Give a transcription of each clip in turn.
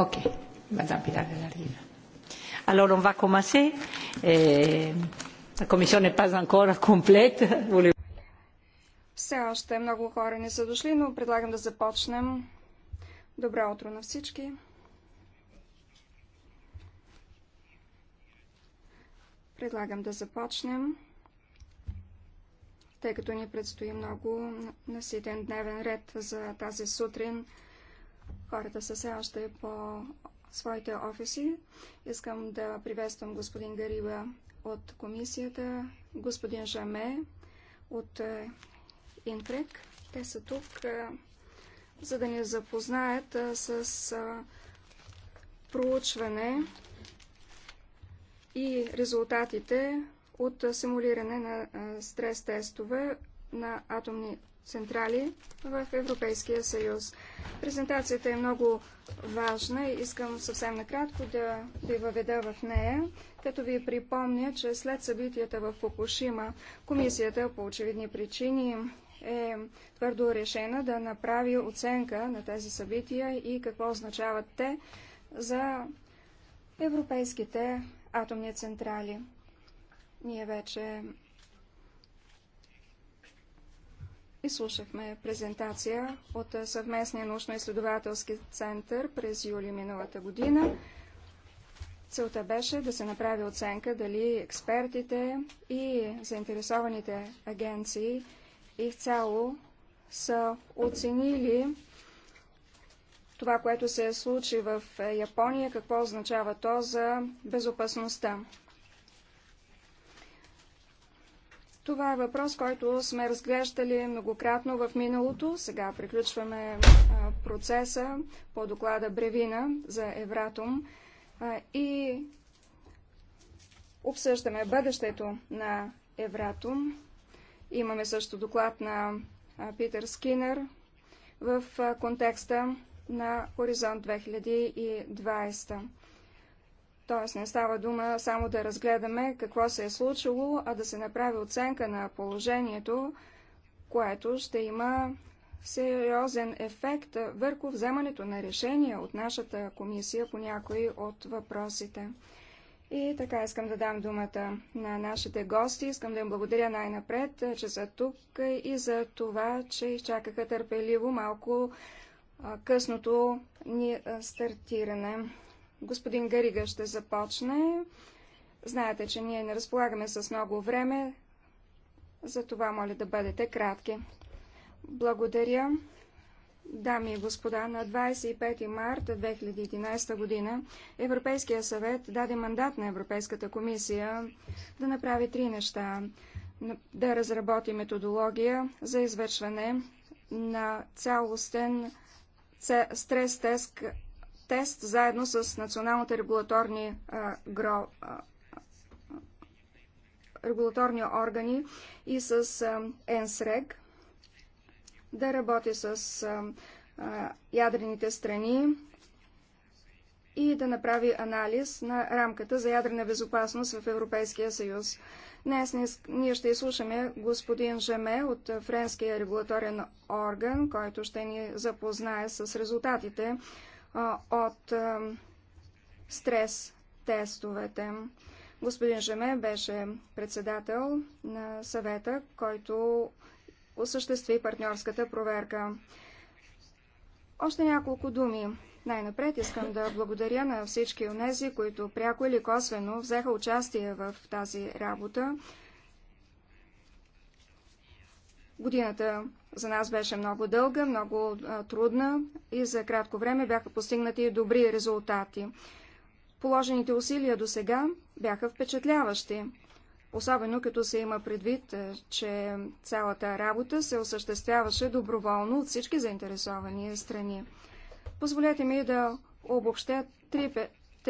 Ok, Madame Pilar de la Riva. Alors, on va commencer. Euh, la commission n'est pas encore complète. Все още много хора не са дошли, но предлагам да започнем. Добро утро на всички. Предлагам да започнем, тъй като ни предстои много наситен дневен ред за тази сутрин. Хората са все още по своите офиси. Искам да приветствам господин Гариба от комисията, господин Жаме от е, Интрек. Те са тук, е, за да ни запознаят е, с проучване и резултатите от симулиране на стрес-тестове на атомни централи в Европейския съюз. Презентацията е много важна и искам съвсем накратко да ви въведа в нея, като ви припомня, че след събитията в Фукушима комисията по очевидни причини е твърдо решена да направи оценка на тези събития и какво означават те за европейските атомни централи. Ние вече Изслушахме презентация от съвместния научно-изследователски център през юли миналата година. Целта беше да се направи оценка дали експертите и заинтересованите агенции изцяло са оценили това, което се е случи в Япония, какво означава то за безопасността. Това е въпрос, който сме разглеждали многократно в миналото. Сега приключваме процеса по доклада Бревина за Евратум и обсъждаме бъдещето на Евратум. Имаме също доклад на Питър Скинер в контекста на Хоризонт 2020. Т.е. не става дума само да разгледаме какво се е случило, а да се направи оценка на положението, което ще има сериозен ефект върху вземането на решения от нашата комисия по някои от въпросите. И така искам да дам думата на нашите гости. Искам да им благодаря най-напред, е, че са тук е, и за това, че изчакаха търпеливо малко късното ни стартиране. Господин Гарига ще започне. Знаете, че ние не разполагаме с много време, затова моля да бъдете кратки. Благодаря. Дами и господа, на 25 марта 2011 година Европейския съвет даде мандат на Европейската комисия да направи три неща. Да разработи методология за извършване на цялостен стрес-тест тест заедно с националните регулаторни, а, гро, а, регулаторни органи и с а, НСРЕГ, да работи с а, а, ядрените страни и да направи анализ на рамката за ядрена безопасност в Европейския съюз. Днес ние ще изслушаме господин Жеме от Френския регулаторен орган, който ще ни запознае с резултатите от стрес тестовете. Господин Жеме беше председател на съвета, който осъществи партньорската проверка. Още няколко думи. Най-напред искам да благодаря на всички онези, които пряко или косвено взеха участие в тази работа. Годината за нас беше много дълга, много трудна и за кратко време бяха постигнати добри резултати. Положените усилия до сега бяха впечатляващи, особено като се има предвид, че цялата работа се осъществяваше доброволно от всички заинтересовани страни. Позволете ми да обобщя трите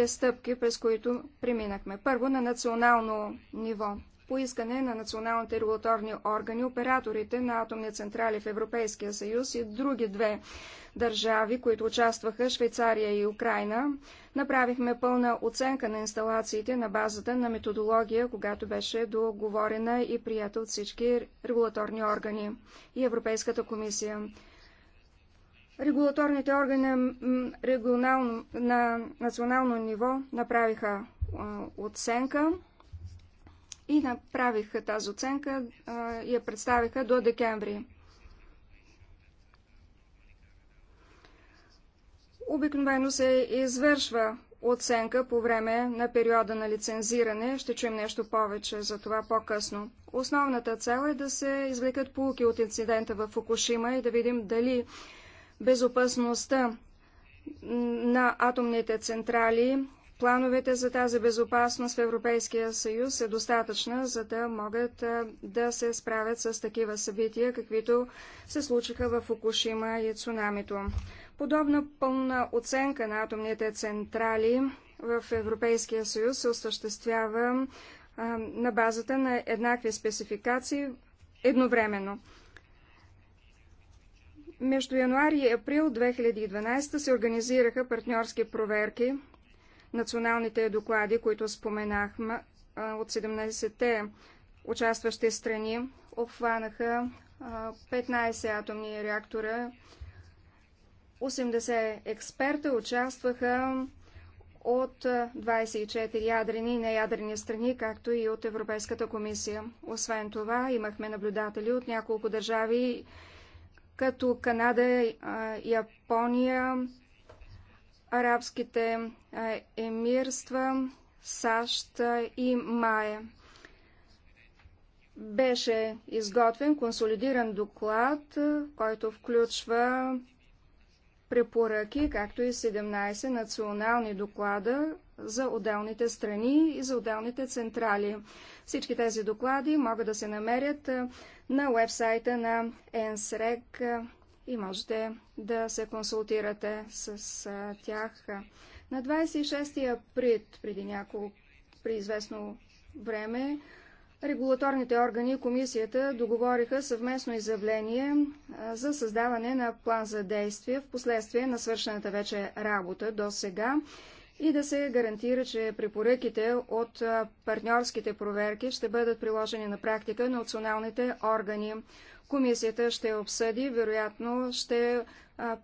стъпки, през които преминахме. Първо на национално ниво по искане на националните регулаторни органи, операторите на атомни централи в Европейския съюз и други две държави, които участваха Швейцария и Украина, направихме пълна оценка на инсталациите на базата на методология, когато беше договорена и прията от всички регулаторни органи и Европейската комисия. Регулаторните органи на, регионално, на национално ниво направиха оценка и направиха тази оценка, и я представиха до декември. Обикновено се извършва оценка по време на периода на лицензиране. Ще чуем нещо повече за това по-късно. Основната цел е да се извлекат полуки от инцидента в Фукушима и да видим дали безопасността на атомните централи Плановете за тази безопасност в Европейския съюз е достатъчна, за да могат да се справят с такива събития, каквито се случиха в Фукушима и цунамито. Подобна пълна оценка на атомните централи в Европейския съюз се осъществява на базата на еднакви спецификации едновременно. Между януари и април 2012 се организираха партньорски проверки националните доклади, които споменахме от 17-те участващи страни, обхванаха 15 атомни реактора. 80 експерта участваха от 24 ядрени и неядрени страни, както и от Европейската комисия. Освен това, имахме наблюдатели от няколко държави, като Канада, Япония, арабските емирства, САЩ и МАЕ. Беше изготвен консолидиран доклад, който включва препоръки, както и 17 национални доклада за отделните страни и за отделните централи. Всички тези доклади могат да се намерят на вебсайта на ЕНСРЕК и можете да се консултирате с тях. На 26 април, преди няколко, при известно време, регулаторните органи и комисията договориха съвместно изявление за създаване на план за действие в последствие на свършената вече работа до сега и да се гарантира, че препоръките от партньорските проверки ще бъдат приложени на практика на националните органи. Комисията ще обсъди, вероятно ще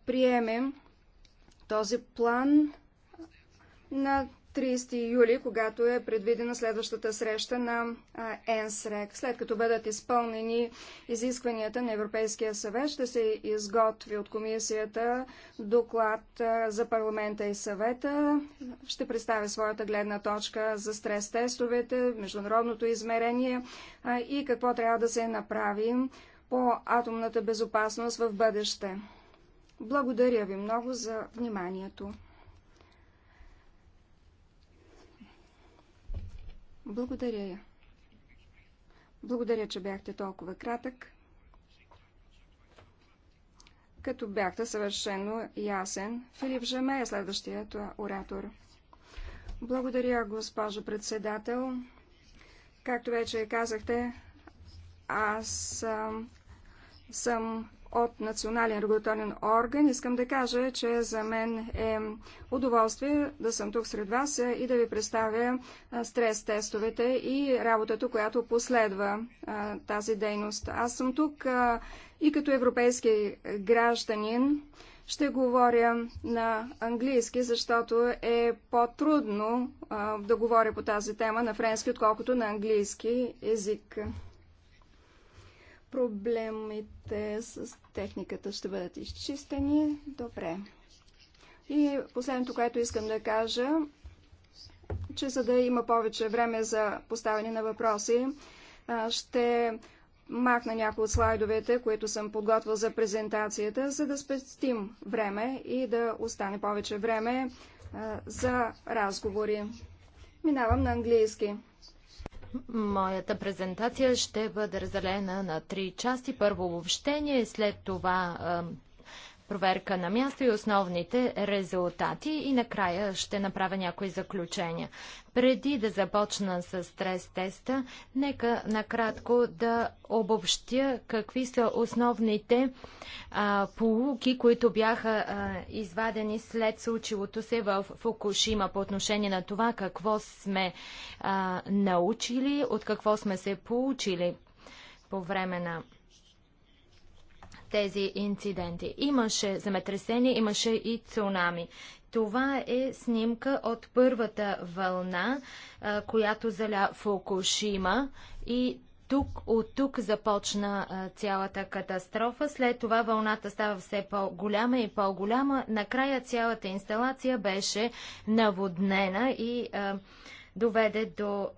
приемем този план на 30 юли, когато е предвидена следващата среща на ЕНСРЕК. След като бъдат изпълнени изискванията на Европейския съвет, ще се изготви от комисията доклад за парламента и съвета. Ще представя своята гледна точка за стрес-тестовете, международното измерение и какво трябва да се направи по атомната безопасност в бъдеще. Благодаря ви много за вниманието. Благодаря я. Благодаря, че бяхте толкова кратък. Като бяхте съвършено ясен, Филип Жаме е следващият оратор. Благодаря, госпожо председател. Както вече казахте, аз съм, съм от национален регулаторен орган. Искам да кажа, че за мен е удоволствие да съм тук сред вас и да ви представя стрес-тестовете и работата, която последва тази дейност. Аз съм тук и като европейски гражданин. Ще говоря на английски, защото е по-трудно да говоря по тази тема на френски, отколкото на английски език проблемите с техниката ще бъдат изчистени. Добре. И последното, което искам да кажа, че за да има повече време за поставяне на въпроси, ще махна някои от слайдовете, които съм подготвил за презентацията, за да спестим време и да остане повече време за разговори. Минавам на английски. Моята презентация ще бъде разделена на три части. Първо обобщение, след това проверка на място и основните резултати и накрая ще направя някои заключения. Преди да започна с стрес теста, нека накратко да обобщя какви са основните а, полуки, които бяха а, извадени след случилото се в Фукушима по отношение на това какво сме а, научили, от какво сме се получили по време на тези инциденти. Имаше земетресение, имаше и цунами. Това е снимка от първата вълна, която заля Фукушима и тук, от тук започна цялата катастрофа. След това вълната става все по-голяма и по-голяма. Накрая цялата инсталация беше наводнена и доведе до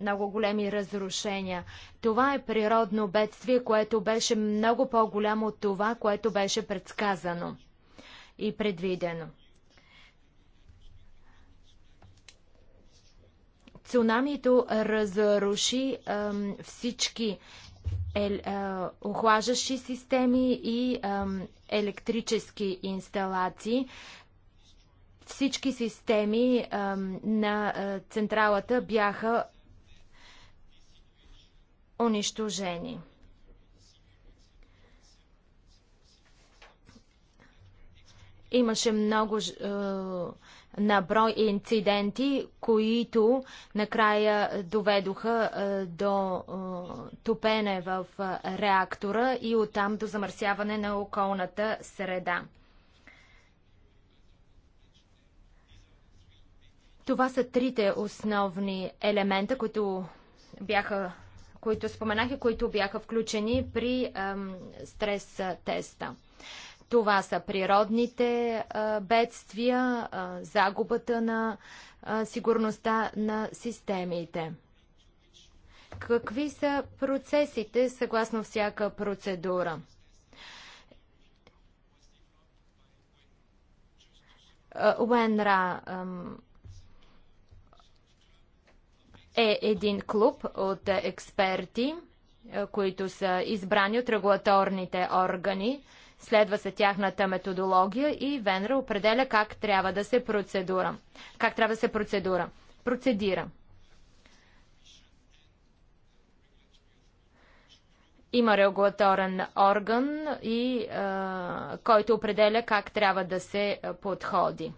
много големи разрушения. Това е природно бедствие, което беше много по-голямо от това, което беше предсказано и предвидено. Цунамито разруши ем, всички е, е, охлаждащи системи и е, електрически инсталации всички системи е, на централата бяха унищожени. Имаше много е, наброй инциденти, които накрая доведоха е, до е, топене в е, реактора и оттам до замърсяване на околната среда. Това са трите основни елемента, които бяха които споменах и които бяха включени при стрес теста. Това са природните бедствия, загубата на сигурността на системите. Какви са процесите съгласно всяка процедура? Е, Уенра, е един клуб от експерти, е, които са избрани от регулаторните органи. Следва се тяхната методология и Венера определя как трябва да се процедура. Как трябва да се процедура? Процедира. Има регулаторен орган, и, а, е, който определя как трябва да се подходи.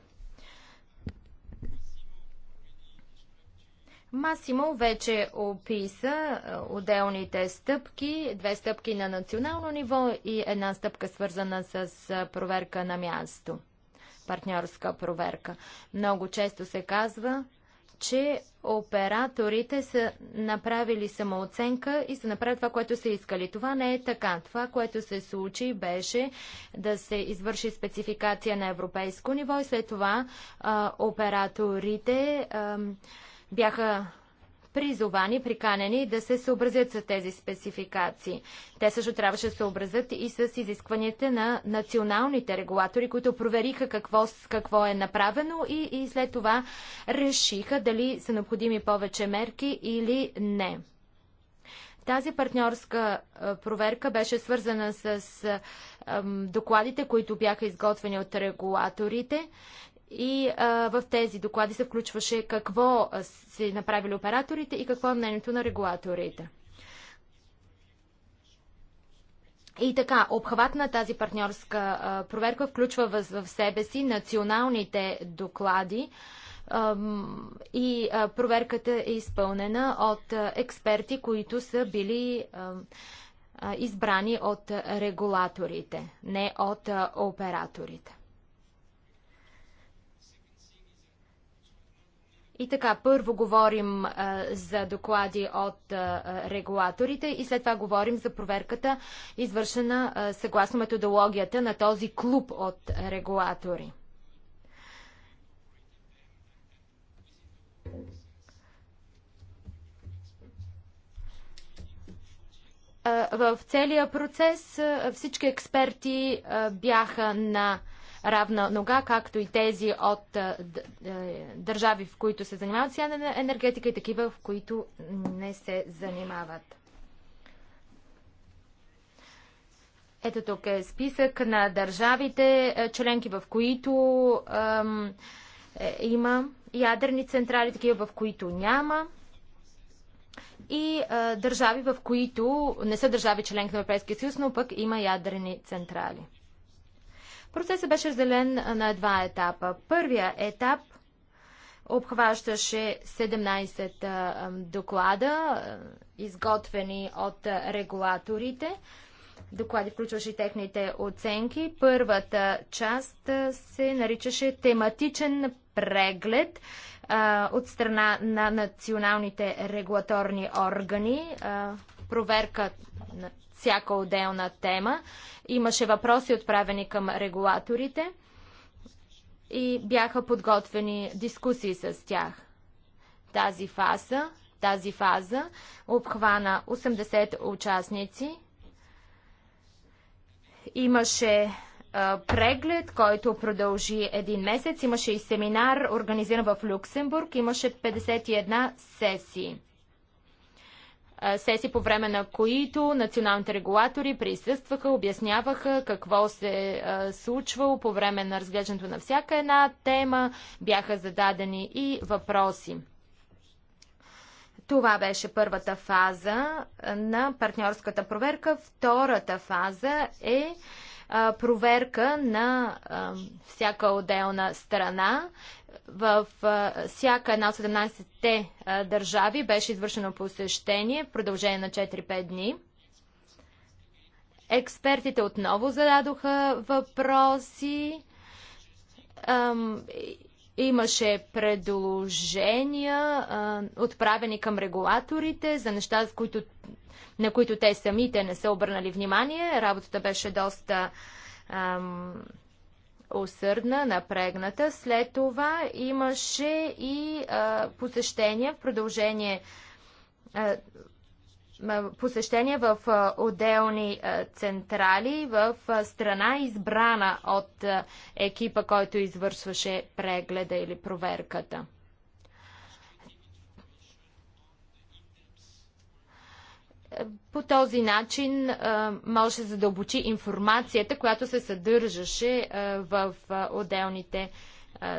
Масимо вече описа е, отделните стъпки, две стъпки на национално ниво и една стъпка свързана с е, проверка на място, партньорска проверка. Много често се казва, че операторите са направили самооценка и са направили това, което са искали. Това не е така. Това, което се случи, беше да се извърши спецификация на европейско ниво и след това а, операторите. А, бяха призовани, приканени да се съобразят с тези спецификации. Те също трябваше да се съобразят и с изискванията на националните регулатори, които провериха какво, какво е направено и, и след това решиха дали са необходими повече мерки или не. Тази партньорска проверка беше свързана с докладите, които бяха изготвени от регулаторите. И а, в тези доклади се включваше какво са направили операторите и какво е мнението на регулаторите. И така, обхват на тази партньорска а, проверка включва в, в себе си националните доклади а, и а, проверката е изпълнена от експерти, които са били избрани от регулаторите, не от операторите. И така, първо говорим а, за доклади от а, регулаторите и след това говорим за проверката, извършена а, съгласно методологията на този клуб от регулатори. В целия процес всички експерти бяха на равна нога, както и тези от държави, в които се занимават с енергетика и такива, в които не се занимават. Ето тук е списък на държавите, членки в които ем, е, има ядерни централи, такива в които няма и е, държави, в които не са държави членки на Европейския съюз, но пък има ядрени централи. Процесът беше разделен на два етапа. Първия етап обхващаше 17 доклада, изготвени от регулаторите. Доклади включваше техните оценки. Първата част се наричаше тематичен преглед от страна на националните регулаторни органи, проверка на всяка отделна тема. Имаше въпроси отправени към регулаторите и бяха подготвени дискусии с тях. Тази фаза, тази фаза обхвана 80 участници. Имаше преглед, който продължи един месец. Имаше и семинар, организиран в Люксембург. Имаше 51 сесии сесии, по време на които националните регулатори присъстваха, обясняваха какво се случвало по време на разглеждането на всяка една тема, бяха зададени и въпроси. Това беше първата фаза на партньорската проверка. Втората фаза е проверка на всяка отделна страна в всяка една от 17-те държави беше извършено посещение в продължение на 4-5 дни. Експертите отново зададоха въпроси. Имаше предложения, отправени към регулаторите за неща, с които, на които те самите не са обърнали внимание. Работата беше доста ам, усърдна, напрегната. След това имаше и а, посещения в продължение а, посещения в а, отделни а, централи в а, страна избрана от екипа, който извършваше прегледа или проверката. По този начин може да задълбочи информацията, която се съдържаше в отделните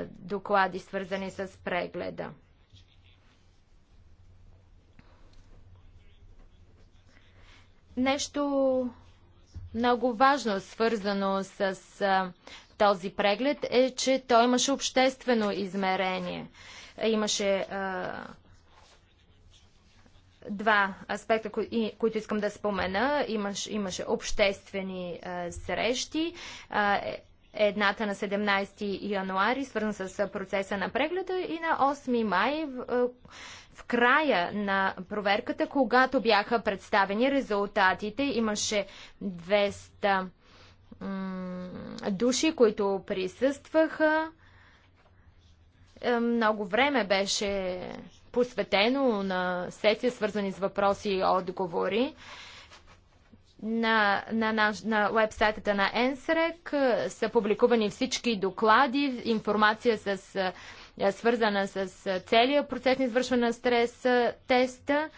доклади, свързани с прегледа. Нещо много важно, свързано с този преглед, е, че той имаше обществено измерение. Имаше а, два аспекта, които искам да спомена. Имаш, имаше обществени а, срещи. А, е, едната на 17 януари, свързана с процеса на прегледа и на 8 май в, в края на проверката, когато бяха представени резултатите, имаше 200 души, които присъстваха. Е, много време беше посветено на сесия, свързани с въпроси и отговори. На, на, на, на на ЕНСРЕК e са публикувани всички доклади, информация с, е, свързана с е, целия процес на извършване на стрес е, теста.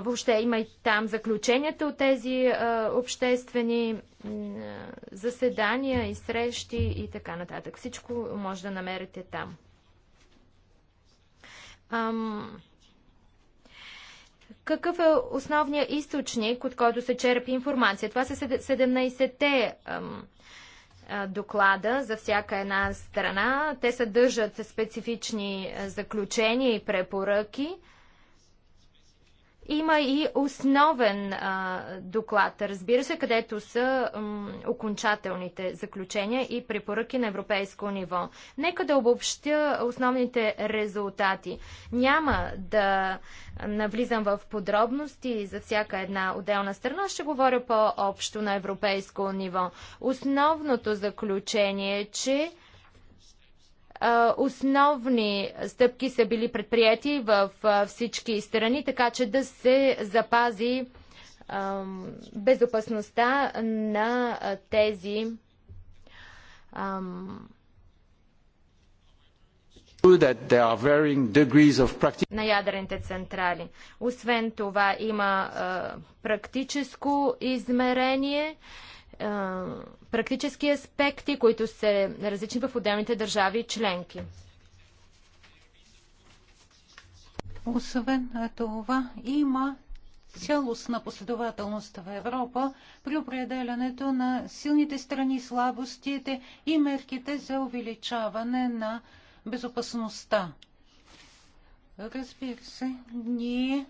въобще има и там заключенията от тези обществени заседания и срещи и така нататък. Всичко може да намерите там. Ам... Какъв е основният източник, от който се черпи информация? Това са 17-те доклада за всяка една страна. Те съдържат специфични заключения и препоръки. Има и основен а, доклад, разбира се, където са м, окончателните заключения и препоръки на европейско ниво. Нека да обобщя основните резултати. Няма да навлизам в подробности за всяка една отделна страна, ще говоря по-общо на европейско ниво. Основното заключение е, че Основни стъпки са били предприяти в всички страни, така че да се запази безопасността на тези на ядрените централи. Освен това има практическо измерение практически аспекти, които са различни в отделните държави и членки. Освен това, има цялостна последователност в Европа при определянето на силните страни, слабостите и мерките за увеличаване на безопасността. Разбира се, ние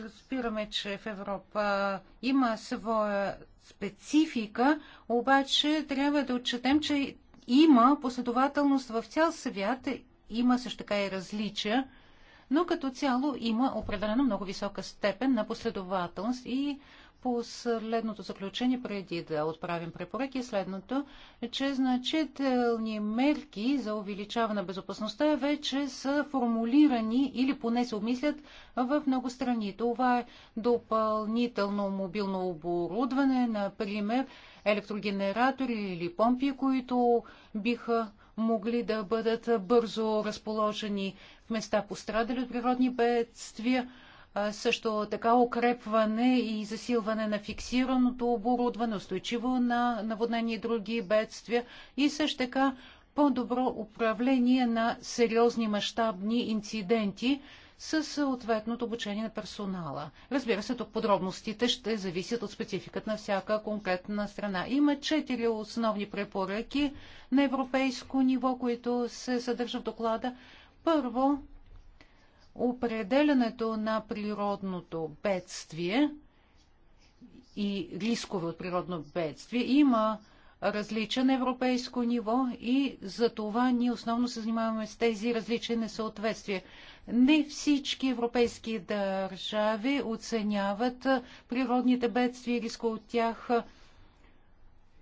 разбираме, е, че в Европа има своя специфика, обаче трябва да отчетем, че има последователност в цял свят, има също така и различия, но като цяло има определено много висока степен на последователност и последното заключение, преди да отправим препоръки, е следното, че значителни мерки за увеличаване на безопасността вече са формулирани или поне се обмислят в много страни. Това е допълнително мобилно оборудване, например електрогенератори или помпи, които биха могли да бъдат бързо разположени в места пострадали от природни бедствия също така укрепване и засилване на фиксираното оборудване, устойчиво на наводнение и други бедствия и също така по-добро управление на сериозни мащабни инциденти с съответното обучение на персонала. Разбира се, тук подробностите ще зависят от спецификата на всяка конкретна страна. Има четири основни препоръки на европейско ниво, които се съдържат в доклада. Първо, определянето на природното бедствие и рискове от природно бедствие има различен европейско ниво и за това ние основно се занимаваме с тези различни несъответствия. Не всички европейски държави оценяват природните бедствия и риска от тях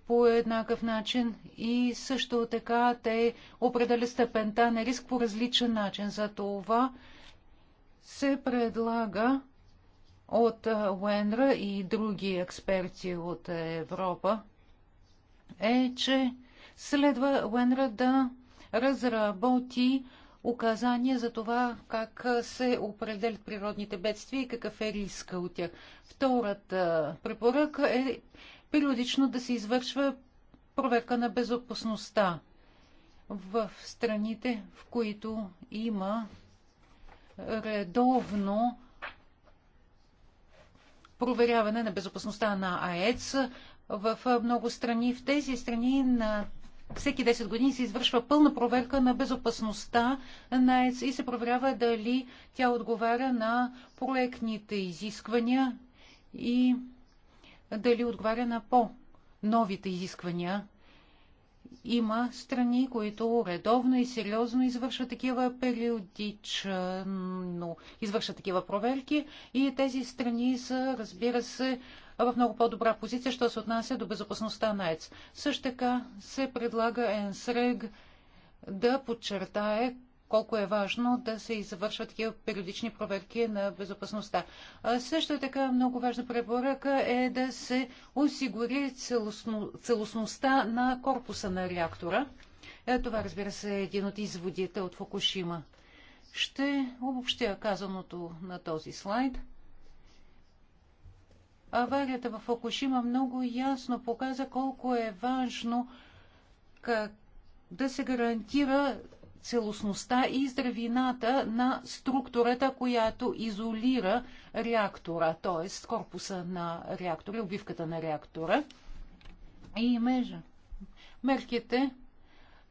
по еднакъв начин и също така те определят степента на риск по различен начин. За това се предлага от Уенра и други експерти от Европа е, че следва Уенра да разработи указания за това как се определят природните бедствия и какъв е риска от тях. Втората препоръка е периодично да се извършва проверка на безопасността в страните, в които има редовно проверяване на безопасността на АЕЦ в много страни. В тези страни на всеки 10 години се извършва пълна проверка на безопасността на АЕЦ и се проверява дали тя отговаря на проектните изисквания и дали отговаря на по-новите изисквания има страни, които редовно и сериозно извършват такива периодично, извършват такива проверки и тези страни са, разбира се, в много по-добра позиция, що се отнася до безопасността на ЕЦ. Също така се предлага ЕНСРЕГ да подчертае колко е важно да се извършват такива периодични проверки на безопасността. Също така много важна препоръка е да се осигури целостно, целостността на корпуса на реактора. Е, това, разбира се, е един от изводите от Фукушима. Ще обобщя казаното на този слайд. Аварията в Фукушима много ясно показа колко е важно как да се гарантира целостността и здравината на структурата, която изолира реактора, т.е. корпуса на реактора, обивката на реактора. И межа. мерките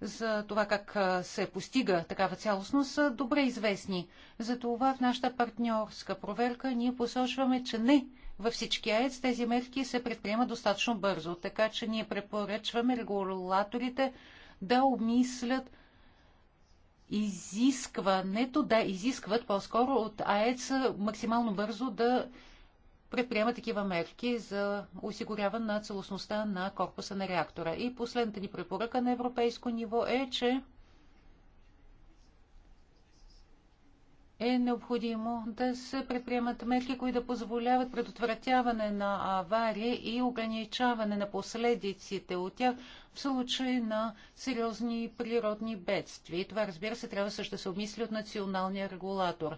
за това как се постига такава цялостност са добре известни. Затова в нашата партньорска проверка ние посочваме, че не във всички АЕЦ тези мерки се предприемат достатъчно бързо, така че ние препоръчваме регулаторите да обмислят изискването да изискват по-скоро от АЕЦ максимално бързо да предприема такива мерки за осигуряване на целостността на корпуса на реактора. И последната ни препоръка на европейско ниво е, че е необходимо да се предприемат мерки, които да позволяват предотвратяване на аварии и ограничаване на последиците от тях в случай на сериозни природни бедствия. И това, разбира се, трябва също да се обмисли от националния регулатор.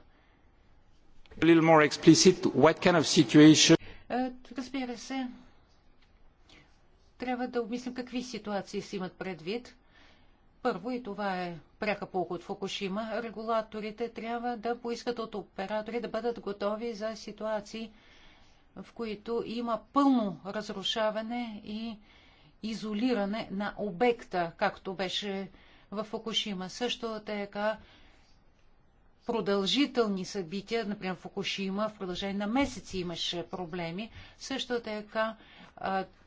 Kind of situation... Е, разбира се, трябва да обмислим какви ситуации си имат предвид. Първо, и това е пряка полка от Фукушима, регулаторите трябва да поискат от оператори да бъдат готови за ситуации, в които има пълно разрушаване и изолиране на обекта, както беше в Фукушима. Също така продължителни събития, например в Фукушима, в продължение на месеци имаше проблеми. Също така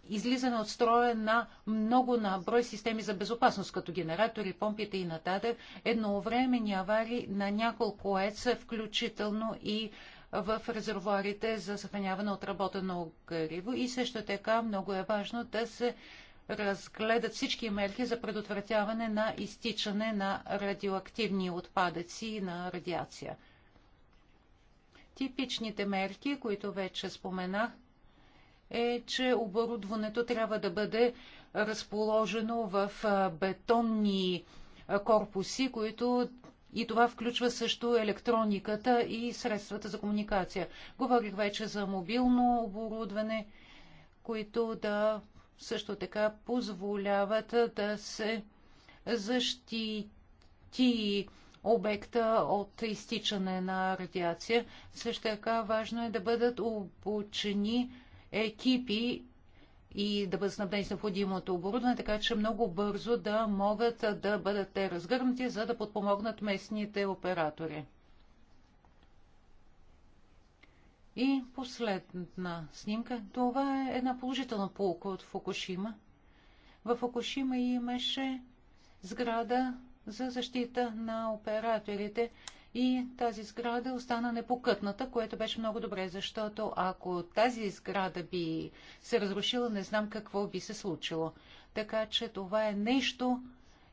излизане от строя на много на брой системи за безопасност, като генератори, помпите и нататък, едновременни аварии на няколко ЕЦ, включително и в резервуарите за съхраняване отработено гориво. И също така много е важно да се разгледат всички мерки за предотвратяване на изтичане на радиоактивни отпадъци и на радиация. Типичните мерки, които вече споменах, е, че оборудването трябва да бъде разположено в бетонни корпуси, които и това включва също електрониката и средствата за комуникация. Говорих вече за мобилно оборудване, които да също така позволяват да се защити обекта от изтичане на радиация. Също така важно е да бъдат обучени екипи и да бъдат снабдени с необходимото оборудване, така че много бързо да могат да бъдат те разгърнати, за да подпомогнат местните оператори. И последна снимка. Това е една положителна полка от Фукушима. В Фукушима имаше сграда за защита на операторите и тази сграда остана непокътната, което беше много добре, защото ако тази сграда би се разрушила, не знам какво би се случило. Така че това е нещо,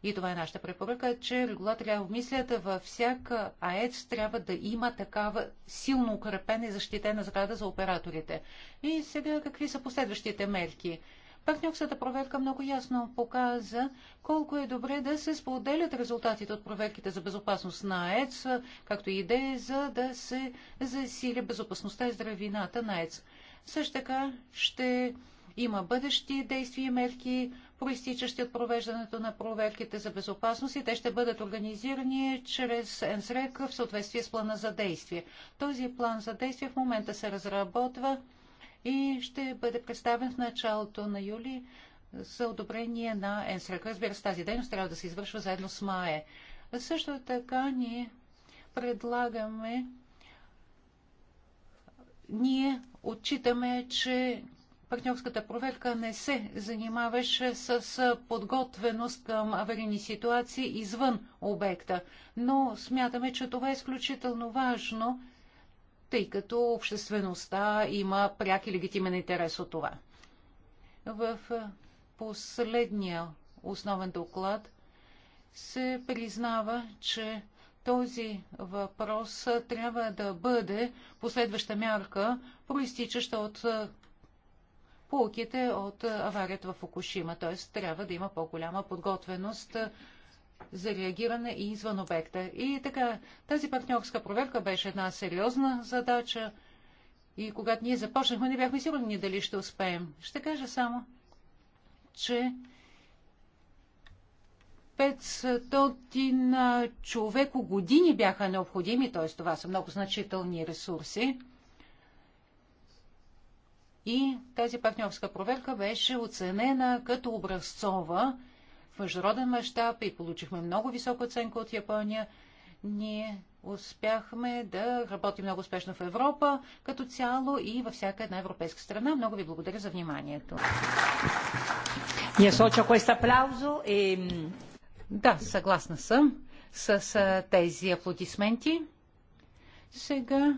и това е нашата препоръка, че регулаторите обмислят във всяка АЕЦ трябва да има такава силно укрепена и защитена сграда за операторите. И сега какви са последващите мерки? Партньорската проверка много ясно показа колко е добре да се споделят резултатите от проверките за безопасност на ЕЦ, както и идеи за да се засили безопасността и здравината на ЕЦ. Също така ще има бъдещи действия и мерки, проистичащи от провеждането на проверките за безопасност и те ще бъдат организирани чрез НСРЕК в съответствие с плана за действие. Този план за действие в момента се разработва и ще бъде представен в началото на юли за одобрение на ЕНСРАК. Разбира се, тази дейност трябва да се извършва заедно с МАЕ. Също така ние предлагаме, ние отчитаме, че партньорската проверка не се занимаваше с подготвеност към аварийни ситуации извън обекта. Но смятаме, че това е изключително важно тъй като обществеността има пряк и легитимен интерес от това. В последния основен доклад се признава, че този въпрос трябва да бъде последваща мярка, проистичаща от полуките от аварията в Фукушима. Т.е. трябва да има по-голяма подготвеност за реагиране и извън обекта. И така, тази партньорска проверка беше една сериозна задача и когато ние започнахме, не бяхме сигурни дали ще успеем. Ще кажа само, че 500 човеко години бяха необходими, т.е. това са много значителни ресурси. И тази партньорска проверка беше оценена като образцова въжроден мащаб и получихме много висока оценка от Япония. Ние успяхме да работим много успешно в Европа като цяло и във всяка една европейска страна. Много ви благодаря за вниманието. E- да, съгласна съм с тези аплодисменти. Сега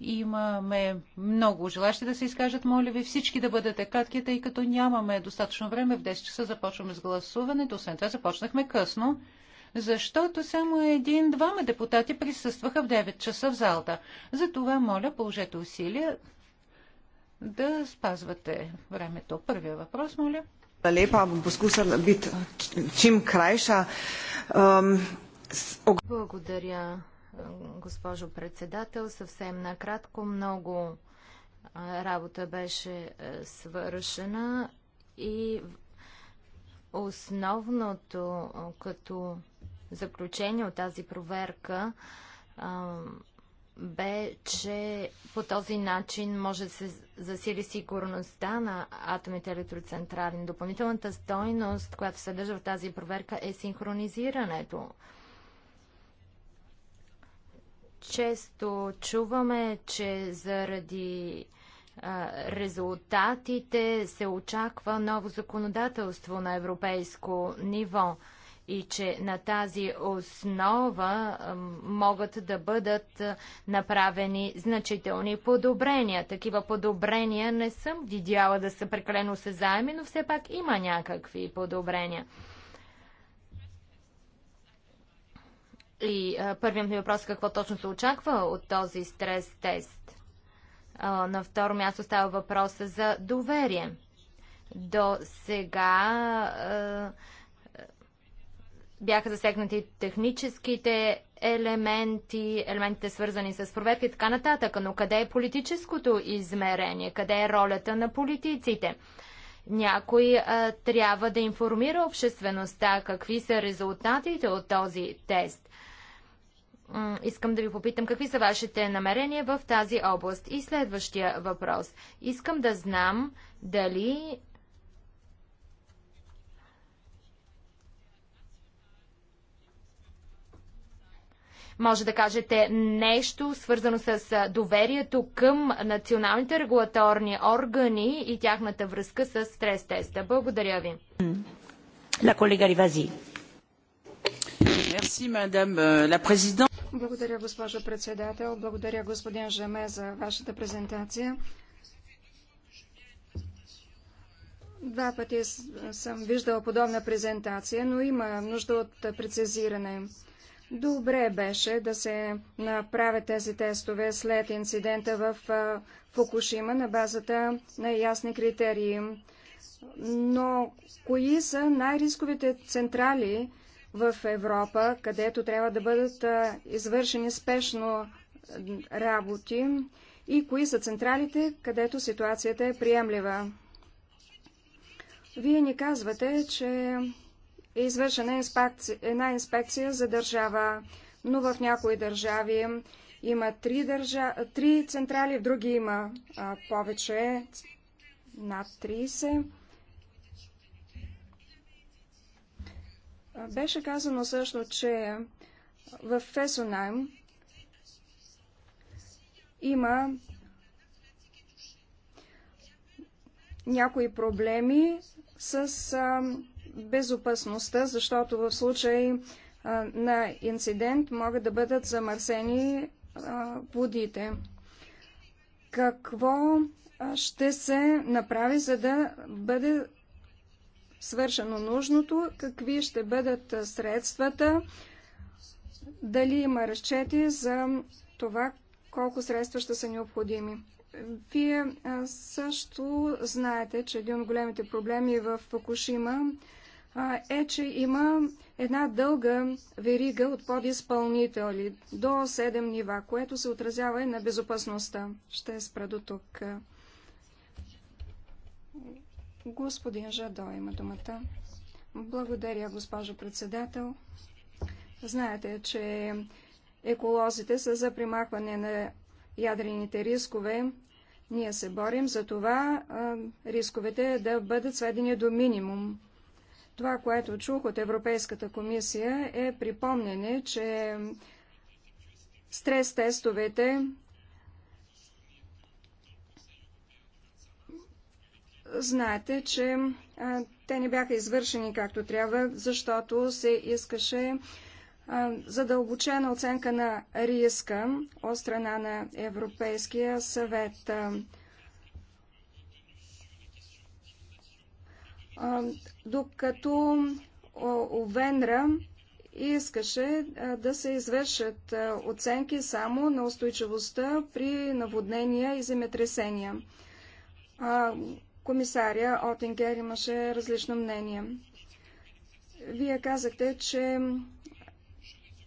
Имаме много желащи да се изкажат. Моля ви всички да бъдете кратки, тъй като нямаме достатъчно време. В 10 часа започваме с гласуването. Освен това започнахме късно, защото само един-двама депутати присъстваха в 9 часа в залата. Затова, моля, положете усилия да спазвате времето. Първия въпрос, моля. Лепа, бom poskusila biti čim ehm, Благодаря, госпожо председател. Съвсем накратко много работа беше е, свършена и основното като заключение от тази проверка бе, че по този начин може да се засили сигурността на атомите електроцентрали. Допълнителната стойност, която се съдържа в тази проверка е синхронизирането често чуваме, че заради резултатите се очаква ново законодателство на европейско ниво и че на тази основа могат да бъдат направени значителни подобрения. Такива подобрения не съм видяла да са прекалено сезаеми, но все пак има някакви подобрения. И а, първият ми въпрос е какво точно се очаква от този стрес тест. на второ място става въпроса за доверие. До сега а, бяха засегнати техническите елементи, елементите свързани с проверки и така нататък, но къде е политическото измерение, къде е ролята на политиците? Някой а, трябва да информира обществеността какви са резултатите от този тест искам да ви попитам какви са вашите намерения в тази област. И следващия въпрос. Искам да знам дали може да кажете нещо свързано с доверието към националните регулаторни органи и тяхната връзка с стрес-теста. Благодаря ви. La колега Ривази. Merci, madame euh, la благодаря, госпожо председател. Благодаря, господин Жаме, за вашата презентация. Два пъти съм виждала подобна презентация, но има нужда от прецизиране. Добре беше да се направят тези тестове след инцидента в Фукушима на базата на ясни критерии. Но кои са най-рисковите централи, в Европа, където трябва да бъдат извършени спешно работи и кои са централите, където ситуацията е приемлива. Вие ни казвате, че е извършена една инспекция за държава, но в някои държави има три, държа... три централи, в други има а, повече, над 30. Беше казано също, че в Фесонайм има някои проблеми с безопасността, защото в случай на инцидент могат да бъдат замърсени водите. Какво ще се направи, за да бъде свършено нужното, какви ще бъдат средствата, дали има разчети за това колко средства ще са необходими. Вие също знаете, че един от големите проблеми в Фукушима е, че има една дълга верига от подизпълнители до 7 нива, което се отразява и на безопасността. Ще спра до тук. Господин Жадо има думата. Благодаря, госпожо председател. Знаете, че еколозите са за примахване на ядрените рискове. Ние се борим за това рисковете да бъдат сведени до минимум. Това, което чух от Европейската комисия е припомнене, че стрес-тестовете Знаете, че те не бяха извършени както трябва, защото се искаше задълбочена оценка на риска от страна на Европейския съвет. докато Овенра искаше да се извършат оценки само на устойчивостта при наводнения и земетресения комисаря Отингер имаше различно мнение. Вие казахте, че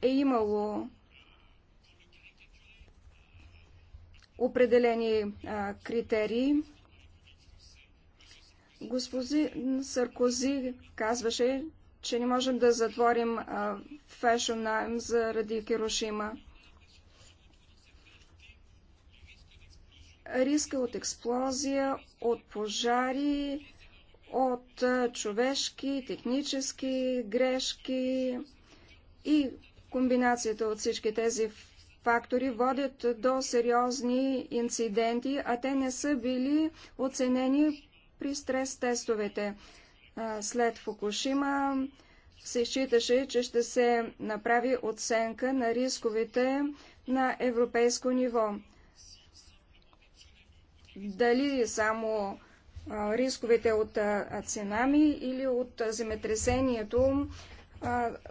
е имало определени а, критерии. Господин Саркози казваше, че не можем да затворим Fashion заради Кирошима. риска от експлозия, от пожари, от човешки, технически грешки и комбинацията от всички тези фактори водят до сериозни инциденти, а те не са били оценени при стрес-тестовете. След Фукушима се считаше, че ще се направи оценка на рисковете на европейско ниво дали само рисковете от цунами или от земетресението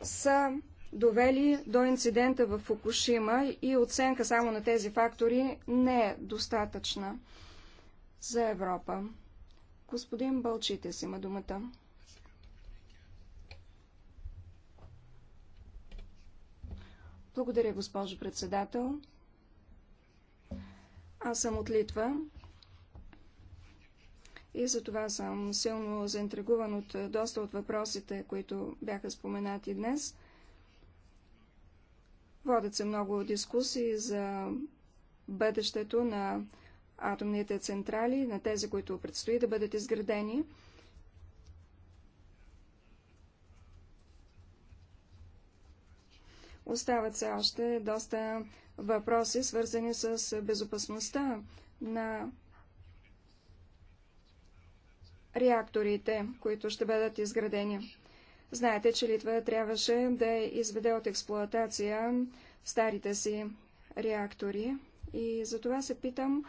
са довели до инцидента в Фукушима и оценка само на тези фактори не е достатъчна за Европа. Господин си има думата. Благодаря, госпожо председател. Аз съм от Литва и затова съм силно заинтригуван от е, доста от въпросите, които бяха споменати днес. Водят се много дискусии за бъдещето на атомните централи, на тези, които предстои да бъдат изградени. Остават се още доста въпроси, свързани с безопасността на реакторите, които ще бъдат изградени. Знаете, че Литва трябваше да изведе от експлоатация старите си реактори и за това се питам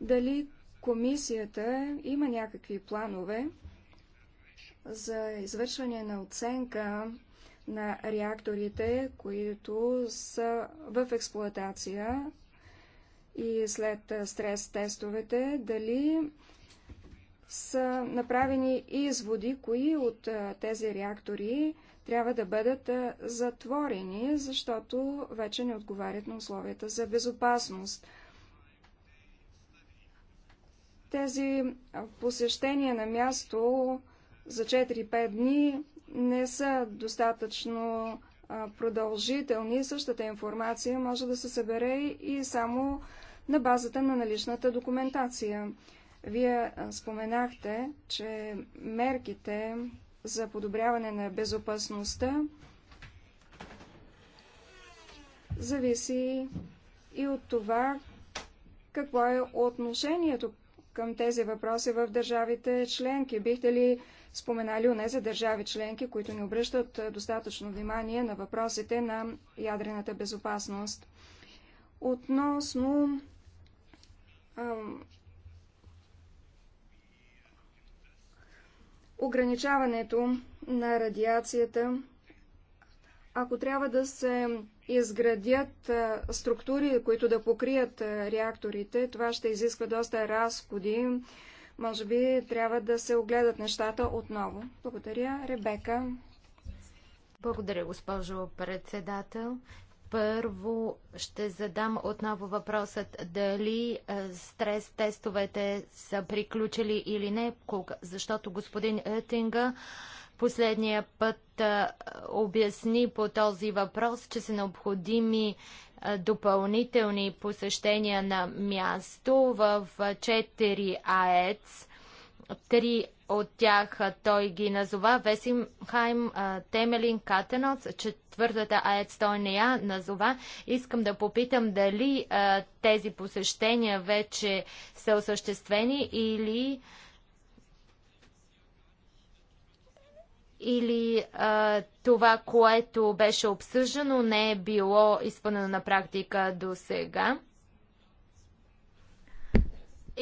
дали комисията има някакви планове за извършване на оценка на реакторите, които са в експлоатация и след стрес тестовете, дали са направени изводи, кои от тези реактори трябва да бъдат затворени, защото вече не отговарят на условията за безопасност. Тези посещения на място за 4-5 дни не са достатъчно продължителни. Същата информация може да се събере и само на базата на наличната документация. Вие споменахте, че мерките за подобряване на безопасността зависи и от това, какво е отношението към тези въпроси в държавите членки. Бихте ли споменали у нези държави членки, които не обръщат достатъчно внимание на въпросите на ядрената безопасност? Относно ограничаването на радиацията, ако трябва да се изградят структури, които да покрият реакторите, това ще изисква доста разходи. Може би трябва да се огледат нещата отново. Благодаря, Ребека. Благодаря, госпожо председател. Първо ще задам отново въпросът дали е, стрес тестовете са приключили или не, защото господин Етинга последния път е, обясни по този въпрос, че са необходими е, допълнителни посещения на място в 4 АЕЦ. Три от тях той ги назова Весимхайм Темелин Катеноц, четвъртата АЕЦ той не я назова. Искам да попитам дали а, тези посещения вече са осъществени или или а, това, което беше обсъждано, не е било изпълнено на практика до сега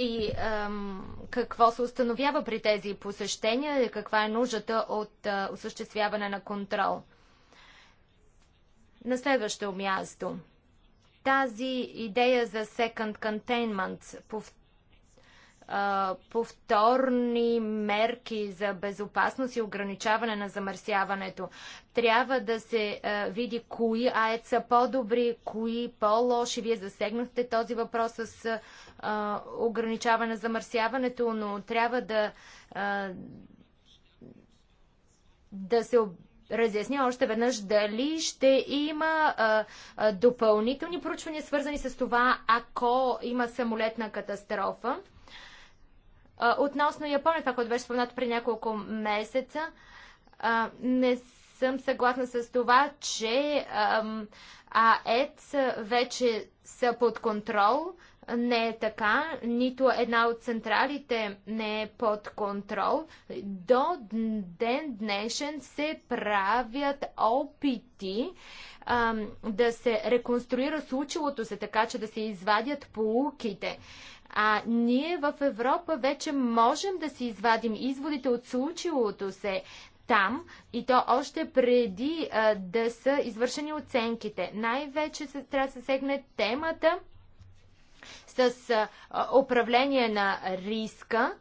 и ам, какво се установява при тези посещения и каква е нуждата от а, осъществяване на контрол. На следващо място. Тази идея за second containment, повторни мерки за безопасност и ограничаване на замърсяването. Трябва да се види кои АЕЦ са по-добри, кои по-лоши. Вие засегнахте този въпрос с ограничаване на замърсяването, но трябва да да се разясня още веднъж дали ще има допълнителни проучвания, свързани с това, ако има самолетна катастрофа. Относно Япония, това, което беше споменато при няколко месеца, не съм съгласна с това, че АЕЦ вече са под контрол. Не е така. Нито една от централите не е под контрол. До ден днешен се правят опити да се реконструира случилото се, така че да се извадят полуките. А ние в Европа вече можем да си извадим изводите от случилото се там и то още преди а, да са извършени оценките. Най-вече се трябва да се сегне темата с а, управление на риска,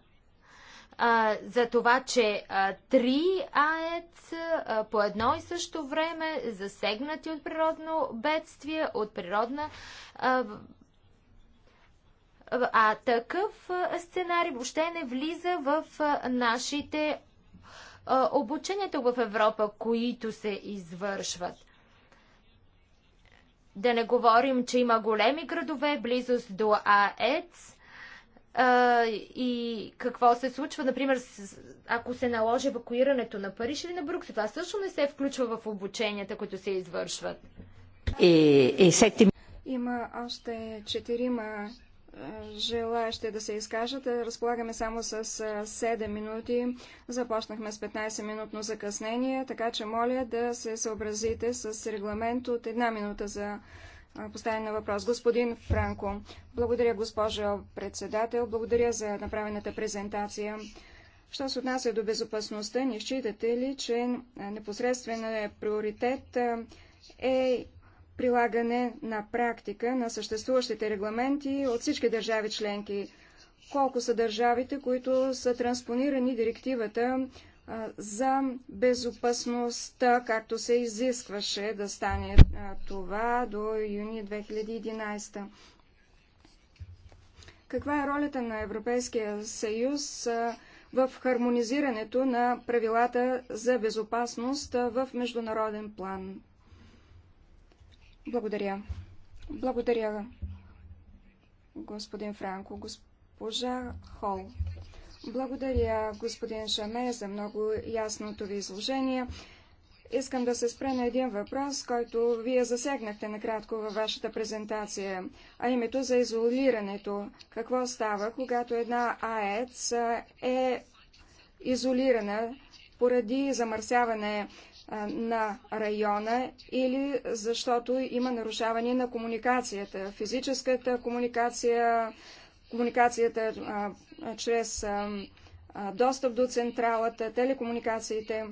а, за това, че а, три АЕЦ по едно и също време засегнати от природно бедствие, от природна а такъв сценарий въобще не влиза в нашите обучението в Европа, които се извършват. Да не говорим, че има големи градове, близост до АЕЦ и какво се случва, например, ако се наложи евакуирането на Париж или на Брюксел. Това също не се включва в обученията, които се извършват. Има още четирима желаящи да се изкажат. Разполагаме само с 7 минути. Започнахме с 15-минутно закъснение, така че моля да се съобразите с регламент от една минута за поставяне на въпрос. Господин Франко, благодаря госпожо председател, благодаря за направената презентация. Що се отнася до безопасността, не считате ли, че е приоритет е прилагане на практика на съществуващите регламенти от всички държави членки. Колко са държавите, които са транспонирани директивата за безопасността, както се изискваше да стане това до юни 2011. Каква е ролята на Европейския съюз в хармонизирането на правилата за безопасност в международен план? Благодаря. Благодаря, господин Франко. Госпожа Хол. Благодаря, господин Шаме, за много ясното ви изложение. Искам да се спре на един въпрос, който вие засегнахте накратко във вашата презентация, а името за изолирането. Какво става, когато една АЕЦ е изолирана поради замърсяване на района или защото има нарушаване на комуникацията, физическата комуникация, комуникацията а, чрез а, достъп до централата, телекомуникациите.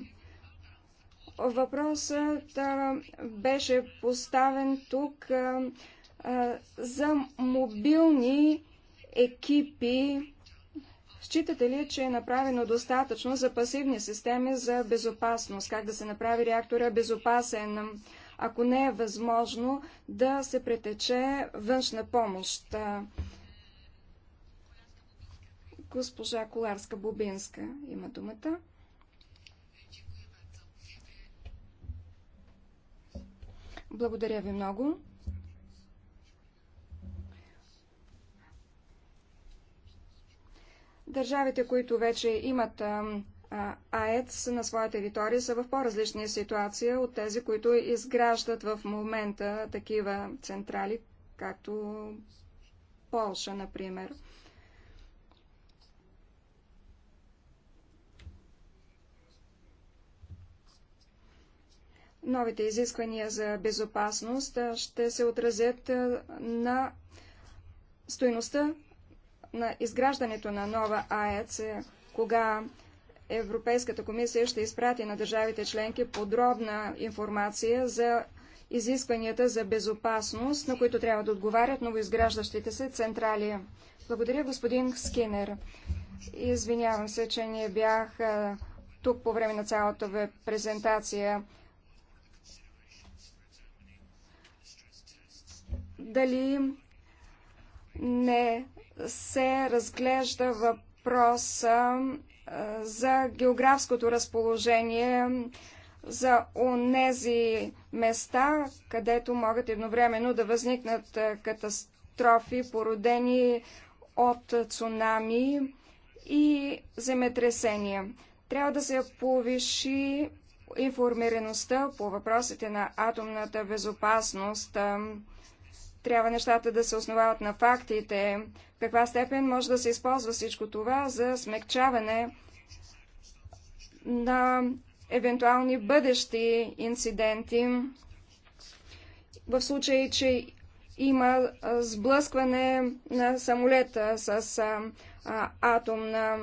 Въпросът а, беше поставен тук а, а, за мобилни екипи Считате ли, че е направено достатъчно за пасивни системи за безопасност? Как да се направи реактора безопасен, ако не е възможно да се претече външна помощ? Госпожа Коларска-Бубинска има думата. Благодаря ви много. Държавите, които вече имат АЕЦ на своя територия, са в по-различни ситуации от тези, които изграждат в момента такива централи, както Полша, например. новите изисквания за безопасност ще се отразят на стоеността на изграждането на нова АЕЦ, кога Европейската комисия ще изпрати на държавите членки подробна информация за изискванията за безопасност, на които трябва да отговарят новоизграждащите се централи. Благодаря, господин Скинер. Извинявам се, че не бях тук по време на цялата ви презентация. Дали не се разглежда въпроса за географското разположение за онези места, където могат едновременно да възникнат катастрофи, породени от цунами и земетресения. Трябва да се повиши информираността по въпросите на атомната безопасност. Трябва нещата да се основават на фактите. В каква степен може да се използва всичко това за смягчаване на евентуални бъдещи инциденти. В случай, че има сблъскване на самолета с атомна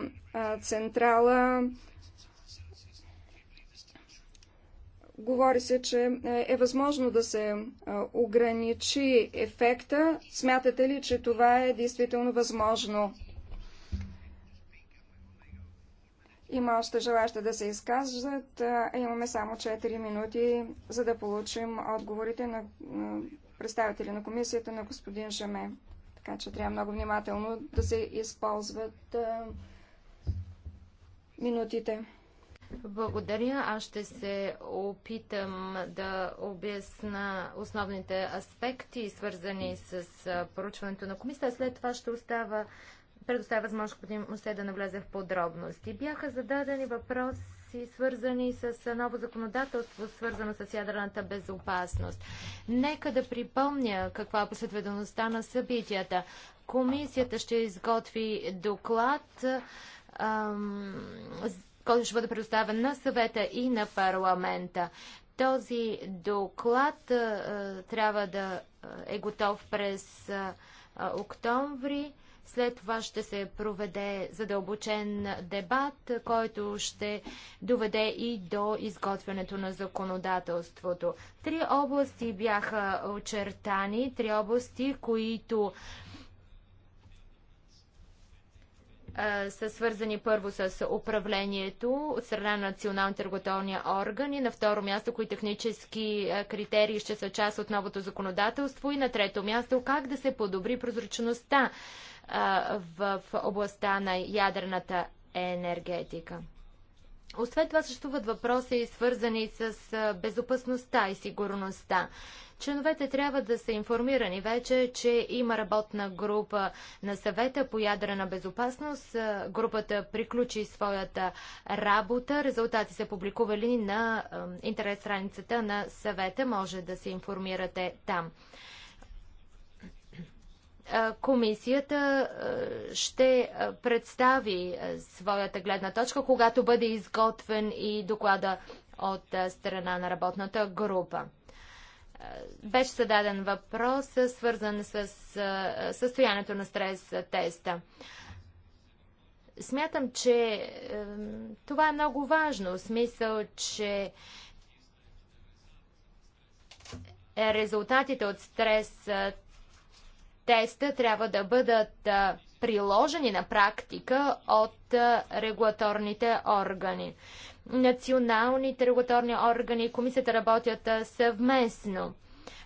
централа, Говори се, че е, е възможно да се е, ограничи ефекта. Смятате ли, че това е действително възможно? Има още желаща да се изказват. Е, имаме само 4 минути, за да получим отговорите на представители на комисията на господин Жаме. Така че трябва много внимателно да се използват минутите. Благодаря. Аз ще се опитам да обясна основните аспекти, свързани с поручването на комисията. След това ще остава, предоставя възможност господин да навлезе в подробности. Бяха зададени въпроси свързани с ново законодателство, свързано с ядрената безопасност. Нека да припомня каква е последователността на събитията. Комисията ще изготви доклад ам, който ще бъде предоставен на съвета и на парламента. Този доклад а, трябва да е готов през а, октомври. След това ще се проведе задълбочен дебат, който ще доведе и до изготвянето на законодателството. Три области бяха очертани, три области, които са свързани първо с управлението от страна на националните регулаторния органи. на второ място, кои технически критерии ще са част от новото законодателство и на трето място, как да се подобри прозрачността в областта на ядрената енергетика. Освен това съществуват въпроси, свързани с безопасността и сигурността. Членовете трябва да са информирани вече, че има работна група на съвета по ядрена безопасност. Е, групата приключи своята работа. Резултати са публикували на е, интернет страницата на съвета. Може да се информирате там е, комисията ще представи своята гледна точка, когато бъде изготвен и доклада от страна на работната група. Беше зададен въпрос, свързан с състоянието на стрес теста. Смятам, че това е много важно. В смисъл, че резултатите от стрес теста трябва да бъдат приложени на практика от регулаторните органи националните регулаторни органи и комисията работят съвместно.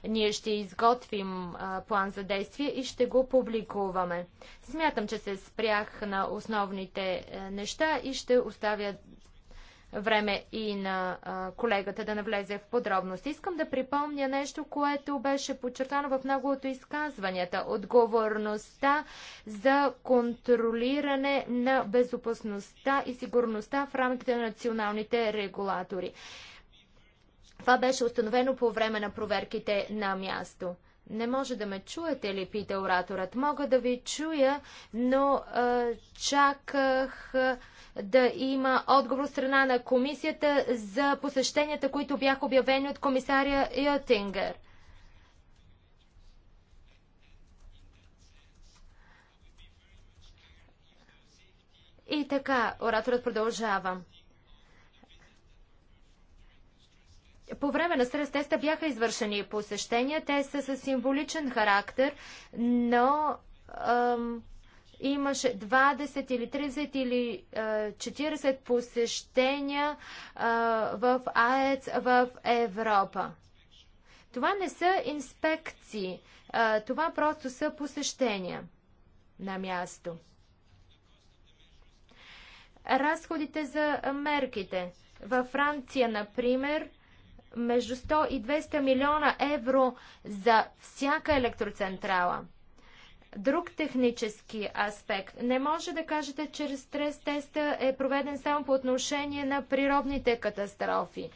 Ние ще изготвим план за действие и ще го публикуваме. Смятам, че се спрях на основните неща и ще оставя време и на а, колегата да навлезе в подробности. Искам да припомня нещо, което беше подчертано в много от изказванията. Отговорността за контролиране на безопасността и сигурността в рамките на националните регулатори. Това беше установено по време на проверките на място. Не може да ме чуете ли, пита ораторът. Мога да ви чуя, но а, чаках. А, да има отговор от страна на комисията за посещенията, които бяха обявени от комисаря Йотингер. И така, ораторът продължава. По време на стрес теста бяха извършени посещения. Те са с символичен характер, но ам, имаше 20 или 30 или 40 посещения в АЕЦ в Европа. Това не са инспекции, това просто са посещения на място. Разходите за мерките. Във Франция, например, между 100 и 200 милиона евро за всяка електроцентрала – Друг технически аспект. Не може да кажете, че стрес теста е проведен само по отношение на природните катастрофи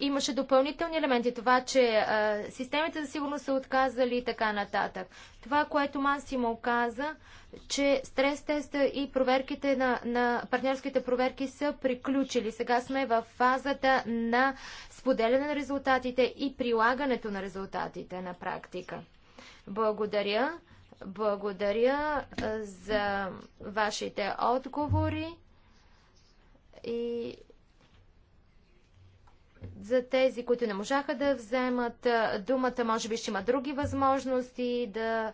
имаше допълнителни елементи, това, че а, системите за сигурност са отказали и така нататък. Това, което Мансимо каза, че стрес-теста и проверките на, на партньорските проверки са приключили. Сега сме в фазата на споделяне на резултатите и прилагането на резултатите на практика. Благодаря. Благодаря за вашите отговори и за тези, които не можаха да вземат думата, може би ще има други възможности да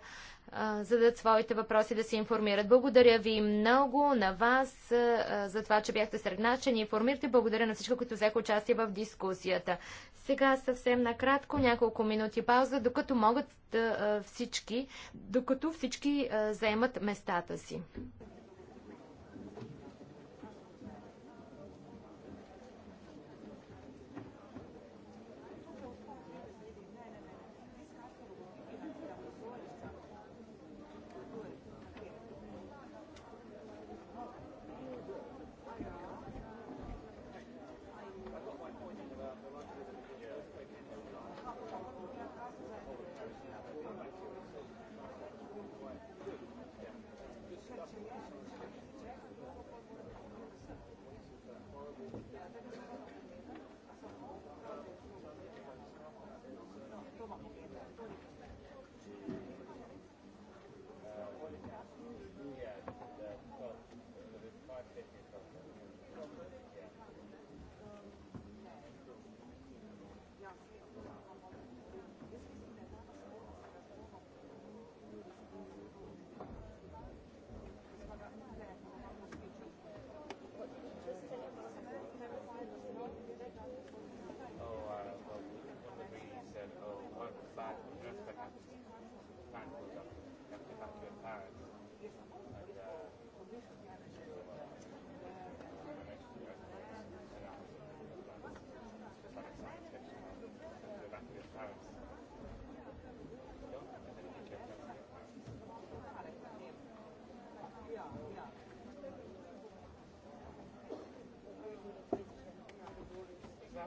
зададат своите въпроси, да се информират. Благодаря ви много на вас за това, че бяхте сред нас, че ни информирате. Благодаря на всички, които взеха участие в дискусията. Сега съвсем накратко, няколко минути пауза, докато могат всички, докато всички заемат местата си.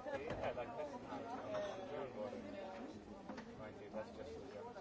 Yeah, like this. Mind you, that's just the job.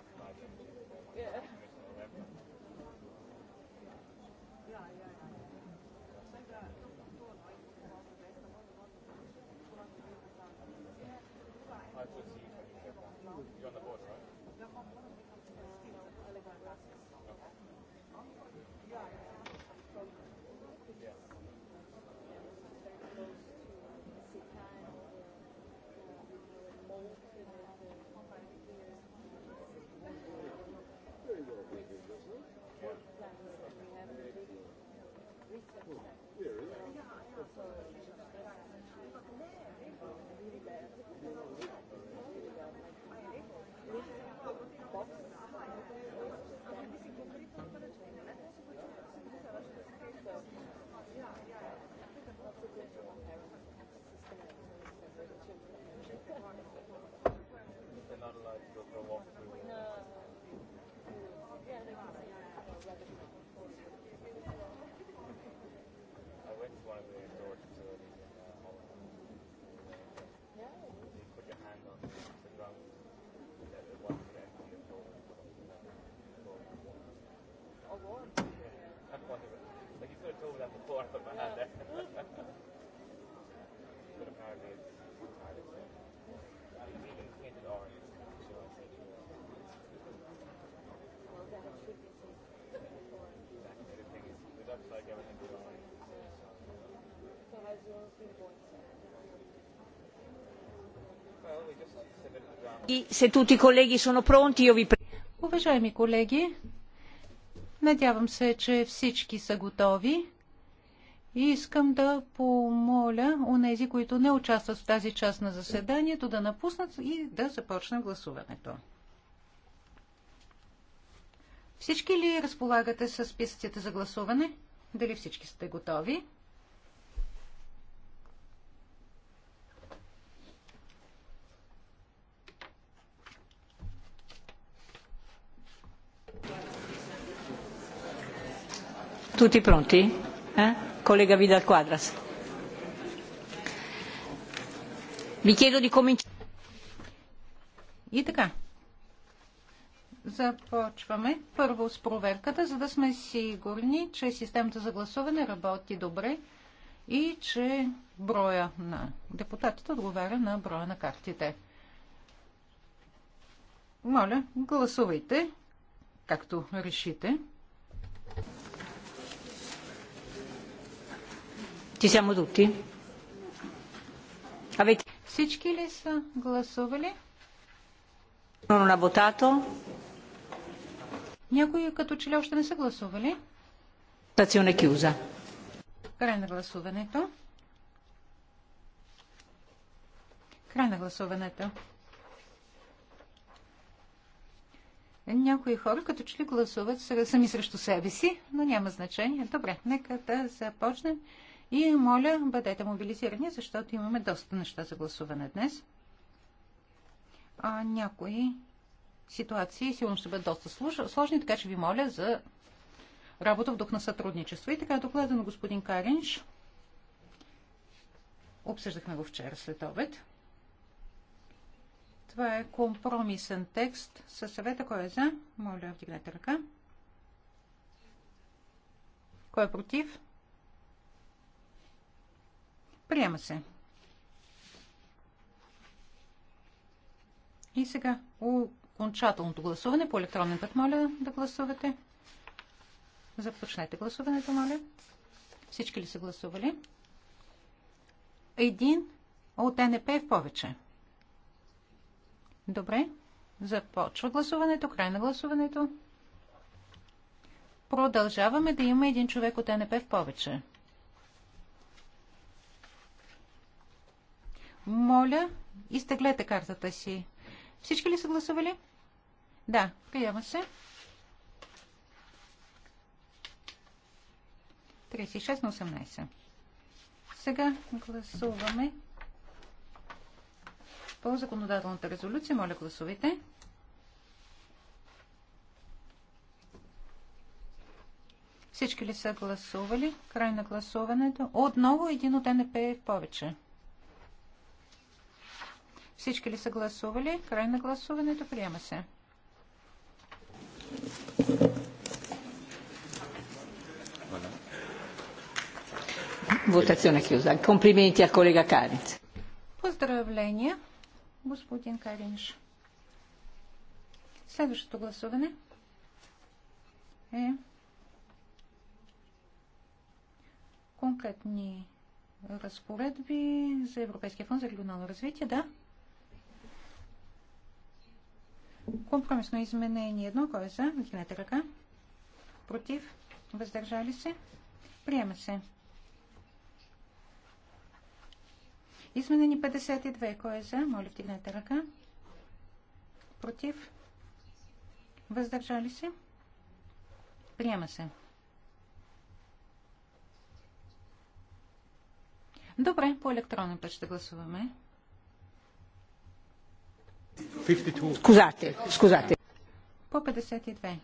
Уважаеми колеги, надявам се, че всички са готови. И искам да помоля онези, които не участват в тази част на заседанието, да напуснат и да започнем гласуването. Всички ли разполагате с писъците за гласуване? Дали всички сте готови? Tutti pronti? Eh? Collega Vidal Quadras. chiedo di cominciare. И така. Започваме първо с проверката, за да сме сигурни, че системата за гласуване работи добре и че броя на депутатите отговаря на броя на картите. Моля, гласувайте, както решите. Ci siamo tutti? Avete... Всички ли са гласували? Non ha votato? Някои като че ли още не са гласували? Стационе Кюза. Край на гласуването. Край на гласуването. Някои хора като че ли гласуват сами срещу себе си, но няма значение. Добре, нека да започнем. И моля, бъдете мобилизирани, защото имаме доста неща за гласуване днес. А някои ситуации сигурно ще бъдат доста сложни, така че ви моля за работа в дух на сътрудничество. И така, доклада на господин Каринш. Обсъждахме го вчера след обед. Това е компромисен текст със съвета. Кой е за? Моля, вдигнете ръка. Кой е против? Приема се. И сега окончателното гласуване по електронен път. Моля да гласувате. Започнете гласуването, моля. Всички ли са гласували? Един от НП е в повече. Добре. Започва гласуването, край на гласуването. Продължаваме да има един човек от НП в повече. Моля, изтеглете картата си. Всички ли са гласували? Да, приема се. 36 на 18. Сега гласуваме по законодателната резолюция. Моля, гласувайте. Всички ли са гласували? Край на гласуването. Отново един от НП е в повече. Всички ли са гласували? Край на гласуването. Приема се. Votazione chiusa. Complimenti al collega Karinz. Поздравления, господин Каринш. Следващото гласуване е конкретни разпоредби за Европейския фонд за регионално развитие. Да. Компромисно изменение едно. Кой е за? Вдигнете ръка. Против? Въздържали се? Приема се. Изменени 52. Кой е за? Моля, вдигнете ръка. Против? Въздържали се? Приема се. Добре, по електронен път ще гласуваме. Scusate, scusate. По 52.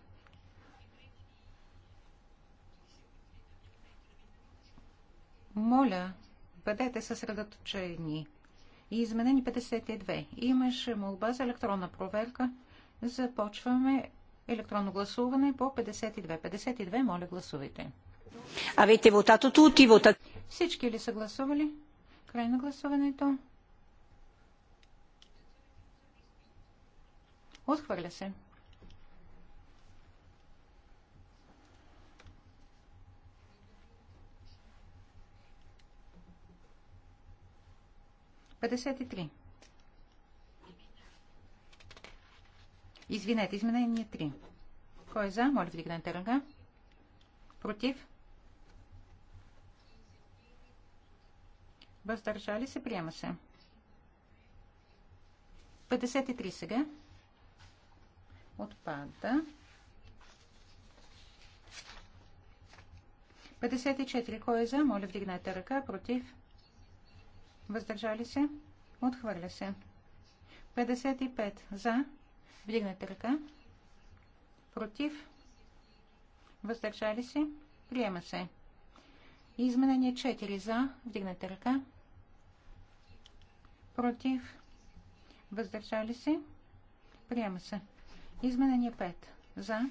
Моля, бъдете съсредоточени. И изменени 52. Имаше молба за електронна проверка. Започваме електронно гласуване по 52. 52, моля гласувайте. Авете вотато тути, вотато. Всички ли са гласували? Край на гласуването. Отхвърля се. Петдесет и три. Извинете, изменение 3. Кой е за? Моля, вдигнете ръка. Против? Въздържали се? Приема се. 53 сега. Отпада. 54. Кой е за? Моля, вдигнете ръка. Против? Въздържали се? Отхвърля се. 55. За? Вдигнете ръка. Против? Въздържали се? Приема се. Изменение 4. За? Вдигнете ръка. Против? Въздържали се? Приема се. Изменение 5. За.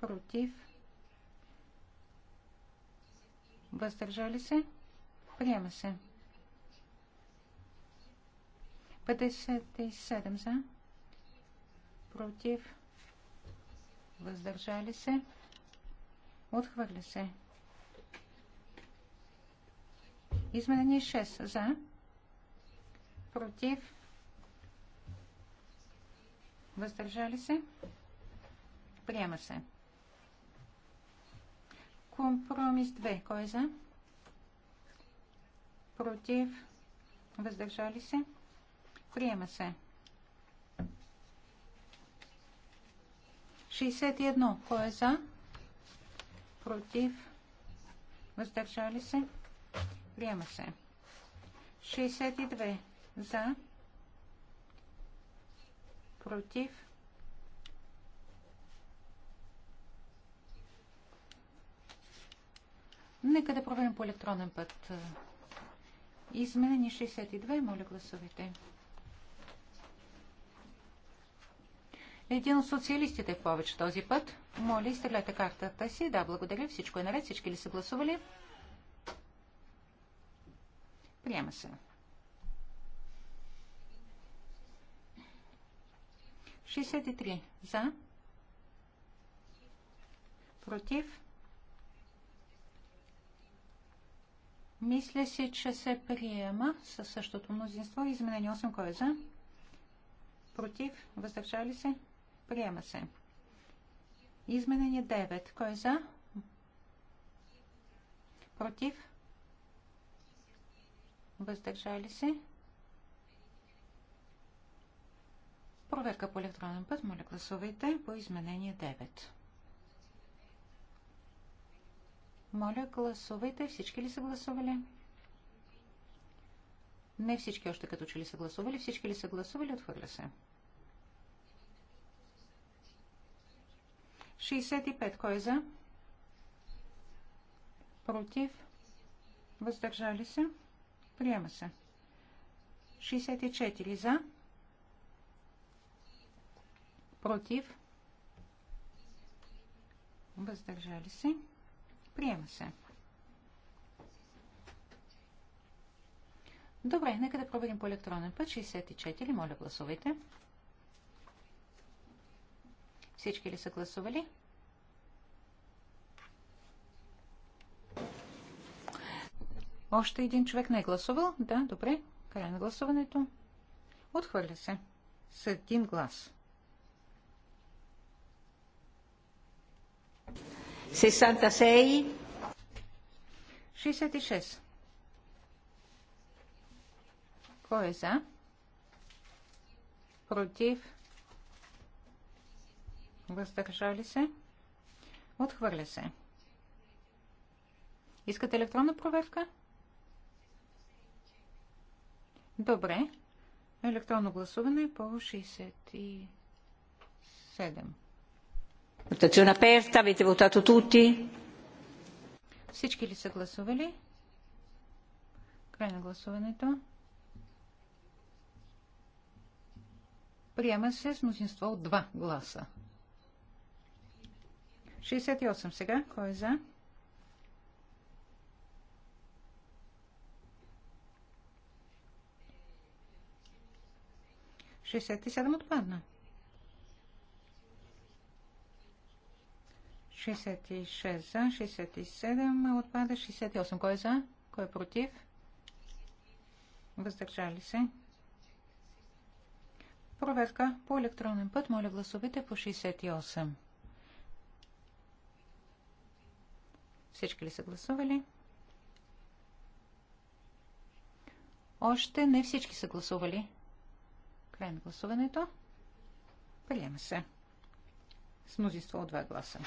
Против. Въздържали се. Приема се. 57 за. Против. Въздържали се. Отхвърля се. Изменение 6 за. Против. Въздържали се? Приема се. Компромис 2. Кой е за? Против? Въздържали се? Приема се. 61. Кой е за? Против? Въздържали се? Приема се. 62. За? Против? против. Нека да проверим по електронен път. Изменени 62, моля гласовете. Един от социалистите в е повече този път. Моля, изтегляте картата си. Да, благодаря. Всичко е наред. Всички ли са гласували? Приема се. 63 за, против. Мисля си, че се приема със същото мнозинство. Изменение 8, кой е за? Против, въздържали се, приема се. Изменение 9, кой е за? Против, въздържали се, Проверка по електронен път. Моля, гласувайте по изменение 9. Моля, гласувайте. Всички ли са гласували? Не всички още като че ли са гласували. Всички ли са гласували? Отхвърля се. 65. Кой е за? Против? Въздържали се? Приема се. 64 за против, въздържали се, приема се. Добре, нека да проверим по електронен път. 64, моля гласувайте. Всички ли са гласували? Още един човек не е гласувал? Да, добре. Край на гласуването. Отхвърля се. С един глас. 66. 66. Кой е за? Против? Въздържали се? Отхвърля се. Искате електронна проверка? Добре. Електронно гласуване по 67. Votazione aperta, avete votato tutti? Всички ли са гласували? Край на гласуването. Приема се с мнозинство от 2 гласа. 68 сега. Кой е за? Шестьдесят и седем отпадна. 66 за, 67 отпада, 68. Кой е за? Кой е против? Въздържали се. Проверка по електронен път. Моля гласовете по 68. Всички ли са гласували? Още не всички са гласували. Край на гласуването. Приема се. С мнозинство от два гласа.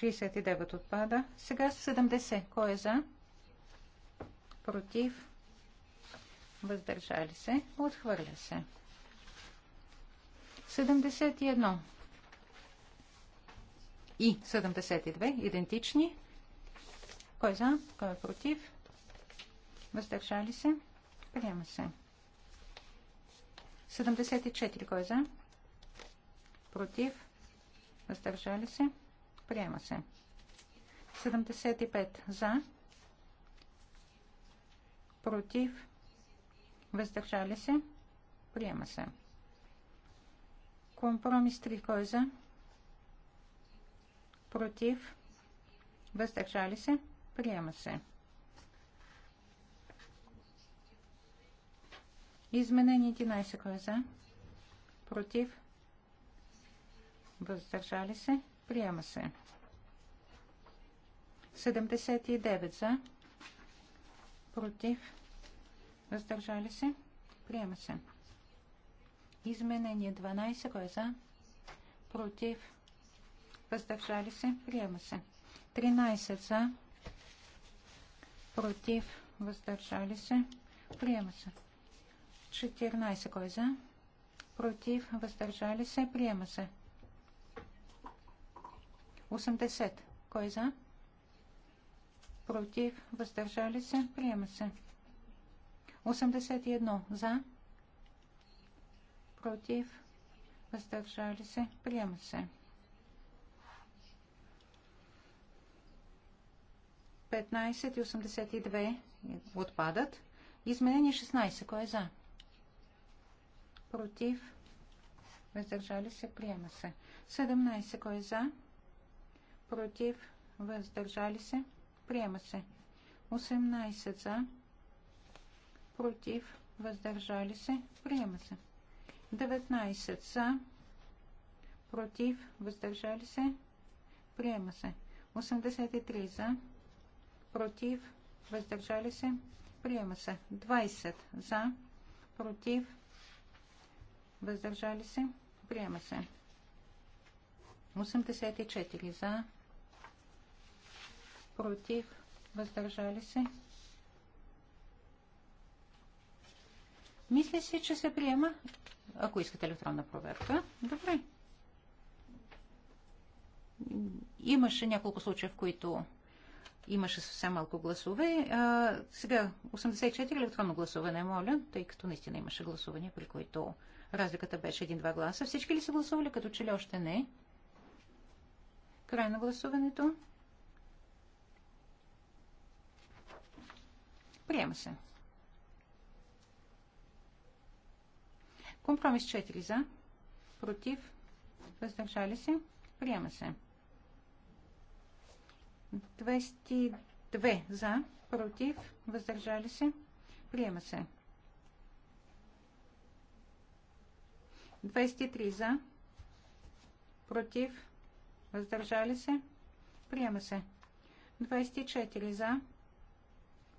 69 отпада. Сега 70. Кой е за? Против. Въздържали се. Отхвърля се. 71 и 72 идентични. Кой е за? Кой е против? Въздържали се. Приема се. 74. Кой е за? Против. Въздържали се. Приема се. 75 за. Против. Въздържали се. Приема се. Компромис 3 кой е за? Против. Въздържали се. Приема се. Изменение 11 кой е за? Против. Въздържали се. Приема се. 79 за. Против. Въздържали се. Приема се. Изменение 12. Кой е за? Против. Въздържали се. Приема се. 13 за. Против. Въздържали се. Приема се. 14. Кой е за? Против. Въздържали се. Приема се. 80. Кой за? Против. Въздържали се. Приема се. 81. За. Против. Въздържали се. Приема се. 15 и 82 отпадат. Изменение 16. Кой е за? Против. Въздържали се. Приема се. 17. Кой е за? против, въздържали се, приема се. 18 за, против, въздържали се, приема се. 19 за, против, въздържали се, приема се. 83 за, против, въздържали се, приема се. 20 за, против, въздържали се, приема се. 84 за, против, въздържали се. Мисля си, че се приема, ако искате електронна проверка. Добре. Имаше няколко случая, в които имаше съвсем малко гласове. А, сега 84 електронно гласуване, моля, тъй като наистина имаше гласуване, при които разликата беше 1-2 гласа. Всички ли са гласували, като че ли още не? Край на гласуването. Приема се. Компромис 4 за. Против. Въздържали се. Приема се. 202 за. Против. Въздържали се. Приема се. 23 за. Против. Въздържали се. Приема се. 24 за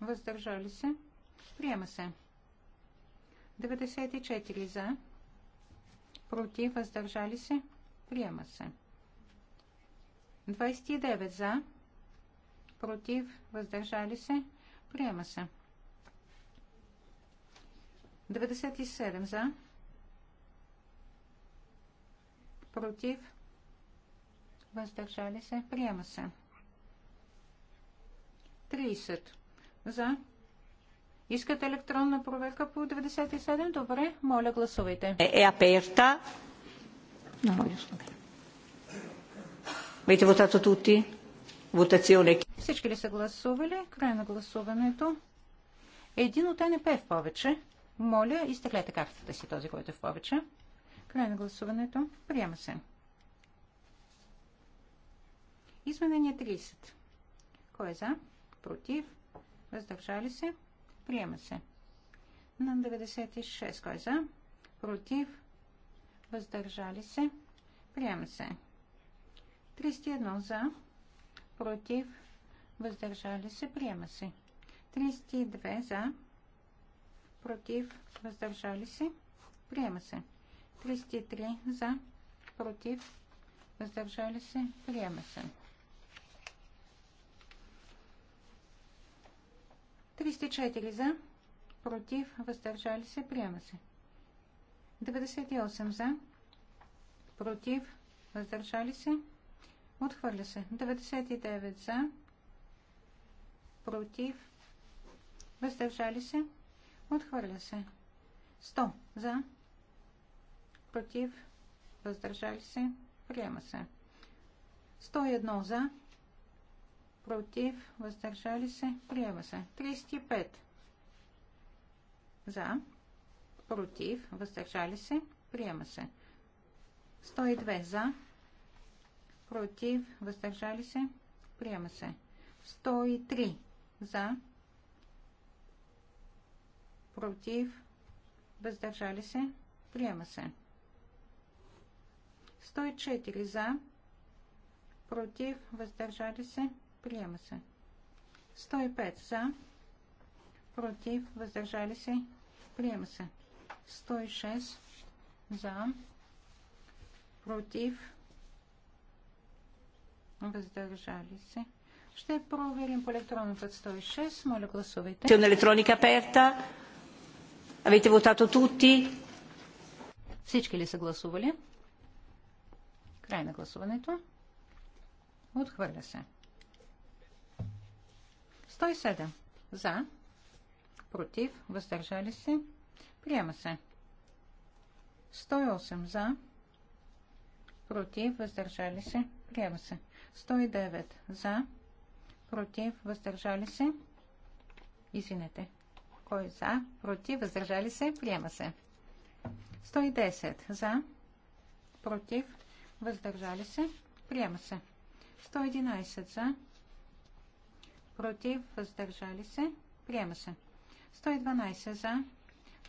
въздържали се, приема се. 94 за, против, въздържали се, приема се. 29 за, против, въздържали се, приема се. 97 за, против, въздържали се, приема се. 30 за. Искате електронна проверка по 97? Добре, моля гласувайте. Е, е аперта. Avete votato тути. Вотационе. Всички ли са гласували? Край на гласуването. Един от НП е в повече. Моля, изтеглете картата си, този, който е в повече. Край на гласуването. Приема се. Изменение 30. Кой е за? Против? въздържали се, приема се. На 96 кой за, против, въздържали се, приема се. 31 за, против, въздържали се, приема се. 32 за, против, въздържали се, приема се. 33 за, против, въздържали се, приема се. 34 за, против, въздържали се, приема се. 98 за, против, въздържали се, отхвърля се. 99 за, против, въздържали се, отхвърля се. 100 за, против, въздържали се, приема се. 101 за, против, въздържали се, приема се. 35 за, против, въздържали се, приема се. 102 за, против, въздържали се, приема се. 103 за, против, въздържали се, приема се. 104 за, против, въздържали се, Приема се. 105 за. Против. Въздържали се. Приема се. 106 за. Против. Въздържали се. Ще проверим по електронен път 106. Моля гласувайте. Електроника перта. Авете вотато тути. Всички ли са гласували? Край на гласуването. Отхвърля се. 107. За. Против. Въздържали се. Приема се. 108. За. Против. Въздържали се. Приема се. 109. За. Против. Въздържали се. Извинете. Кой е за? Против. Въздържали се. Приема се. 110. За. Против. Въздържали се. Приема се. 111. За против, въздържали се, приема се. 112 за,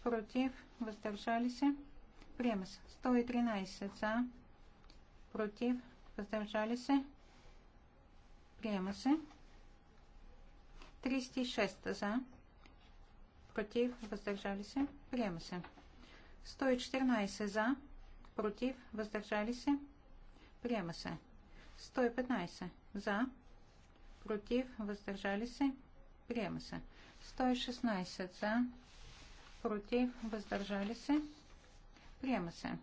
против, въздържали се, приема се. 113 за, против, въздържали се, приема се. 306 за, против, въздържали се, приема се. 114 за, против, въздържали се, приема се. 115 за, против, въздържали се, приема се. 116 за, против, въздържали се, приема се.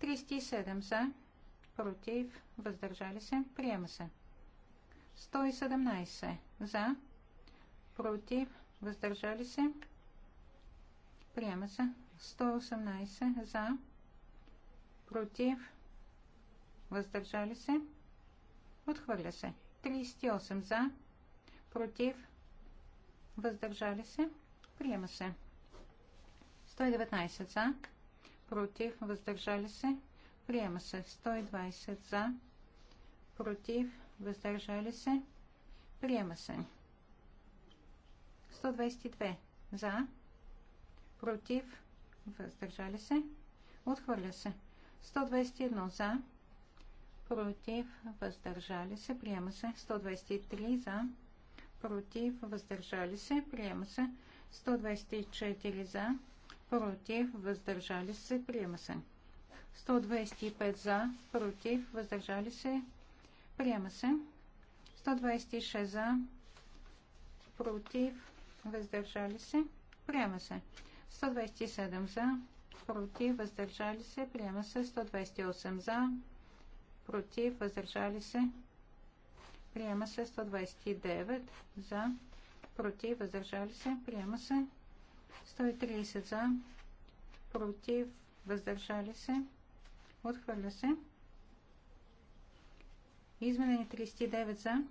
307 за, против, въздържали се, приема се. 117 за, против, въздържали се, приема се. 118 за, против, въздържали се, отхвърля се. 38 за, против, въздържали се, приема се. 119 за, против, въздържали се, приема се. 120 за, против, въздържали се, приема се. 122 за, против, въздържали се, отхвърля се. 121 за, против, въздържали се, приема се. 123 за, против, въздържали се, приема се. 124 за, против, въздържали се, приема се. 125 за, против, въздържали се, приема се. 126 за, против, въздържали се, приема се. 127 за, против, въздържали се, приема се. 128 за, против, въздържали се. Приема се 129 за, против, въздържали се. Приема се 130 за, против, въздържали се. Отхвърля се. Изменени 39 за,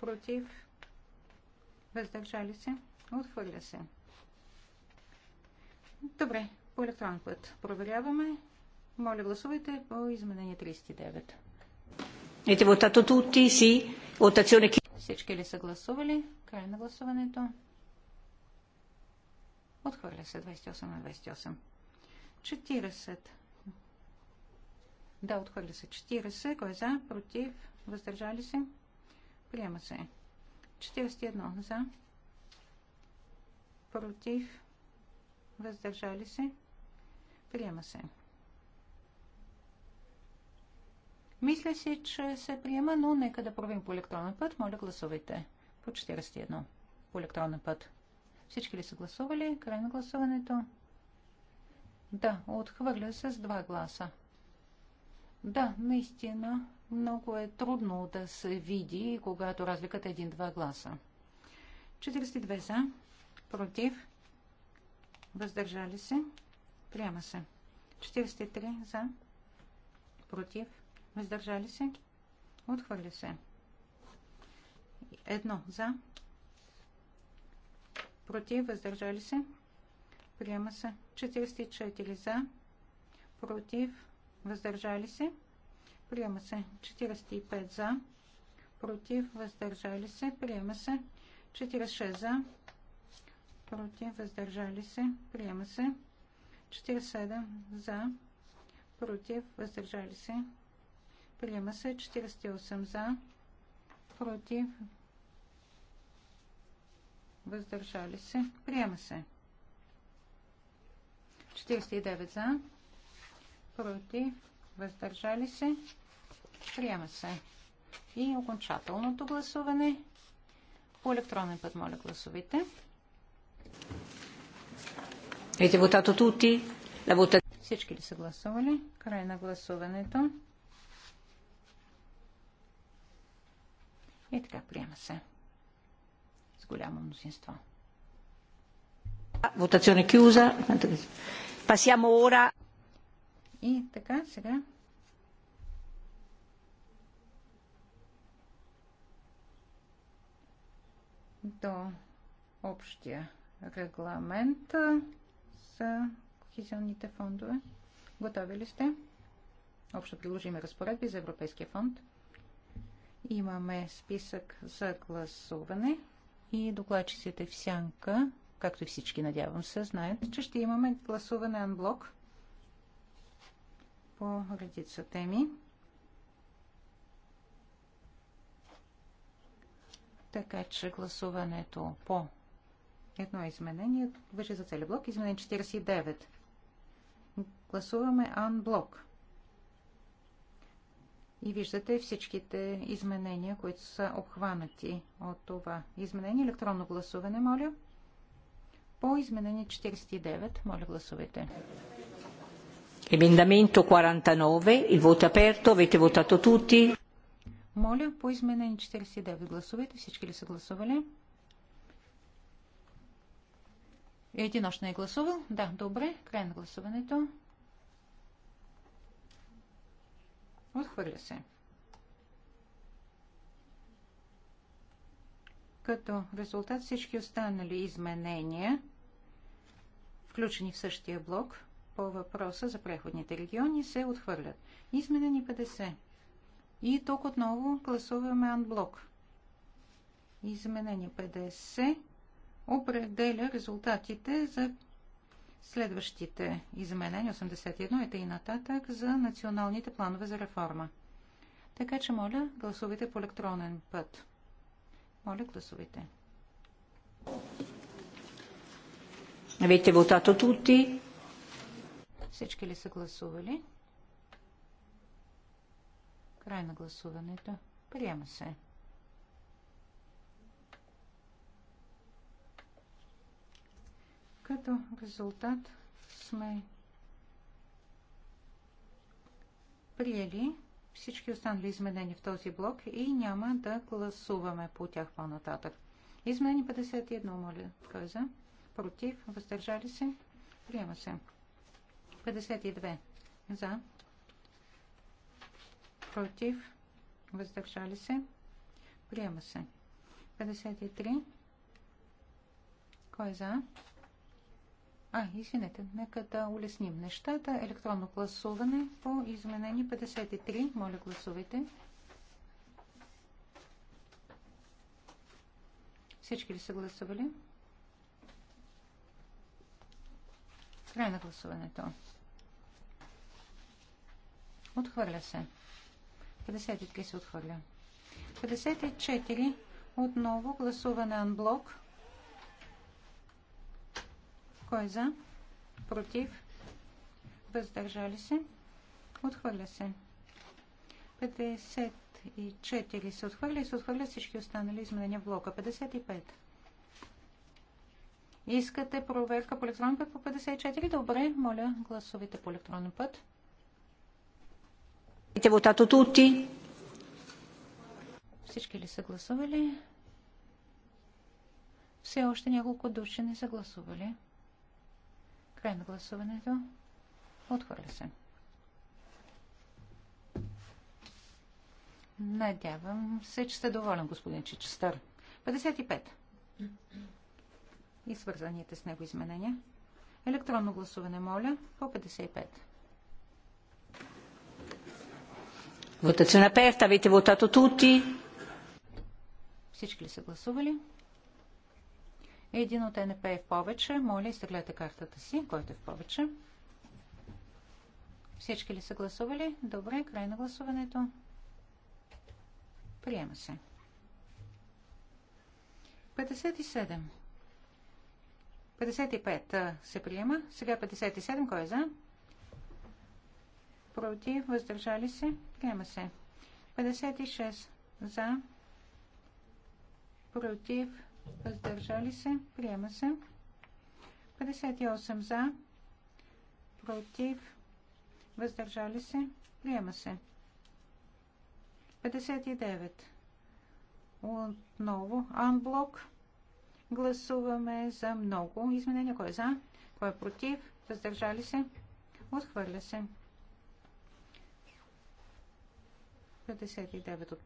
против, въздържали се. Отхвърля се. Добре, по електронен път проверяваме. Моля, гласувайте по изменение 39. Ете вотато тути си, отационе Всички ли са гласували? Край на гласуването. Отхвърля се 28 на 28. 40. Да, отхвърля се 40. Кой е за? Против? Въздържали се? Приема се. 41 за. Против? Въздържали се? Приема се. Мисля си, че се приема, но нека да проверим по електронен път. Моля, гласувайте по 41 по електронен път. Всички ли са гласували? Край на гласуването. Да, отхвърля се с два гласа. Да, наистина, много е трудно да се види, когато разликата е един-два гласа. 42 за, против, въздържали се, приема се. 43 за, против, Въздържали се? Отхвърля се. Едно за. Против. Въздържали се? Приема се. 44 за. Против. Въздържали се? Приема се. 45 за. Против. Въздържали се? Приема се. 46 за. Против. Въздържали се? Приема се. 47 за. Против. Въздържали се? Приема се 48 за, против, въздържали се. Приема се. 49 за, против, въздържали се. Приема се. И окончателното гласуване. По електронен път, моля, гласовите. Avete votato tutti? Всички ли са гласували? Край на гласуването. И така, приема се. С голямо мнозинство. Votazione chiusa. Passiamo ora. И така, сега. До общия регламент за кохезионните фондове. Готови ли сте? Общо приложими разпоредби за Европейския фонд Имаме списък за гласуване и докладчиците в сянка, както и всички, надявам се, знаят, че ще имаме гласуване анблок по редица теми. Така че гласуването по едно изменение въжи за цели блок. Изменение 49. Гласуваме анблок. И виждате всичките изменения, които са обхванати от това изменение. Електронно гласуване, моля. По изменение 49, моля гласувайте. Emendamento 49, il voto aperto, avete votato tutti? Моля, по изменение 49 гласувайте. Всички ли са гласували? Един още не е гласувал? Да, добре. Край на гласуването. Отхвърля се. Като резултат всички останали изменения, включени в същия блок, по въпроса за преходните региони, се отхвърлят. Изменени 50. И тук отново гласуваме анблок. Изменени 50 определя резултатите за следващите изменения 81 и нататък за националните планове за реформа. Така че моля, гласувайте по електронен път. Моля, гласувайте. Avete votato tutti? Всички ли са гласували? Край на гласуването. Приема се. Като резултат сме приели всички останали изменения в този блок и няма да гласуваме по тях по-нататък. Измени 51, моля, кой е за? Против, въздържали се? Приема се. 52 за. Против, въздържали се? Приема се. 53. Кой е за? А, извинете, нека да улесним нещата. Електронно гласуване по изменение 53. Моля, гласувайте. Всички ли са гласували? Край на гласуването. Отхвърля се. 53 се отхвърля. 54. Отново гласуване анблок. блок. Кой е за? Против? Въздържали се? Отхвърля се. 54 се отхвърля и се отхвърля всички останали изменения в блока. 55. Искате проверка по електронен път по 54? Добре, моля, гласувайте по електронен път. Всички ли са гласували? Все още няколко души не са гласували. Край на гласуването. Отхвърля се. Надявам се, че сте доволен, господин Чичестър. 55. И свързаните с него изменения. Електронно гласуване, моля, по 55. Votazione aperta, avete votato tutti? Всички ли са гласували? Един от НП е в повече. Моля, изтеглете картата си, който е в повече. Всички ли са гласували? Добре, край на гласуването. Приема се. 57. 55 се приема. Сега 57. Кой е за? Против. Въздържали се. Приема се. 56 за. Против въздържали се, приема се. 58 за, против, въздържали се, приема се. 59. Отново анблок. Гласуваме за много изменения. Кой е за? Кой е против? Въздържали се? Отхвърля се. 59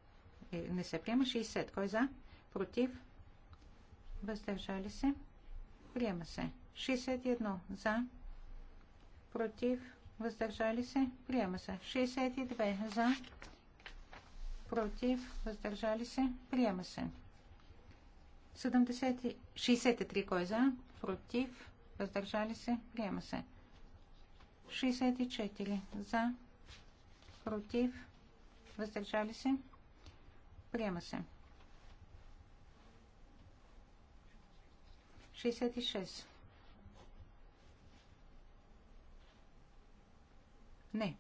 е, не се приема. 60. Кой е за? Против? въздържали се, приема се. 61 за, против, въздържали се, приема се. 62 за, против, въздържали се, приема се. 70, 63 кой е за, против, въздържали се, приема се. 64 за, против, въздържали се, приема се. 66. Не.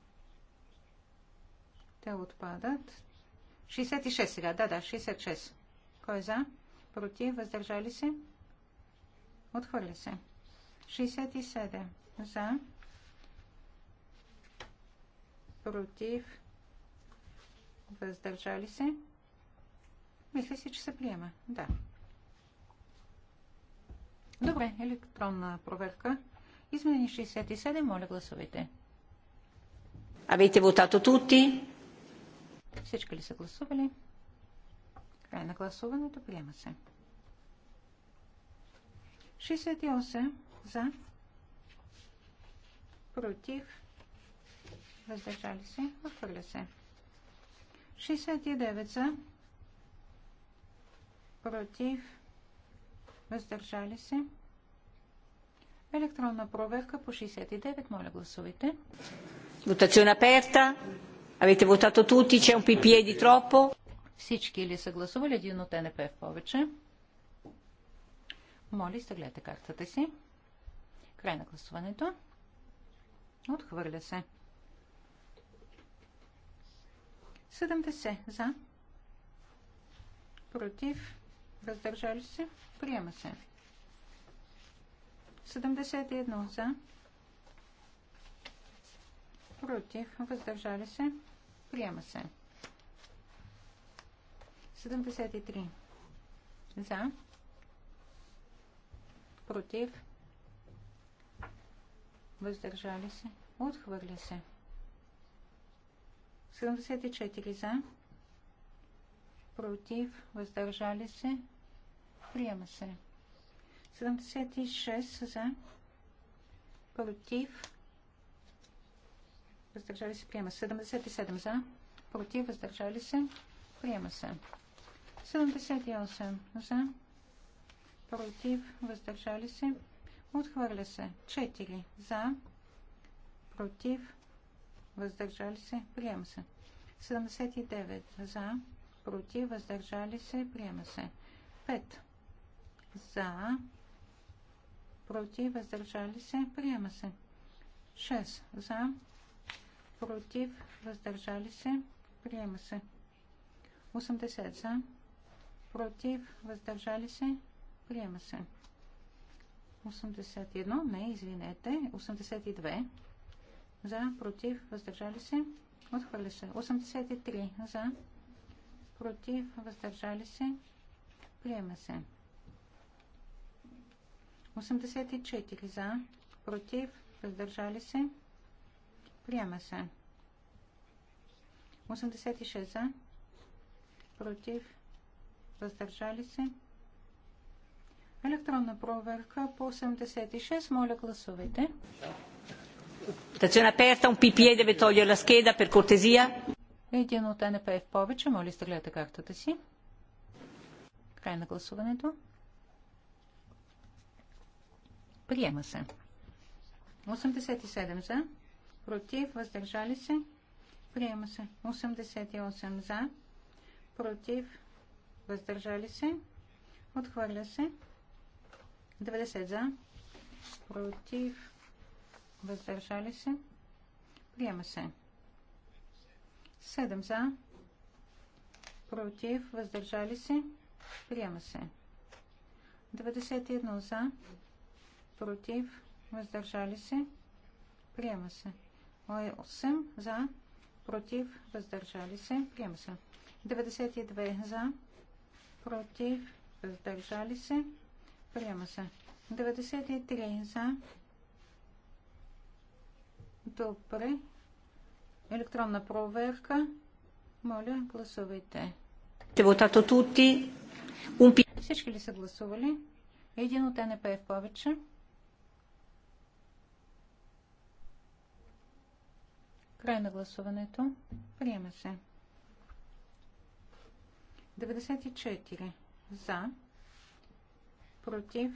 Те отпадат. 66 сега. Да, да, 66. Кой е за? Против? Въздържали се? Отхвърля се. 67. За. Против. Въздържали се? Мисля си, че се приема. Да. Добре, електронна проверка. Измени 67, моля гласувайте. Avete votato тути. Всички ли са гласували? Край на гласуването, приема се. 68 за, против, въздържали се, отхвърля се. 69 за, против, въздържали се. Електронна проверка по 69. Моля, гласувайте. Votazione aperta. Avete votato tutti, c'è un PPA di troppo. Всички ли са гласували? Един от НП в повече. Моля, изтеглете картата си. Край на гласуването. Отхвърля се. 70 за. Против въздържали се, приема се. 71 за, против, въздържали се, приема се. 73 за, против, въздържали се, отхвърля се. 74 за, против, въздържали се, приема се. 76 за, против, въздържали се, приема се. 77 за, против, въздържали се, приема се. 78 за, против, въздържали се, отхвърля се. 4 за, против, въздържали се, приема се. 79 за, против, въздържали се, приема се. 5. За, против, въздържали се, приема се. 6. За, против, въздържали се, приема се. 80. За, против, въздържали се, приема се. 81, не, извинете, 82. За, против, въздържали се, отхвърля се. 83. За, против, въздържали се, приема се. 84 за, против, въздържали се, приема се. 86 за, против, въздържали се. Електронна проверка по 86. Моля, гласувайте. Stazione aperta, un PPA e deve togliere la scheda per cortesia. Един от НП в повече. сте гледате картата си. Край на гласуването. Приема се. 87 за. Против. Въздържали се. Приема се. 88 за. Против. Въздържали се. Отхвърля се. 90 за. Против. Въздържали се. Приема се. 7 за, против, въздържали се, приема се. 91 за, против, въздържали се, приема се. 8 за, против, въздържали се, приема се. 92 за, против, въздържали се, приема се. 93 за. Добре, електронна проверка. Моля, гласувайте. Всички ли са гласували? Един от НП е в повече. Край на гласуването. Приема се. 94 за, против,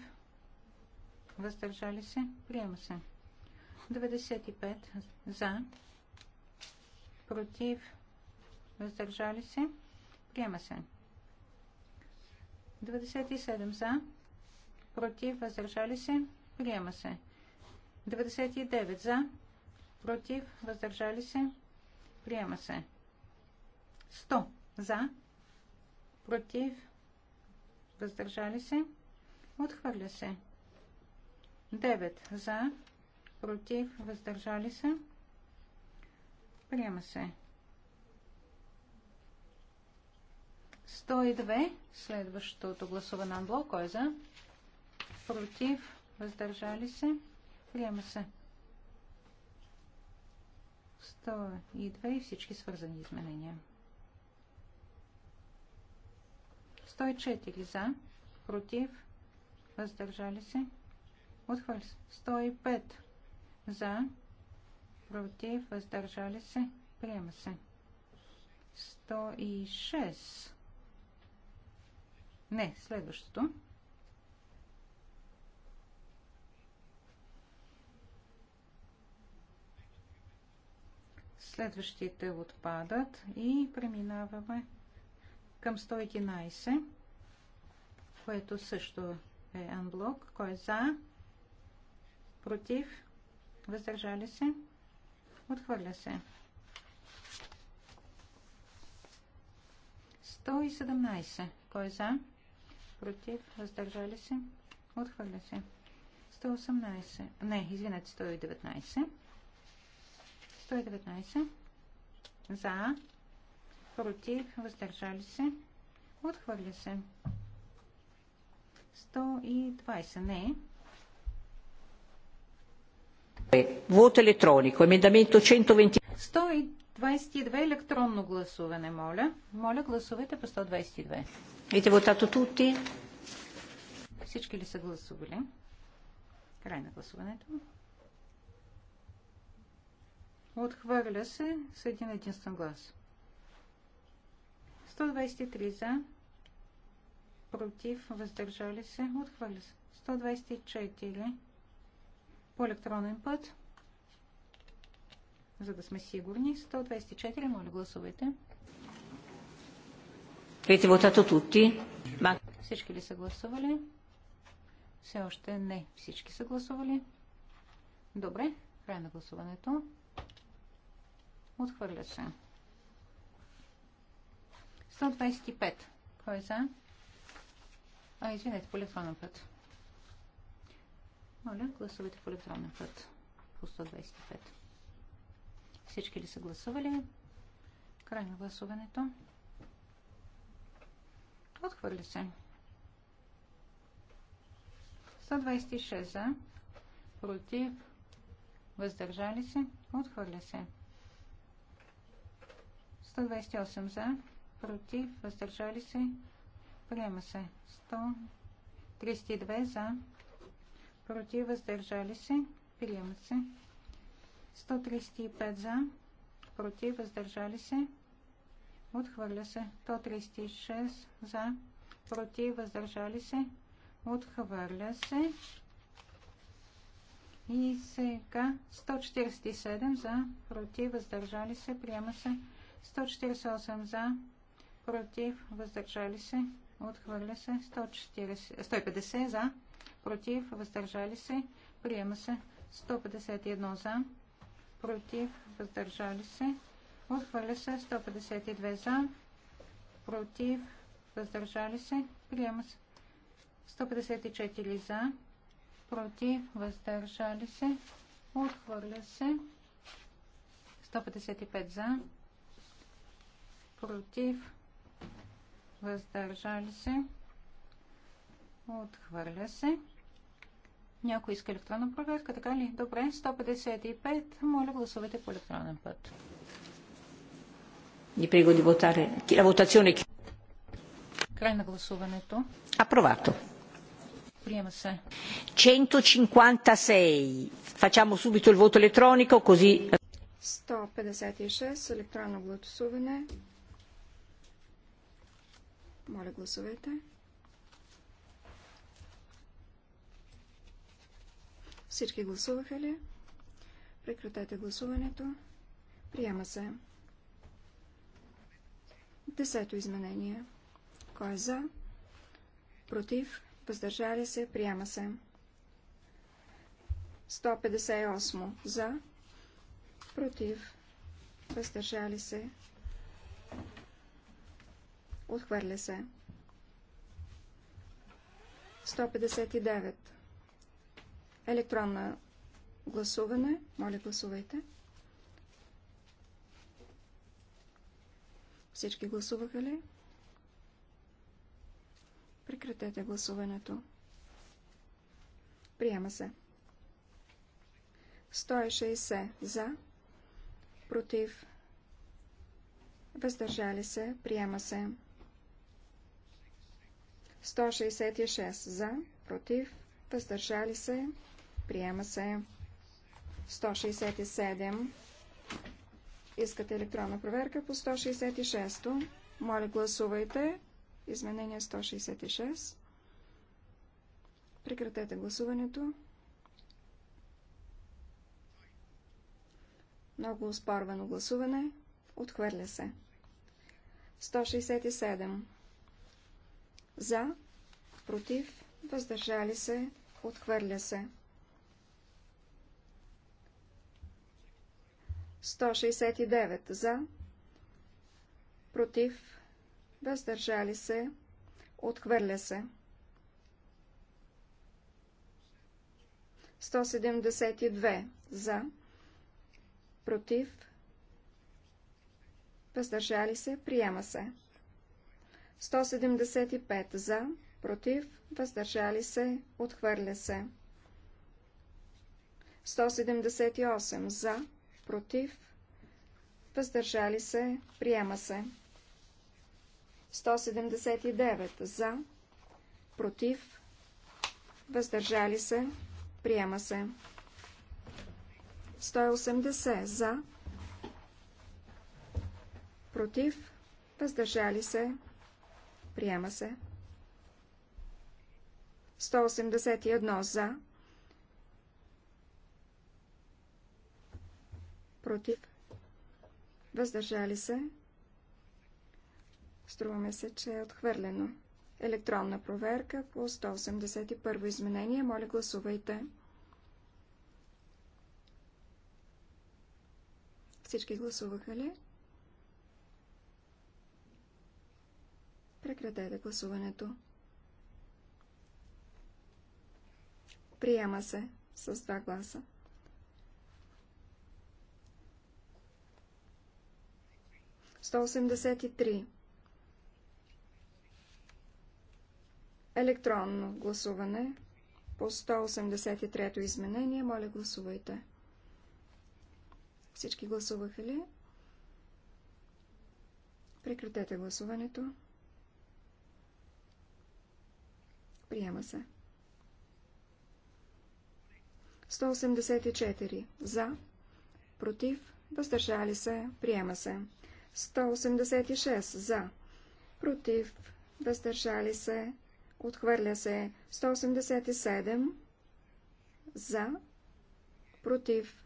въздържали се, приема се. 95 за, против, въздържали се, приема се. 97 за, против, въздържали се, приема се. 99 за, против, въздържали се, приема се. 100 за, против, въздържали се, отхвърля се. 9 за, против, въздържали се, Приема се. 102. Следващото гласуване на блок. Кой е за? Против. Въздържали се. Приема се. 102 и всички свързани изменения. 104 за. Против. Въздържали се. Отхвърли се. 105 за против, въздържали се, приема се. 106. Не, следващото. Следващите отпадат и преминаваме към 111, което също е анблок. Кой е за? Против? Въздържали се? Отхвърля се. 117. Кой е за? Против. Въздържали се. Отхвърля се. 118. Не, извинете, 119. 119. За. Против. Въздържали се. Отхвърля се. 120. Не. Вод електронико. Емендамento 120. 122 електронно гласуване, моля. Моля, гласувайте по 122. Ете вотато тути. Всички ли са гласували? Край на гласуването. Отхвърля се с един единствен глас. 123 за, против, въздържали се, отхвърля се. 124 по електронен път, за да сме сигурни. 124, моля гласувайте. Avete votato tutti? Всички ли са гласували? Все още не. Всички са гласували. Добре, край на гласуването. Отхвърля се. 125. Кой е за? А, извинете, по електронен път. Моля, гласувайте по електронен път по 125. Всички ли са гласували? Край на гласуването. Отхвърли се. 126 за, против, въздържали се, отхвърля се. 128 за, против, въздържали се, приема се. 132 за, против, въздържали се, приема се. 135 за, против, въздържали се, отхвърля се. 136 за, против, въздържали се, отхвърля се. И сега 147 за, против, въздържали се, приема се. 148 за, против, въздържали се, отхвърля се. 140, 150 за, против, въздържали се, приема се. 151 за, против, въздържали се, отхвърля се. 152 за, против, въздържали се, приема се. 154 за, против, въздържали се, отхвърля се. 155 за, против, въздържали се, отхвърля се. Някой иска електронна проверка, така ли? Добре, 155. Моля, гласувайте по електронен път. Ви прего di votare. La votazione Край на гласуването. Апровато. Приема се. 156. Фачамо субито il voto електронико, кози... 156. Електронно гласуване. Моля, гласувайте. Всички гласуваха ли? Прекратете гласуването. Приема се. Десето изменение. Кой е за? Против? Въздържали се? Приема се. 158. За? Против? Въздържали се? Отхвърля се. 159 електронна гласуване. Моля, гласувайте. Всички гласуваха ли? Прекратете гласуването. Приема се. 160 за, против, въздържали се, приема се. 166 за, против, въздържали се, Приема се 167. Искате електронна проверка по 166-то. Моля, гласувайте. Изменение 166. Прекратете гласуването. Много успорвано гласуване. Отхвърля се. 167. За, против, въздържали се, отхвърля се. 169 за, против, въздържали се, отхвърля се. 172 за, против, въздържали се, приема се. 175 за, против, въздържали се, отхвърля се. 178 за, против, въздържали се, приема се. 179 за, против, въздържали се, приема се. 180 за, против, въздържали се, приема се. 181 за, против, въздържали се. Струваме се, че е отхвърлено. Електронна проверка по 181 изменение. Моля, гласувайте. Всички гласуваха ли? Прекратете гласуването. Приема се с два гласа. 183. Електронно гласуване по 183-то изменение. Моля, гласувайте. Всички гласуваха ли? Прекратете гласуването. Приема се. 184. За. Против. Въздържали се. Приема се. 186 за, против, въздържали се, отхвърля се 187 за, против,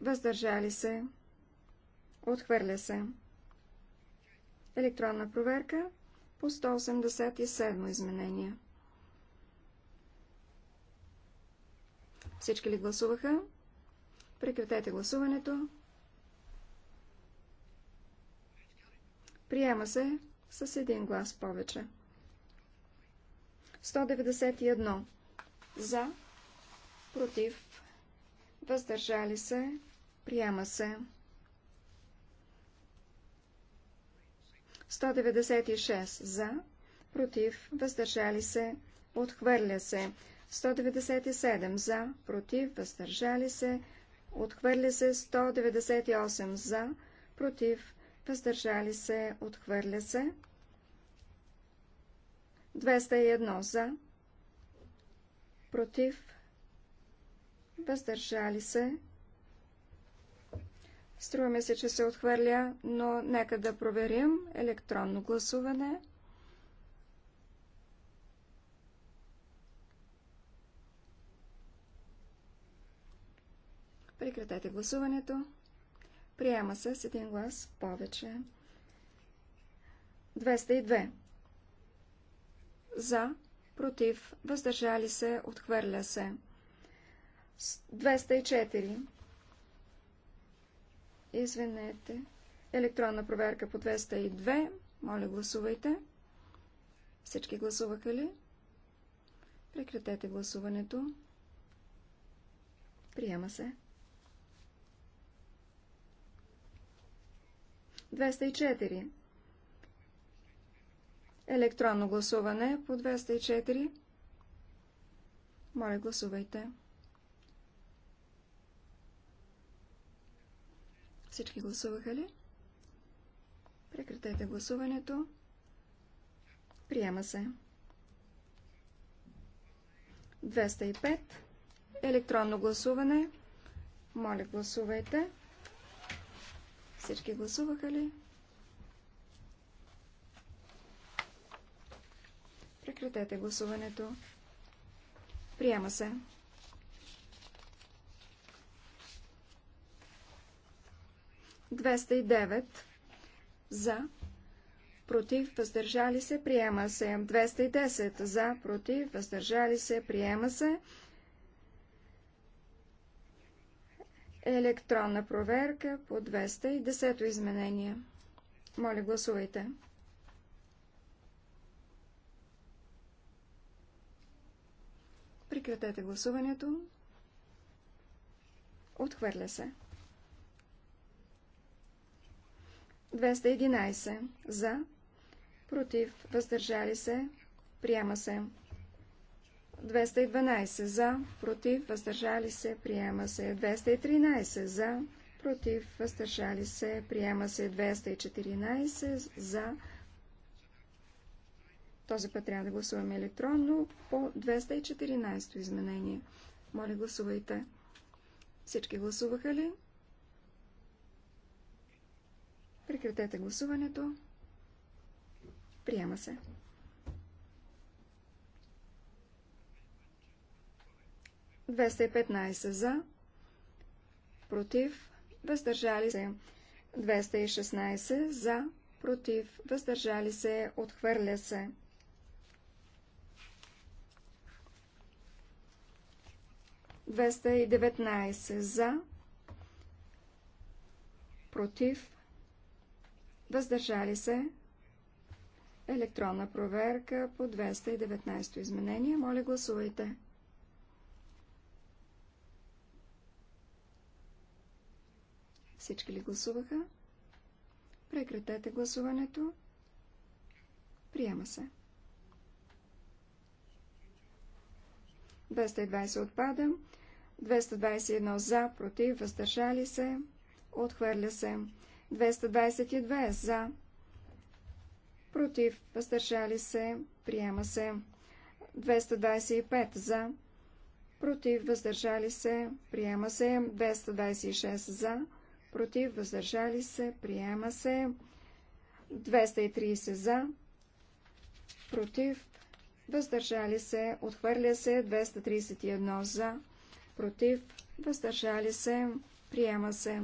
въздържали се, отхвърля се. Електронна проверка по 187 изменение. Всички ли гласуваха? Прекратете гласуването. Приема се с един глас повече. 191. За. Против. Въздържали се. Приема се. 196. За. Против. Въздържали се. Отхвърля се. 197. За. Против. Въздържали се. Отхвърля се. 198. За. Против въздържали се, отхвърля се. 201 за, против, въздържали се. Струваме се, че се отхвърля, но нека да проверим електронно гласуване. Прекратете гласуването. Приема се с един глас повече. 202. За, против, въздържали се, отхвърля се. 204. Извинете. Електронна проверка по 202. Моля, гласувайте. Всички гласуваха ли? Прекратете гласуването. Приема се. 204. Електронно гласуване по 204. Моля, гласувайте. Всички гласуваха ли? Прекратете гласуването. Приема се. 205. Електронно гласуване. Моля, гласувайте. Всички гласуваха ли? Прекратете гласуването. Приема се. Двеста и девет. За. Против. Въздържали се. Приема се. 210. За. Против. Въздържали се. Приема се. електронна проверка по 210 изменение. Моля, гласувайте. Прекратете гласуването. Отхвърля се. 211 за, против, въздържали се, приема се. 212 за, против, въздържали се, приема се. 213 за, против, въздържали се, приема се. 214 за. Този път трябва да гласуваме електронно по 214 изменение. Моля, гласувайте. Всички гласуваха ли? Прекратете гласуването. Приема се. 215 за, против, въздържали се. 216 за, против, въздържали се, отхвърля се. Двеста и деветнайсет за, против, въздържали се, електронна проверка по 219 изменение. Моля, гласувайте. Всички ли гласуваха? Прекратете гласуването. Приема се. 220 отпада. 221 за, против, въздържали се. Отхвърля се. 222 за. Против, въздържали се. Приема се. 225 за. Против, въздържали се. Приема се. 226 за против, въздържали се, приема се. 230 за, против, въздържали се, отхвърля се. 231 за, против, въздържали се, приема се.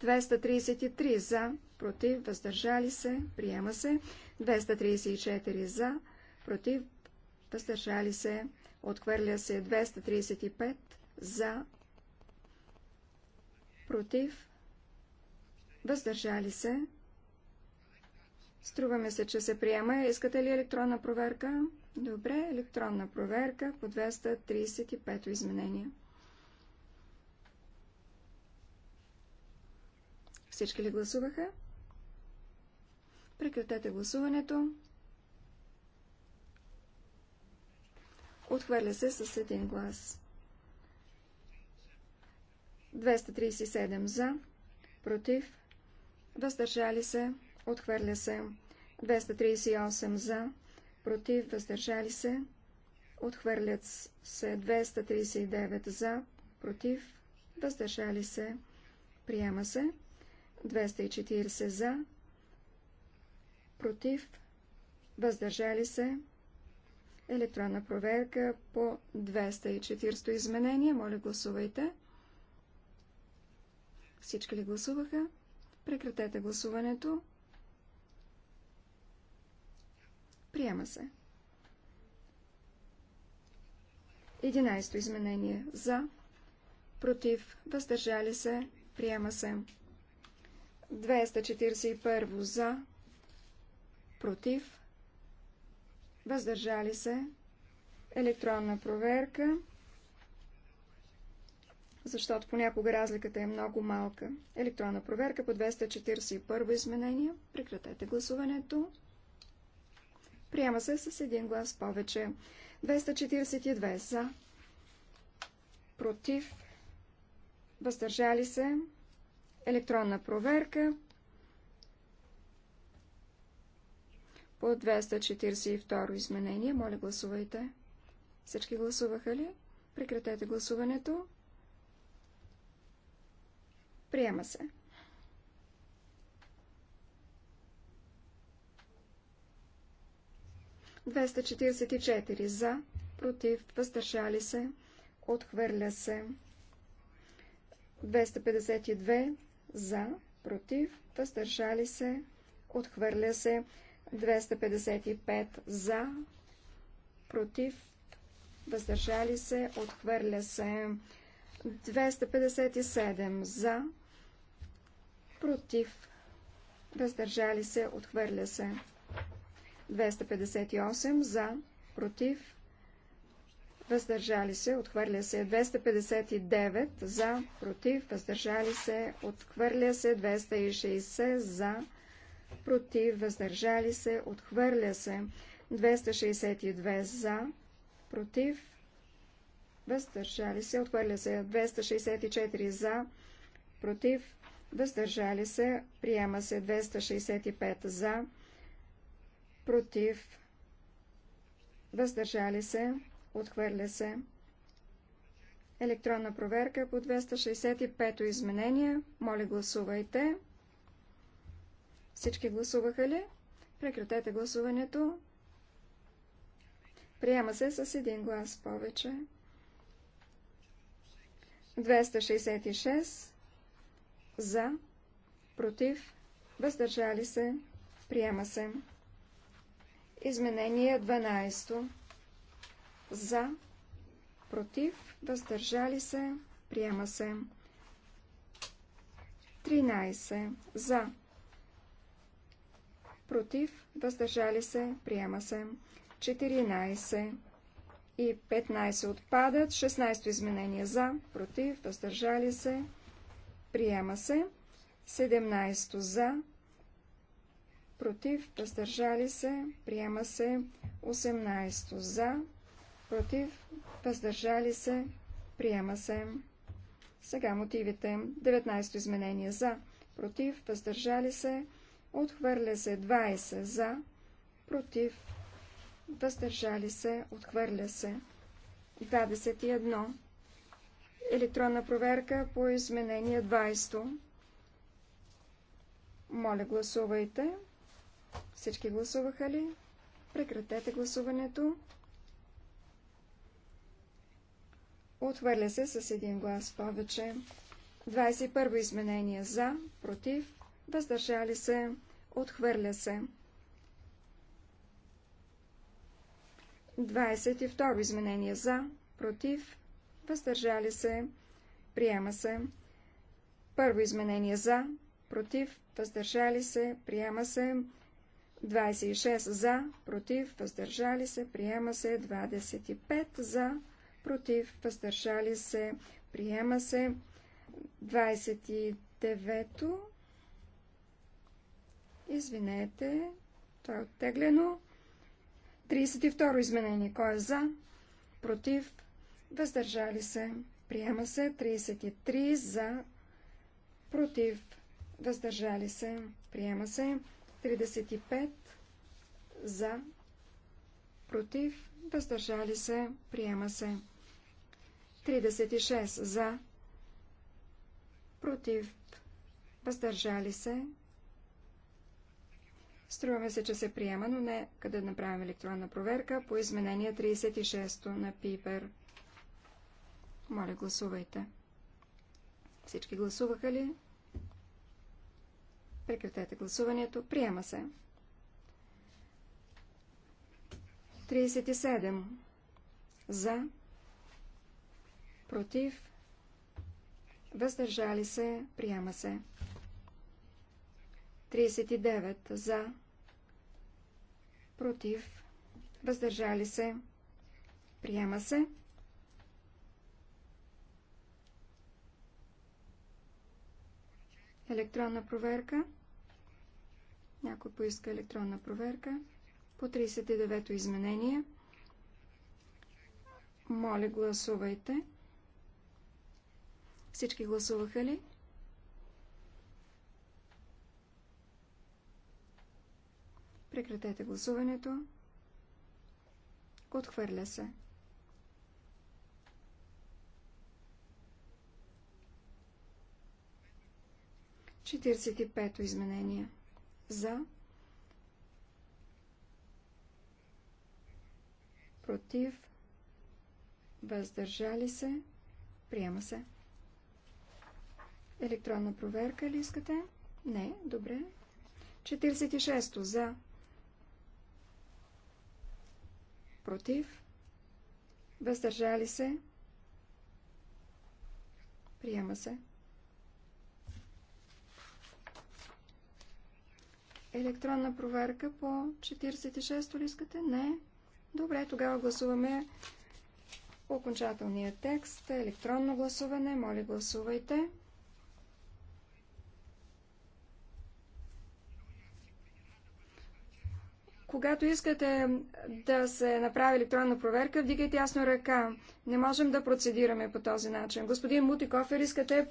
233 за, против, въздържали се, приема се. 234 за, против, въздържали се, отхвърля се. 235 за, против, въздържали се. Струваме се, че се приема. Искате ли електронна проверка? Добре, електронна проверка по 235 то изменение. Всички ли гласуваха? Прекратете гласуването. Отхвърля се с един глас. 237 за, против, въздържали се, отхвърля се. 238 за, против, въздържали се, отхвърлят се. 239 за, против, въздържали се, приема се. 240 за, против, въздържали се. Електронна проверка по 240 изменение. Моля, гласувайте. Всички ли гласуваха? Прекратете гласуването. Приема се. 11 изменение. За. Против. Въздържали се. Приема се. 241 за. Против. Въздържали се. Електронна проверка защото понякога разликата е много малка. Електронна проверка по 241 изменение. Прекратете гласуването. Приема се с един глас повече. 242 за. Против. Въздържали се. Електронна проверка по 242 изменение. Моля гласувайте. Всички гласуваха ли? Прекратете гласуването. Приема се. Двеста за, против, въздържали се, отхвърля се. 252 за, против, въздържали се, отхвърля се. 255 за, против, въздържали се, отхвърля се. 257 за, против, въздържали се, отхвърля се. 258 за, против, въздържали се, отхвърля се. 259 за, против, въздържали се, отхвърля се. 260 за, против, въздържали се, отхвърля се. 262 за, против, въздържали се, отхвърля се. 264 за, против, въздържали се, приема се 265 за, против, въздържали се, отхвърля се. Електронна проверка по 265 изменение. Моля гласувайте. Всички гласуваха ли? Прекратете гласуването. Приема се с един глас повече. 266 за, против, въздържали се, приема се. Изменение 12. За, против, въздържали се, приема се. 13. За, против, въздържали се, приема се. 14 и 15 отпадат. 16 изменение за, против, въздържали се, Приема се. 17 за. Против. Въздържали се. Приема се. 18 за. Против. Въздържали се. Приема се. Сега мотивите. 19 изменение за. Против. Въздържали се. Отхвърля се. 20 за. Против. Въздържали се. Отхвърля се. 21 електронна проверка по изменение 20. Моля, гласувайте. Всички гласуваха ли? Прекратете гласуването. Отхвърля се с един глас повече. 21 изменение за, против, въздържали се, отхвърля се. 22 изменение за, против, въздържали се, приема се. Първо изменение за, против, въздържали се, приема се. 26 за, против, въздържали се, приема се. 25 за, против, въздържали се, приема се. 29-то, извинете, то е оттеглено. 32-ро изменение, кой е за, против, въздържали се, приема се 33 за, против, въздържали се, приема се 35 за, против, въздържали се, приема се 36 за, против, въздържали се. Струваме се, че се приема, но не къде да направим електронна проверка по изменение 36 на Пипер. Моля, гласувайте. Всички гласуваха ли? Прекратете гласуването. Приема се. 37. За. Против. Въздържали се. Приема се. 39. За. Против. Въздържали се. Приема се. електронна проверка. Някой поиска електронна проверка. По 39-то изменение. Моля, гласувайте. Всички гласуваха ли? Прекратете гласуването. Отхвърля се. 45-то изменение. За. Против. Въздържали се. Приема се. Електронна проверка ли искате? Не, добре. 46-то за. Против. Въздържали се. Приема се. електронна проверка по 46-то ли искате? Не. Добре, тогава гласуваме окончателния текст. Електронно гласуване. Моля, гласувайте. Когато искате да се направи електронна проверка, вдигайте ясно ръка. Не можем да процедираме по този начин. Господин Мутиков, искате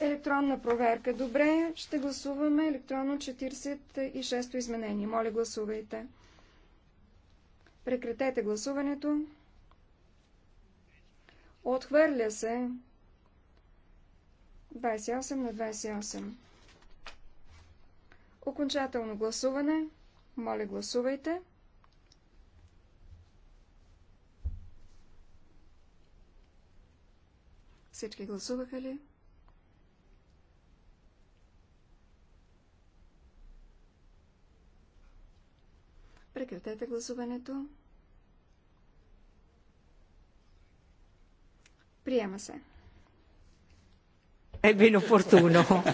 Електронна проверка. Добре, ще гласуваме електронно 46-то изменение. Моля, гласувайте. Прекратете гласуването. Отхвърля се 28 на 28. Окончателно гласуване. Моля, гласувайте. Всички гласуваха ли? Прекратете гласуването. Приема се. Е бен опортуно.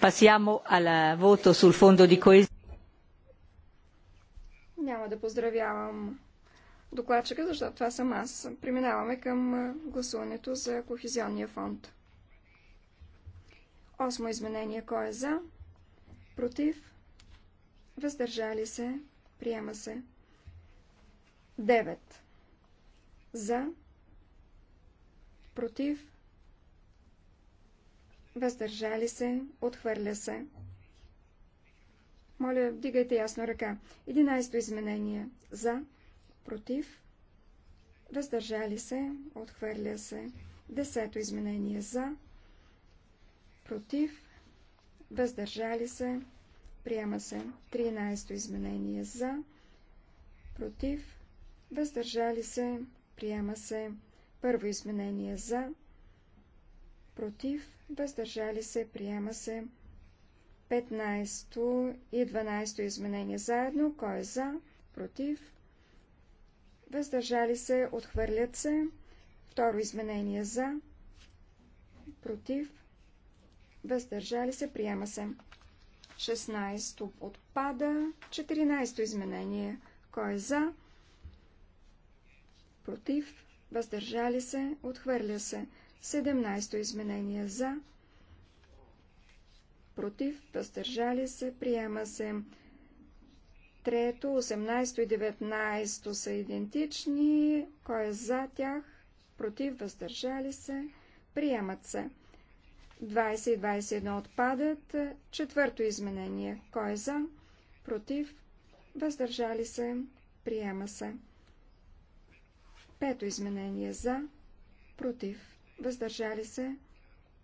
Пасямо ала вото сул фондо ди Няма да поздравявам докладчика, защото това съм аз. Преминаваме към гласуването за Кохезионния фонд. Осмо изменение. Кой е за? Против? въздържали се, приема се. 9. За, против, въздържали се, отхвърля се. Моля, вдигайте ясно ръка. 11 изменение. За, против, въздържали се, отхвърля се. Десето изменение за, против, въздържали се, Приема се 13-то изменение за, против, въздържали се, приема се първо изменение за, против, въздържали се, приема се 15-то и 12-то изменение заедно, кой е за, против, въздържали се, отхвърлят се, второ изменение за, против, въздържали се, приема се. 16 отпада. 14 то изменение. Кой е за? Против. Въздържали се. Отхвърля се. 17 изменение. За. Против. Въздържали се. Приема се. Трето, 18 и 19 са идентични. Кой е за тях? Против. Въздържали се. Приемат се. 20 и 21 отпадат. Четвърто изменение. Кой е за? Против? Въздържали се? Приема се. Пето изменение. За? Против? Въздържали се?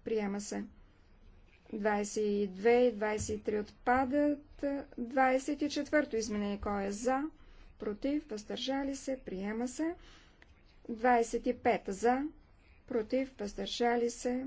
Приема се. 22 и 23 отпадат. 24-то изменение. Кой е за? Против? Въздържали се? Приема се. 25 за? Против? Въздържали се?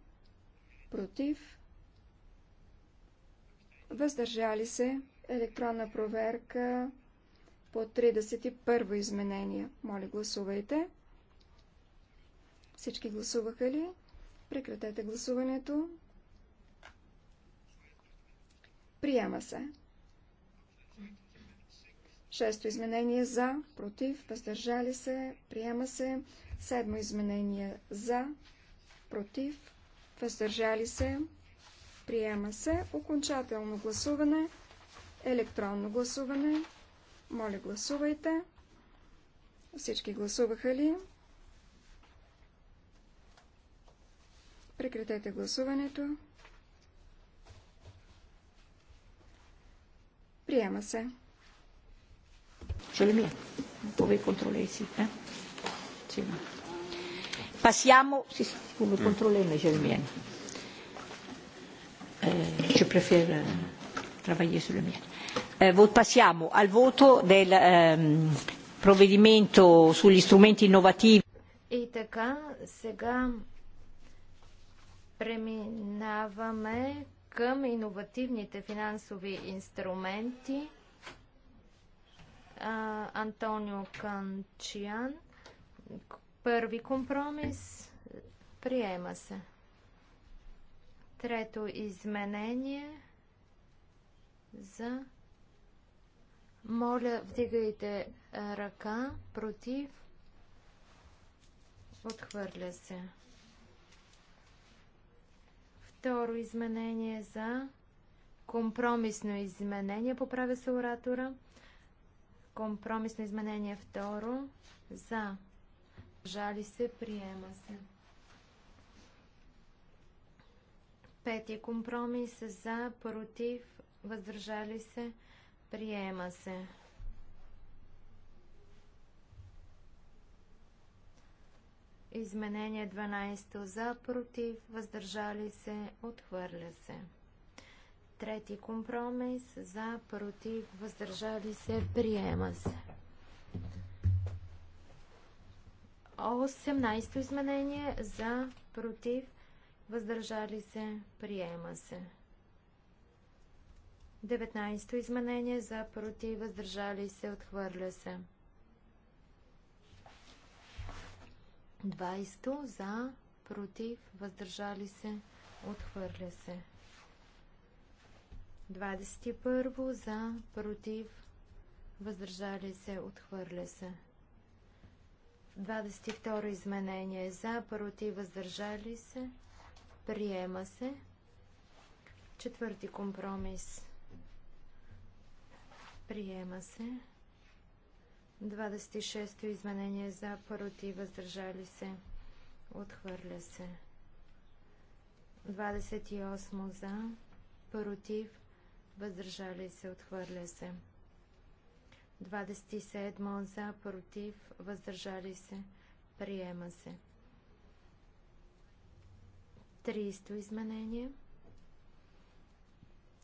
против, въздържали се, електронна проверка по 31 изменение. Моля, гласувайте. Всички гласуваха ли? Прекратете гласуването. Приема се. Шесто изменение за, против, въздържали се, приема се. Седмо изменение за, против, въздържали се, приема се. Окончателно гласуване, електронно гласуване. Моля, гласувайте. Всички гласуваха ли? Прекратете гласуването. Приема се. Желемия, повей контролей си. Е? Чина. Passiamo, sì, sì, come controllerlo c'è il mio. Eh, je préfère travailler sur le mien. Eh, passiamo al voto del ehm, provvedimento sugli strumenti innovativi. E така, сега преминаваме към иновативните финансови инструменти. Антонио Канчиан, Първи компромис приема се. Трето изменение за моля, вдигайте е, ръка против. Отхвърля се. Второ изменение за компромисно изменение. Поправя се оратора. Компромисно изменение второ за Жали се. Приема се. Пети компромис за, против, въздържали се, приема се. Изменение 12 за, против, въздържали се, отхвърля се. Трети компромис за, против, въздържали се, приема се. 18-то изменение за против, въздържали се, приема се. 19-то изменение за против, въздържали се, отхвърля се. 20-то за против, въздържали се, отхвърля се. 21 за против, въздържали се, отхвърля се. 22 изменение за, против, въздържали се, приема се. Четвърти компромис. Приема се. 26-то изменение за против въздържали се. Отхвърля се. 28 за против въздържали се. Отхвърля се. 27 за, против, въздържали се, приема се. 30 изменение.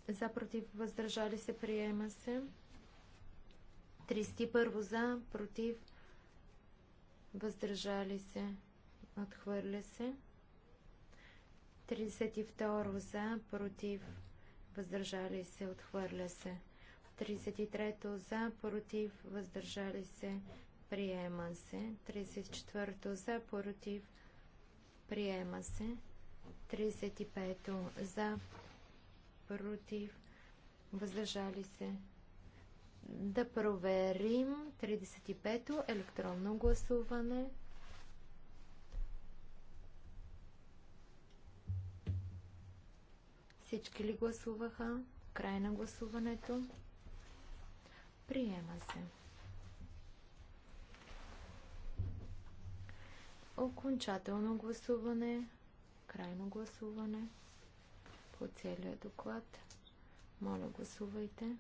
За, против, въздържали се, приема се. 31 за, против, въздържали се, отхвърля се. 32 за, против, въздържали се, отхвърля се. 33 за, против, въздържали се, приема се. 34 за, против, приема се. 35 за, против, въздържали се. Да проверим 35-то електронно гласуване. Всички ли гласуваха? Край на гласуването. Приема се. Окончателно гласуване, крайно гласуване по целия доклад. Моля, гласувайте.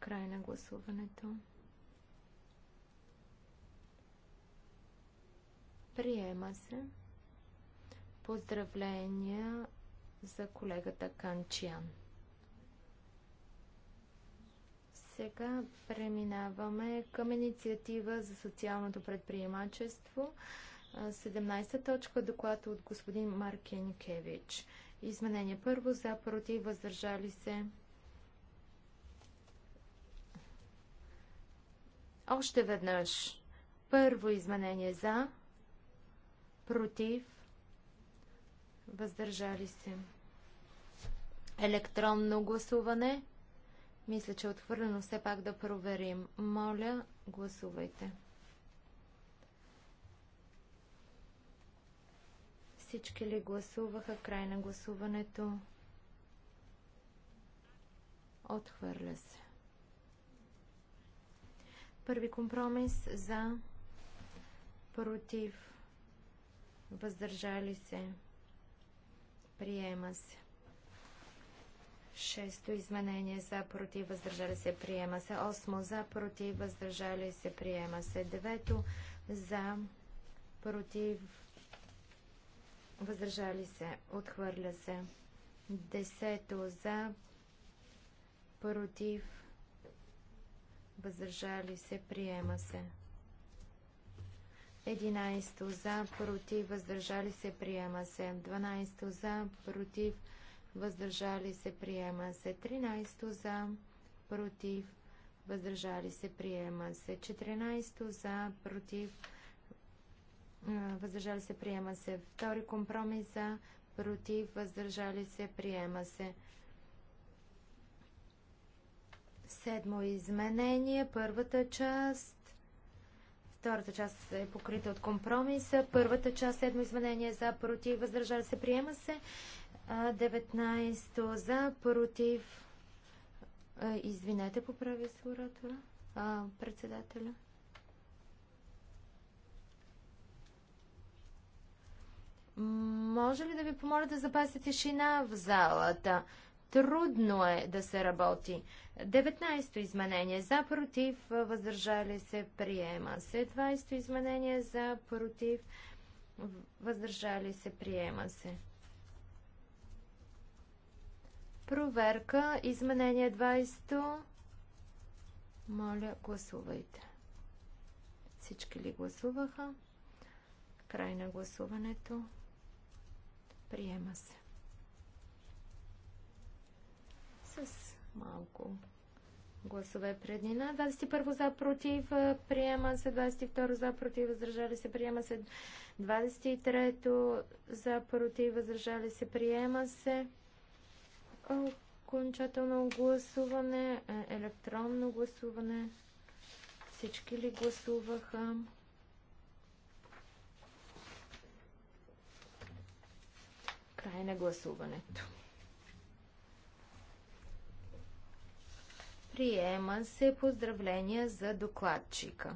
Край на гласуването. Приема се. Поздравления за колегата Канчиан. Сега преминаваме към инициатива за социалното предприемачество. 17 точка доклад от господин Маркин Кевич. Изменение първо за против въздържали се. Още веднъж. Първо изменение за, против, въздържали се. Електронно гласуване. Мисля, че е отхвърлено все пак да проверим. Моля, гласувайте. Всички ли гласуваха? Край на гласуването. Отхвърля се. Първи компромис за против въздържали се. Приема се. Шесто изменение за против въздържали се приема се. Осмо за против въздържали се приема се. Девето за против въздържали се отхвърля се. Десето за против въздържали се приема се. 11 за, против, въздържали се, приема се. 12 за, против, въздържали се, приема се. 13 за, против, въздържали се, приема се. 14 за, против, въздържали се, приема се. Втори компромис за, против, въздържали се, приема се. Седмо изменение, първата част Втората част е покрита от компромиса. Първата част, седмо изменение за, против, въздържали се, приема се. 19 за, против. Извинете, поправи се оратора. председателя. Може ли да ви помоля да запасите тишина в залата? Трудно е да се работи. 19-то изменение за против, въздържали се, приема се. 20-то изменение за против, въздържали се, приема се. Проверка, изменение 20. Моля, гласувайте. Всички ли гласуваха? Край на гласуването. Приема се. с малко гласове преднина. 21 за против, приема се 22 за против, въздържали се, приема се 23 за против, въздържали се, приема се. Окончателно гласуване, е, електронно гласуване. Всички ли гласуваха? Край на гласуването. Приема се поздравления за докладчика.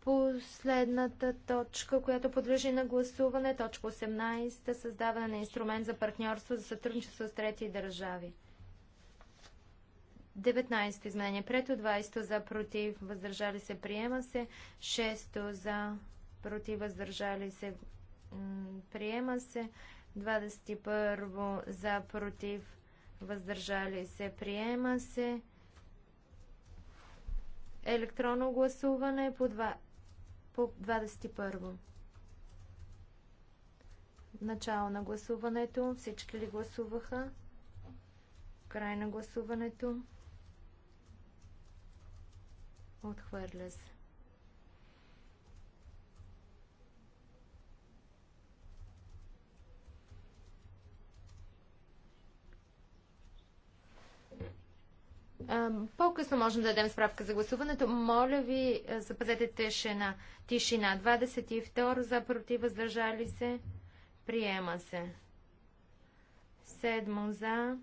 Последната точка, която подлежи на гласуване, точка 18, създаване на инструмент за партньорство за сътрудничество с трети държави. 19 изменение е прето, 20 за против, въздържали се, приема се, 6 за против, въздържали се, приема се, 21 за против въздържали се приема се електронно гласуване по, 2, по 21 начало на гласуването всички ли гласуваха край на гласуването отхвърля се По-късно можем да дадем справка за гласуването. Моля ви, е, запазете тишина. Тишина. 22 за против, въздържали се. Приема се. Седмо за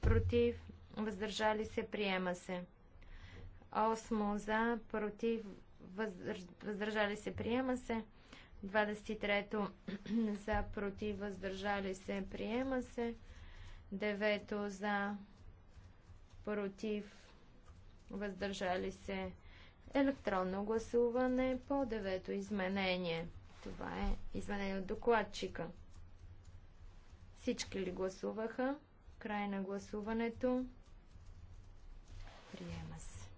против, въздържали се. Приема се. Осмо за против, въздържали се. Приема се. 23 за против, въздържали се. Приема се. Девето за против, въздържали се. Електронно гласуване по девето изменение. Това е изменение от докладчика. Всички ли гласуваха? Край на гласуването. Приема се.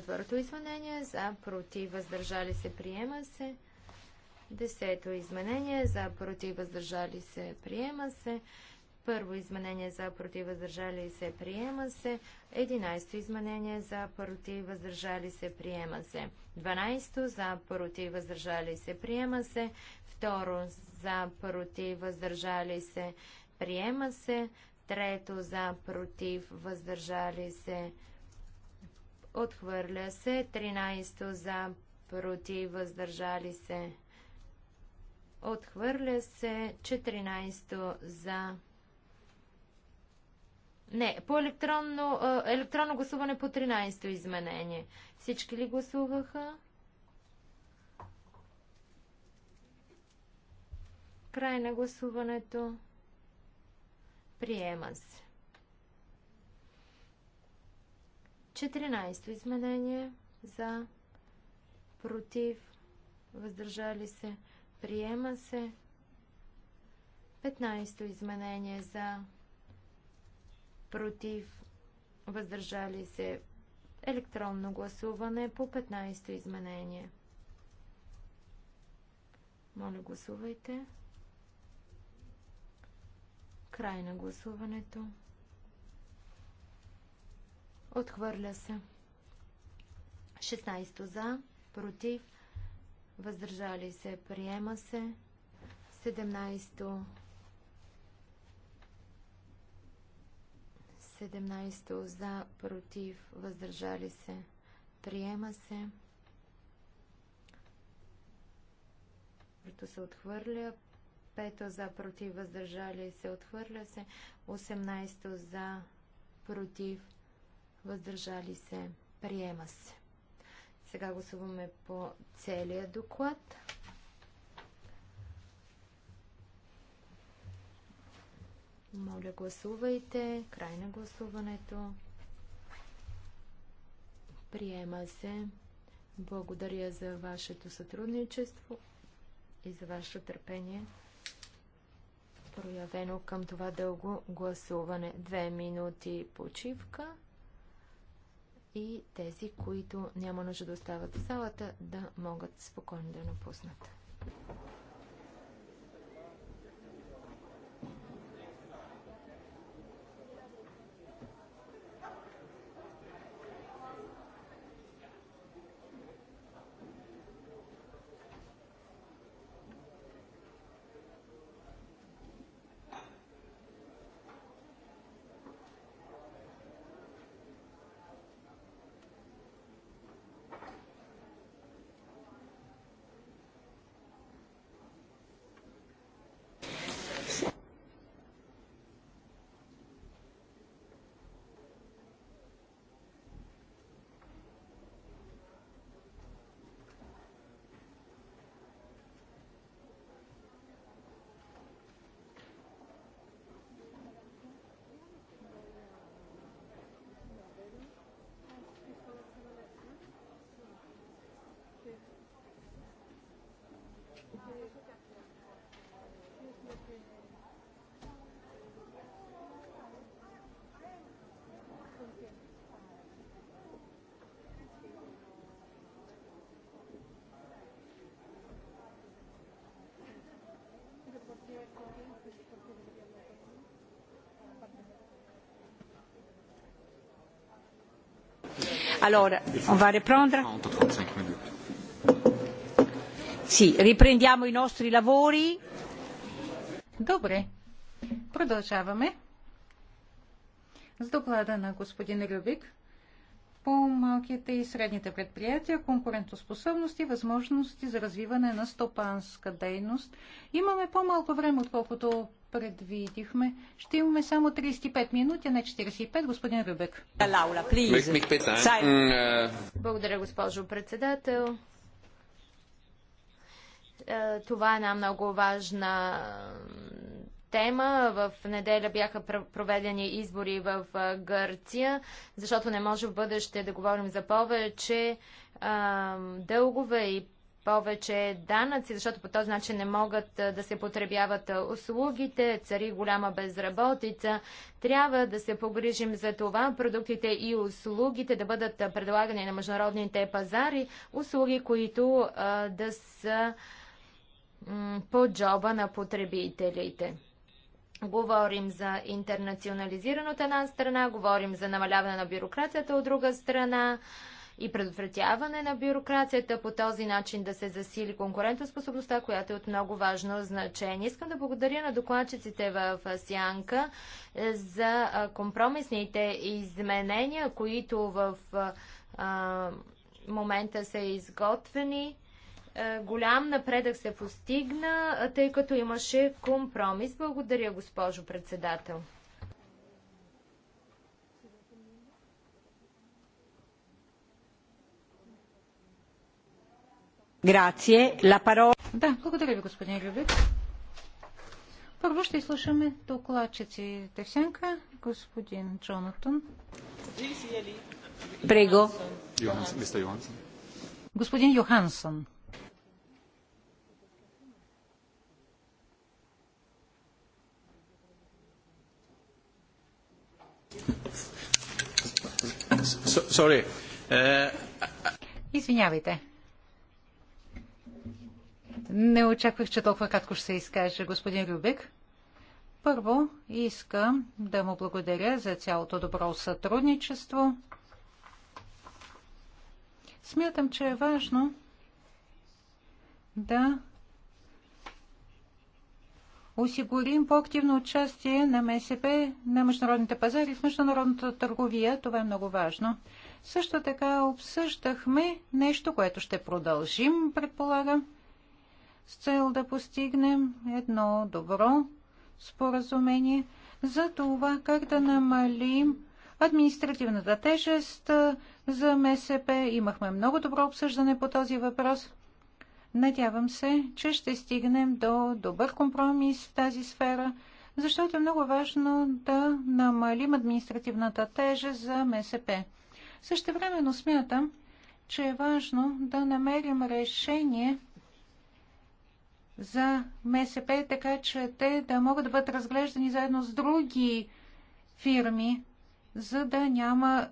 24-то изменение за против въздържали се приема се. Десето изменение за против въздържали се приема се. Първо изменение за против въздържали се приема се. Единайсто изменение за против въздържали се приема се. Дванайсто за против въздържали се приема се. Второ за против въздържали се приема се. Трето за против въздържали се отхвърля се. Тринайсто за против въздържали се Отхвърля се 14 за. Не, по електронно, електронно гласуване по 13 то изменение. Всички ли гласуваха? Край на гласуването. Приема се. 14 изменение за против въздържали се. Приема се. 15-то изменение за против въздържали се електронно гласуване по 15-то изменение. Моля гласувайте. Край на гласуването. Отхвърля се. 16 за, против, въздържали се, приема се. 17 17 за, против, въздържали се, приема се. Като се отхвърля, 5 за, против, въздържали се, отхвърля се. 18 за, против, въздържали се, приема се. Сега гласуваме по целия доклад. Моля, гласувайте. Край на гласуването. Приема се. Благодаря за вашето сътрудничество и за вашето търпение, проявено към това дълго гласуване. Две минути почивка и тези, които няма нужда да остават в залата, да могат спокойно да напуснат. Alors, on va riprendre. Sì, riprendiamo i nostri lavori. Добре. Продължаваме. С доклада на господин Любик по малките и средните предприятия, конкурентоспособност и възможности за развиване на стопанска дейност. Имаме по-малко време, отколкото предвидихме. Ще имаме само 35 минути, не 45. Господин Рубек. Mm, uh, Благодаря, госпожо председател. Е, това е една много важна тема. В неделя бяха проведени избори в е, Гърция, защото не може в бъдеще да говорим за повече е, дългове и повече данъци, защото по този начин не могат да се потребяват услугите, цари голяма безработица. Трябва да се погрижим за това продуктите и услугите да бъдат предлагани на международните пазари, услуги, които да са по джоба на потребителите. Говорим за интернационализиран от една страна, говорим за намаляване на бюрокрацията от друга страна и предотвратяване на бюрокрацията, по този начин да се засили конкурентоспособността, която е от много важно значение. Искам да благодаря на докладчиците в Сянка е, за компромисните изменения, които в момента са изготвени е, голям напредък се постигна, тъй като имаше компромис. Благодаря, госпожо председател. Да, благодаря ви, господин Любик. Първо ще изслушаме докладчици Тесенка, господин Джонатан. Прего. Господин Йохансон. Uh, Извинявайте. Не очаквах, че толкова кратко ще се изкаже господин Любек. Първо искам да му благодаря за цялото добро сътрудничество. Смятам, че е важно да осигурим по-активно участие на МСП на международните пазари в международната търговия. Това е много важно. Също така обсъждахме нещо, което ще продължим, предполагам с цел да постигнем едно добро споразумение за това как да намалим административната тежест за МСП. Имахме много добро обсъждане по този въпрос. Надявам се, че ще стигнем до добър компромис в тази сфера, защото е много важно да намалим административната тежест за МСП. Същевременно смятам, че е важно да намерим решение за МСП, така че те да могат да бъдат разглеждани заедно с други фирми, за да няма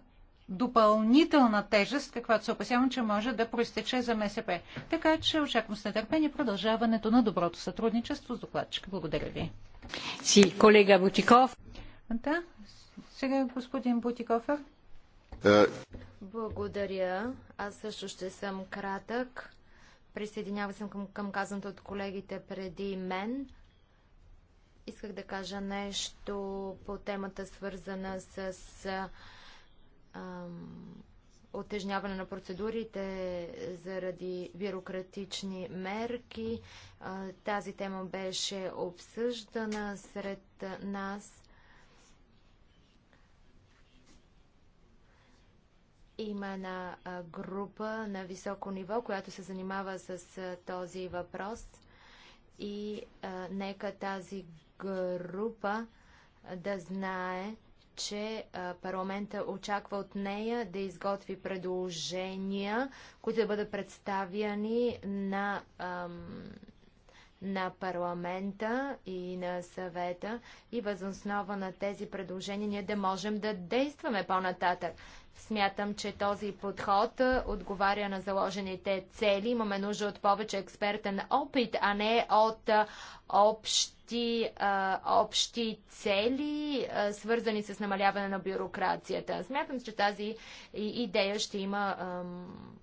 допълнителна тежест, каквато се опасявам, че може да проистече за МСП. Така че очаквам с нетърпение продължаването на доброто сътрудничество с докладчика. Благодаря ви. Си, колега Бутиков. Да, сега господин Бутикофер. Благодаря. Аз също ще съм кратък. Присъединява съм към, към казаното от колегите преди мен. Исках да кажа нещо по темата, свързана с ам, отежняване на процедурите заради бюрократични мерки. А, тази тема беше обсъждана сред нас Има една група на високо ниво, която се занимава с този въпрос и а, нека тази група да знае, че а, парламента очаква от нея да изготви предложения, които да бъдат представяни на ам, на парламента и на съвета и възоснова на тези предложения ние да можем да действаме по-нататък. Смятам, че този подход е, отговаря на заложените цели. Имаме нужда от повече експертен опит, а не от е, общи, е, общи цели, свързани с намаляване на бюрокрацията. Смятам, че тази идея ще има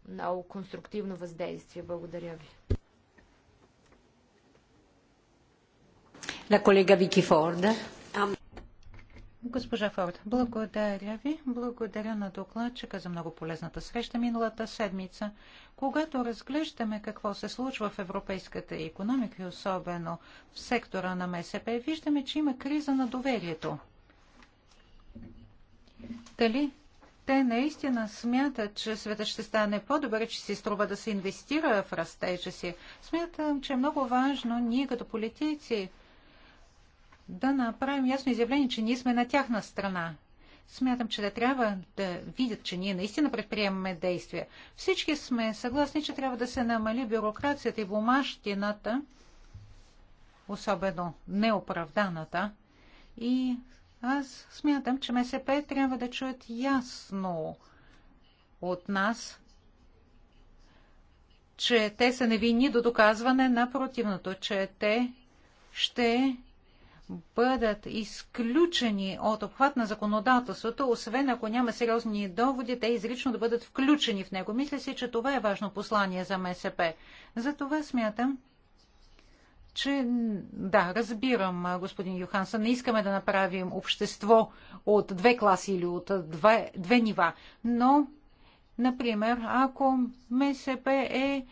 много конструктивно въздействие. Благодаря ви. колега Вики Форд. Госпожа Форд, благодаря ви. Благодаря на докладчика за много полезната среща миналата седмица. Когато разглеждаме какво се случва в европейската економика и особено в сектора на МСП, виждаме, че има криза на доверието. Дали те наистина смятат, че светът ще стане по-добър, че си струва да се инвестира в растежа си. Смятам, че е много важно ние като политици да направим ясно изявление, че ние сме на тяхна страна. Смятам, че да трябва да видят, че ние наистина предприемаме действия. Всички сме съгласни, че трябва да се намали бюрокрацията и бумащината, особено неоправданата. И аз смятам, че МСП трябва да чуят ясно от нас, че те са невинни до доказване на противното, че те ще бъдат изключени от обхват на законодателството, освен ако няма сериозни доводи, те изрично да бъдат включени в него. Мисля си, че това е важно послание за МСП. Затова смятам, че да, разбирам, господин Йохансън, не искаме да направим общество от две класи или от две, две нива, но, например, ако МСП е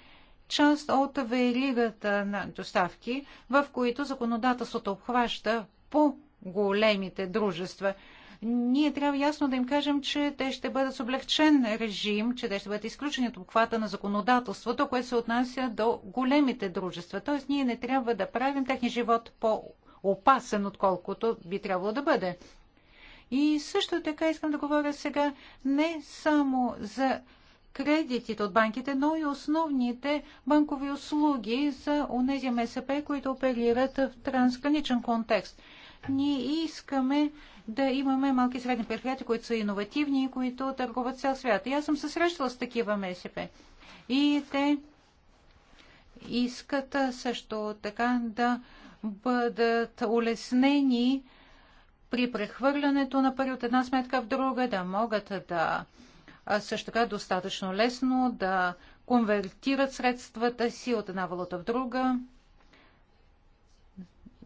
част от веригата на доставки, в които законодателството обхваща по големите дружества. Ние трябва ясно да им кажем, че те ще бъдат с облегчен режим, че те ще бъдат изключени от обхвата на законодателството, което се отнася до големите дружества. Тоест ние не трябва да правим техния живот по-опасен, отколкото би трябвало да бъде. И също така искам да говоря сега не само за кредитите от банките, но и основните банкови услуги за онези МСП, които оперират в трансграничен контекст. Ние искаме да имаме малки и средни предприятия, които са иновативни и които търгуват цял свят. И аз съм се срещала с такива МСП. И те искат също така да бъдат улеснени при прехвърлянето на пари от една сметка в друга, да могат да а също така е достатъчно лесно да конвертират средствата си от една валута в друга.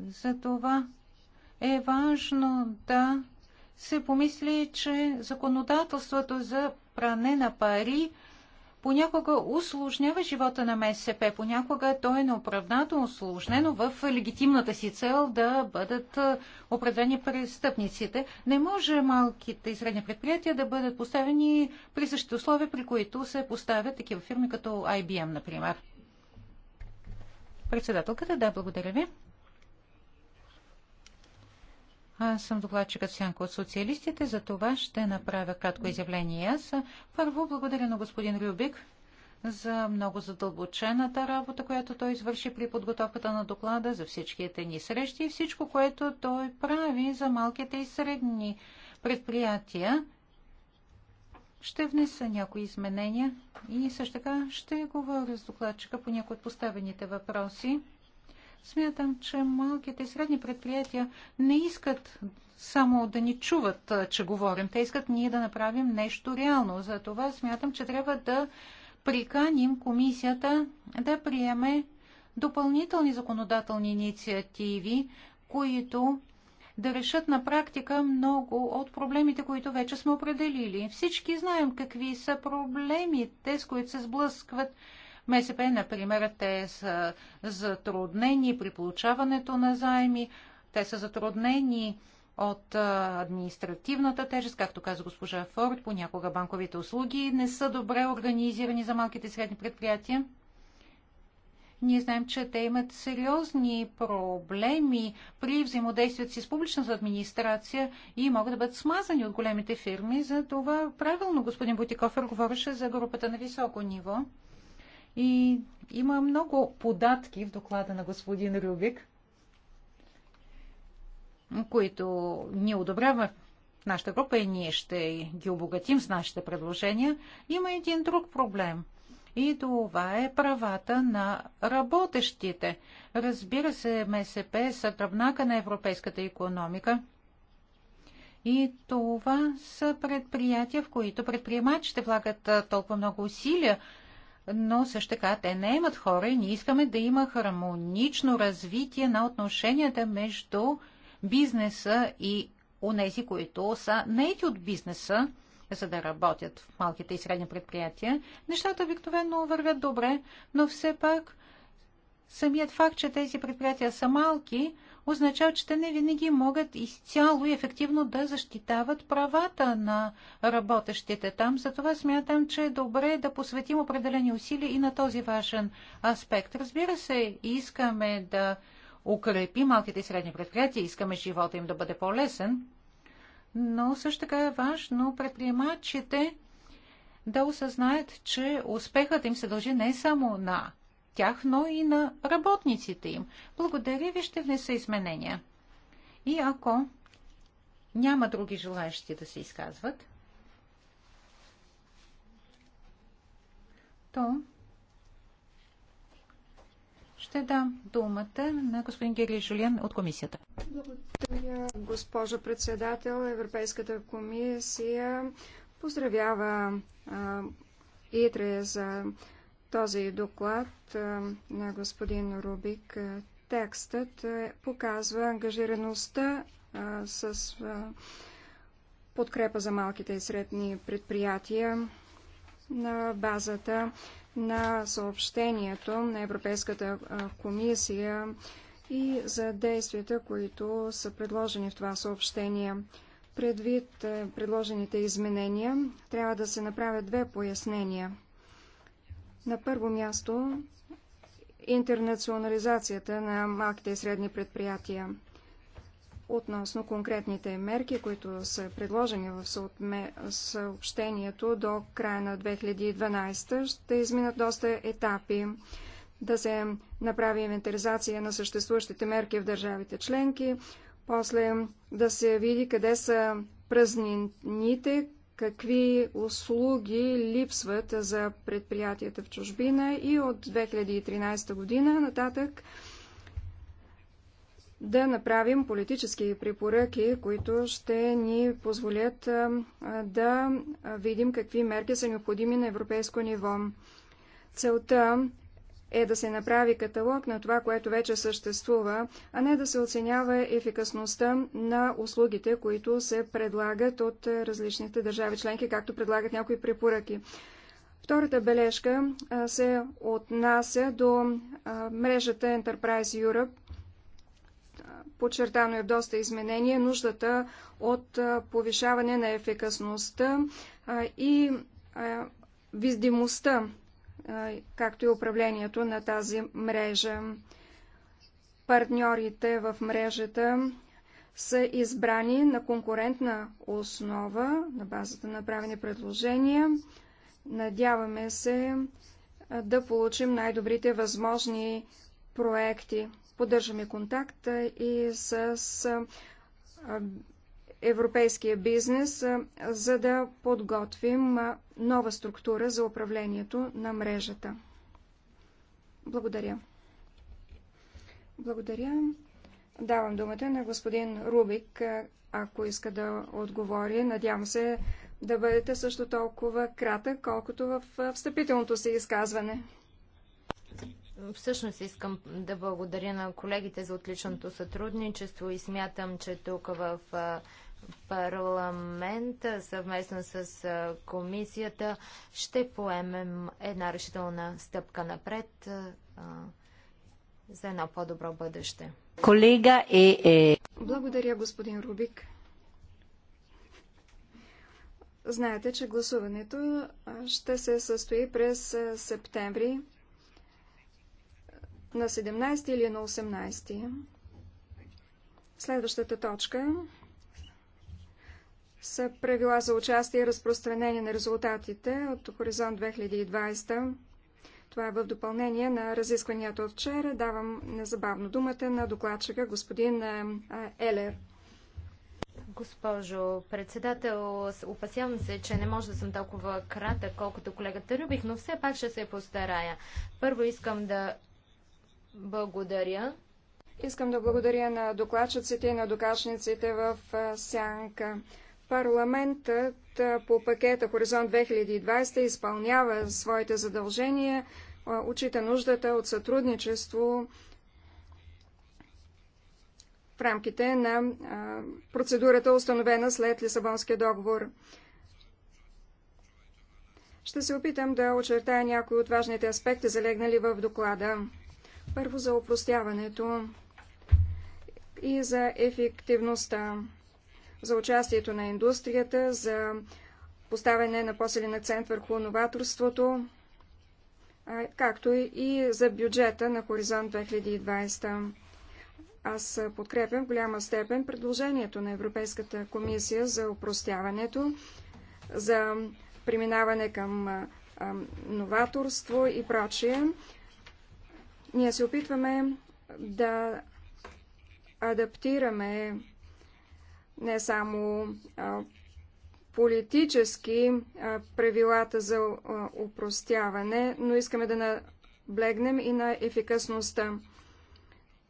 Затова е важно да се помисли, че законодателството за пране на пари понякога усложнява живота на МСП, понякога той е неоправдано усложнено в легитимната си цел да бъдат определени престъпниците. Не може малките и средни предприятия да бъдат поставени при същите условия, при които се поставят такива фирми като IBM, например. Председателката, да, благодаря ви. Аз съм докладчикът Сянко от социалистите, за това ще направя кратко изявление аз. Първо, благодаря на господин Рюбик за много задълбочената работа, която той извърши при подготовката на доклада, за всичките ни срещи и всичко, което той прави за малките и средни предприятия. Ще внеса някои изменения и също така ще говоря с докладчика по някои от поставените въпроси. Смятам, че малките и средни предприятия не искат само да ни чуват, че говорим. Те искат ние да направим нещо реално. Затова смятам, че трябва да приканим комисията да приеме допълнителни законодателни инициативи, които да решат на практика много от проблемите, които вече сме определили. Всички знаем какви са проблемите, с които се сблъскват МСП, например, те са затруднени при получаването на заеми, те са затруднени от административната тежест, както каза госпожа Форд, понякога банковите услуги не са добре организирани за малките и средни предприятия. Ние знаем, че те имат сериозни проблеми при взаимодействието си с публичната администрация и могат да бъдат смазани от големите фирми. За това правилно господин Бутиков говореше за групата на високо ниво. И има много податки в доклада на господин Рюбик, които ни одобряваме нашата група и ние ще ги обогатим с нашите предложения. Има един друг проблем – и това е правата на работещите. Разбира се, МСП са тръбнака на европейската економика. И това са предприятия, в които предприемачите влагат толкова много усилия, но също така те не имат хора и ние искаме да има хармонично развитие на отношенията между бизнеса и унези, които са наети от бизнеса, за да работят в малките и средни предприятия. Нещата обикновено вървят добре, но все пак самият факт, че тези предприятия са малки, означава, че те не винаги могат изцяло и ефективно да защитават правата на работещите там. Затова смятам, че е добре да посветим определени усилия и на този важен аспект. Разбира се, искаме да укрепи малките и средни предприятия, искаме живота им да бъде по-лесен, но също така е важно предприемачите да осъзнаят, че успехът им се дължи не само на тях, но и на работниците им. Благодаря ви, ще внеса изменения. И ако няма други желаящи да се изказват, то ще дам думата на господин Гери Жулиан от комисията. Благодаря, госпожо председател. Европейската комисия поздравява ИТРЕ за този доклад на господин Рубик, текстът показва ангажираността с подкрепа за малките и средни предприятия на базата на съобщението на Европейската комисия и за действията, които са предложени в това съобщение. Предвид предложените изменения, трябва да се направят две пояснения – на първо място интернационализацията на малките и средни предприятия. Относно конкретните мерки, които са предложени в съобщението до края на 2012, ще изминат доста етапи да се направи инвентаризация на съществуващите мерки в държавите членки, после да се види къде са празнините, какви услуги липсват за предприятията в чужбина и от 2013 година нататък да направим политически препоръки, които ще ни позволят да видим какви мерки са необходими на европейско ниво. Целта е да се направи каталог на това, което вече съществува, а не да се оценява ефикасността на услугите, които се предлагат от е, различните държави членки, както предлагат някои препоръки. Втората бележка се отнася до мрежата Enterprise Europe. Подчертано е в доста изменение нуждата от повишаване на ефикасността и видимостта както и управлението на тази мрежа. Партньорите в мрежата са избрани на конкурентна основа, на базата на правени предложения. Надяваме се да получим най-добрите възможни проекти. Поддържаме контакт и с европейския бизнес, за да подготвим нова структура за управлението на мрежата. Благодаря. Благодаря. Давам думата на господин Рубик, ако иска да отговори. Надявам се да бъдете също толкова кратък, колкото в встъпителното си изказване. Всъщност искам да благодаря на колегите за отличното сътрудничество и смятам, че тук в парламент съвместно с комисията ще поемем една решителна стъпка напред за едно по-добро бъдеще. Колега е, е. Благодаря, господин Рубик. Знаете, че гласуването ще се състои през септември на 17 или на 18. Следващата точка са правила за участие и разпространение на резултатите от Хоризонт 2020. Това е в допълнение на разискванията от вчера. Давам незабавно думата на докладчика господин Елер. Госпожо председател, опасявам се, че не може да съм толкова кратък, колкото колегата Рюбих, но все пак ще се постарая. Първо искам да благодаря. Искам да благодаря на докладчиците и на докачниците в Сянка. Парламентът по пакета Хоризонт 2020 изпълнява своите задължения, учита нуждата от сътрудничество в рамките на процедурата, установена след Лисабонския договор. Ще се опитам да очертая някои от важните аспекти, залегнали в доклада. Първо за опростяването и за ефективността за участието на индустрията, за поставяне на по-силен акцент върху новаторството, както и за бюджета на Хоризонт 2020. Аз подкрепям в голяма степен предложението на Европейската комисия за упростяването, за преминаване към новаторство и прочие. Ние се опитваме да адаптираме не само политически правилата за упростяване, но искаме да наблегнем и на ефикасността,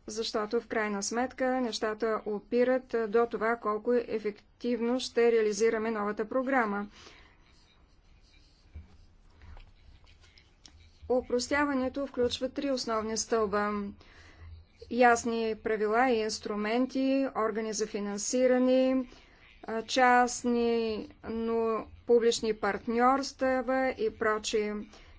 защото в крайна сметка нещата опират до това колко ефективно ще реализираме новата програма. Опростяването включва три основни стълба ясни правила и инструменти, органи за финансиране, частни, но публични партньорства и прочие.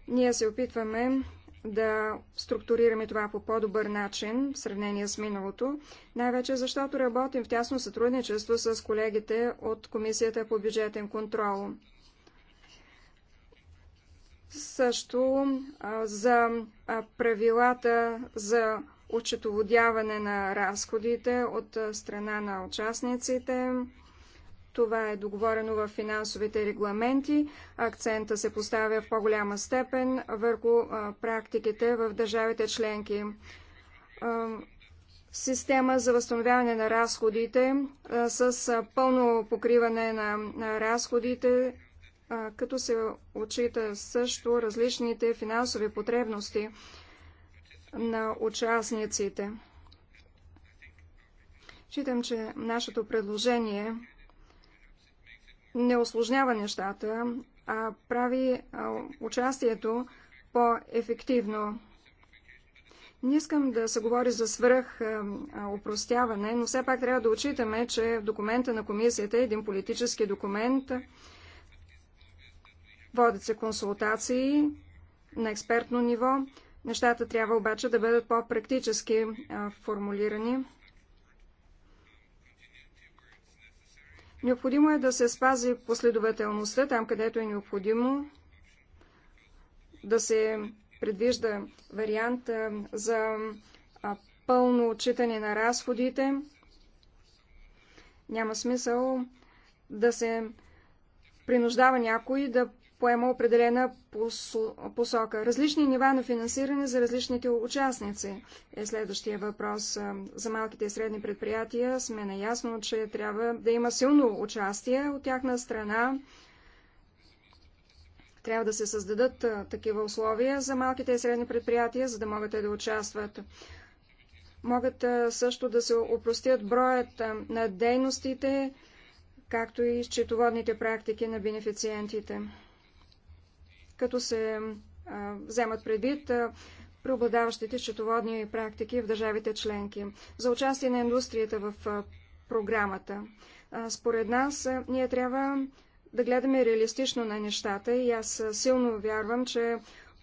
Ние се опитваме да структурираме това по по-добър начин в сравнение с миналото, най-вече защото работим в тясно сътрудничество с колегите от Комисията по бюджетен контрол. Също за правилата за отчетоводяване на разходите от страна на участниците. Това е договорено в финансовите регламенти. Акцента се поставя в по-голяма степен върху практиките в държавите членки. Система за възстановяване на разходите с пълно покриване на разходите, като се отчита също различните финансови потребности на участниците. Считам, че нашето предложение не осложнява нещата, а прави участието по-ефективно. Не искам да се говори за свръх опростяване, но все пак трябва да отчитаме, че документа на комисията е един политически документ. Водят се консултации на експертно ниво. Нещата трябва обаче да бъдат по-практически формулирани. Необходимо е да се спази последователността там, където е необходимо, да се предвижда вариант за пълно отчитане на разходите. Няма смисъл да се принуждава някой да поема определена посока. Различни нива на финансиране за различните участници е следващия въпрос. За малките и средни предприятия сме наясно, че трябва да има силно участие от тяхна страна. Трябва да се създадат такива условия за малките и средни предприятия, за да могат те да участват. Могат също да се опростят броят на дейностите, както и счетоводните практики на бенефициентите като се вземат предвид преобладаващите счетоводни практики в държавите членки. За участие на индустрията в програмата. Според нас ние трябва да гледаме реалистично на нещата и аз силно вярвам, че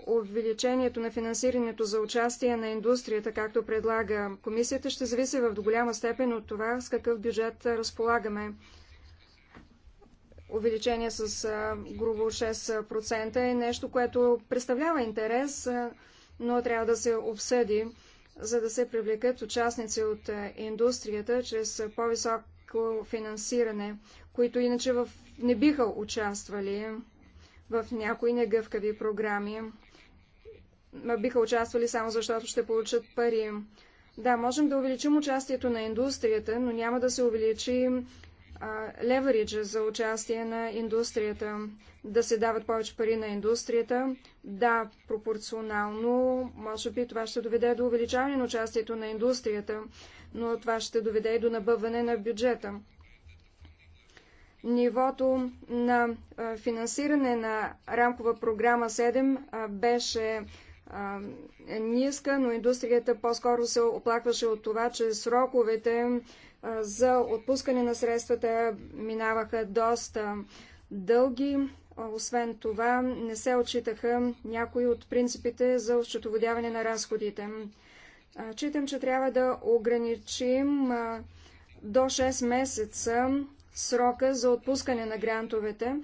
увеличението на финансирането за участие на индустрията, както предлага комисията, ще зависи в голяма степен от това с какъв бюджет разполагаме увеличение с грубо 6% е нещо, което представлява интерес, но трябва да се обсъди, за да се привлекат участници от индустрията чрез по-високо финансиране, които иначе в... не биха участвали в някои негъвкави програми. Биха участвали само защото ще получат пари. Да, можем да увеличим участието на индустрията, но няма да се увеличи левериджа за участие на индустрията, да се дават повече пари на индустрията. Да, пропорционално, може би това ще доведе до увеличаване на участието на индустрията, но това ще доведе и до набъване на бюджета. Нивото на финансиране на рамкова програма 7 беше ниска, но индустрията по-скоро се оплакваше от това, че сроковете за отпускане на средствата минаваха доста дълги. Освен това, не се отчитаха някои от принципите за отчетоводяване на разходите. Читам, че трябва да ограничим до 6 месеца срока за отпускане на грантовете.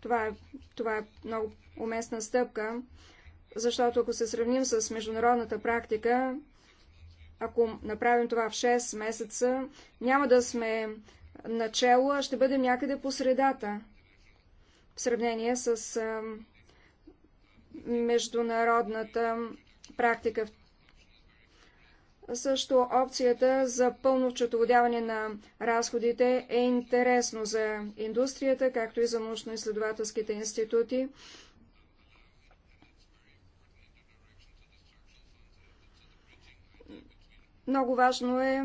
Това е, това е много уместна стъпка, защото ако се сравним с международната практика, ако направим това в 6 месеца, няма да сме начало, а ще бъдем някъде по средата. В сравнение с а, международната практика. Също опцията за пълно четоводяване на разходите е интересно за индустрията, както и за научно-изследователските институти. Много важно е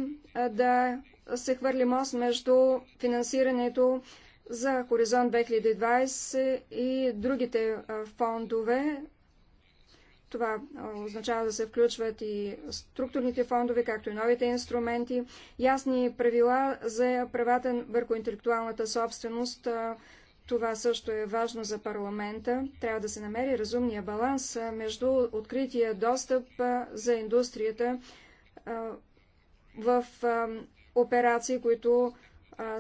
да се хвърли мост между финансирането за Хоризонт 2020 и другите фондове. Това означава да се включват и структурните фондове, както и новите инструменти, ясни правила за правата върху интелектуалната собственост. Това също е важно за парламента. Трябва да се намери разумния баланс между открития достъп за индустрията в операции, които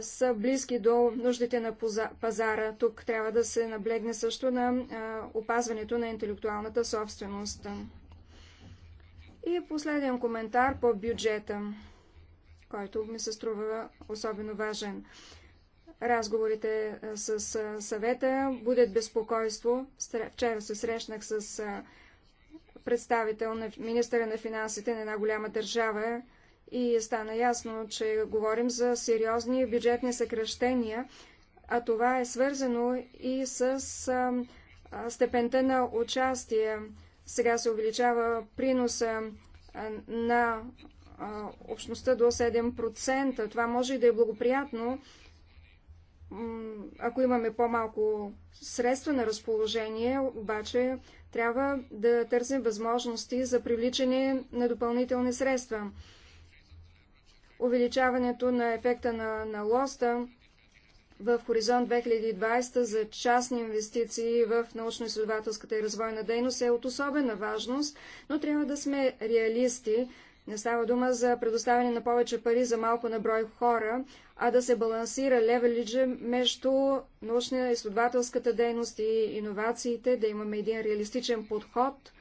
са близки до нуждите на пазара. Тук трябва да се наблегне също на опазването на интелектуалната собственост. И последен коментар по бюджета, който ми се струва особено важен. Разговорите с съвета будят безпокойство. Вчера се срещнах с представител на министъра на финансите на една голяма държава и стана ясно, че говорим за сериозни бюджетни съкръщения, а това е свързано и с а, степента на участие. Сега се увеличава приноса а, на общността до 7%. Това може и да е благоприятно, ако имаме по-малко средства на разположение, обаче трябва да търсим възможности за привличане на допълнителни средства. Увеличаването на ефекта на, на лоста в Хоризонт 2020 за частни инвестиции в научно-изследователската и развойна дейност е от особена важност, но трябва да сме реалисти, не става дума за предоставяне на повече пари за малко на брой хора, а да се балансира левелиджа между и изследователската дейност и иновациите, да имаме един реалистичен подход,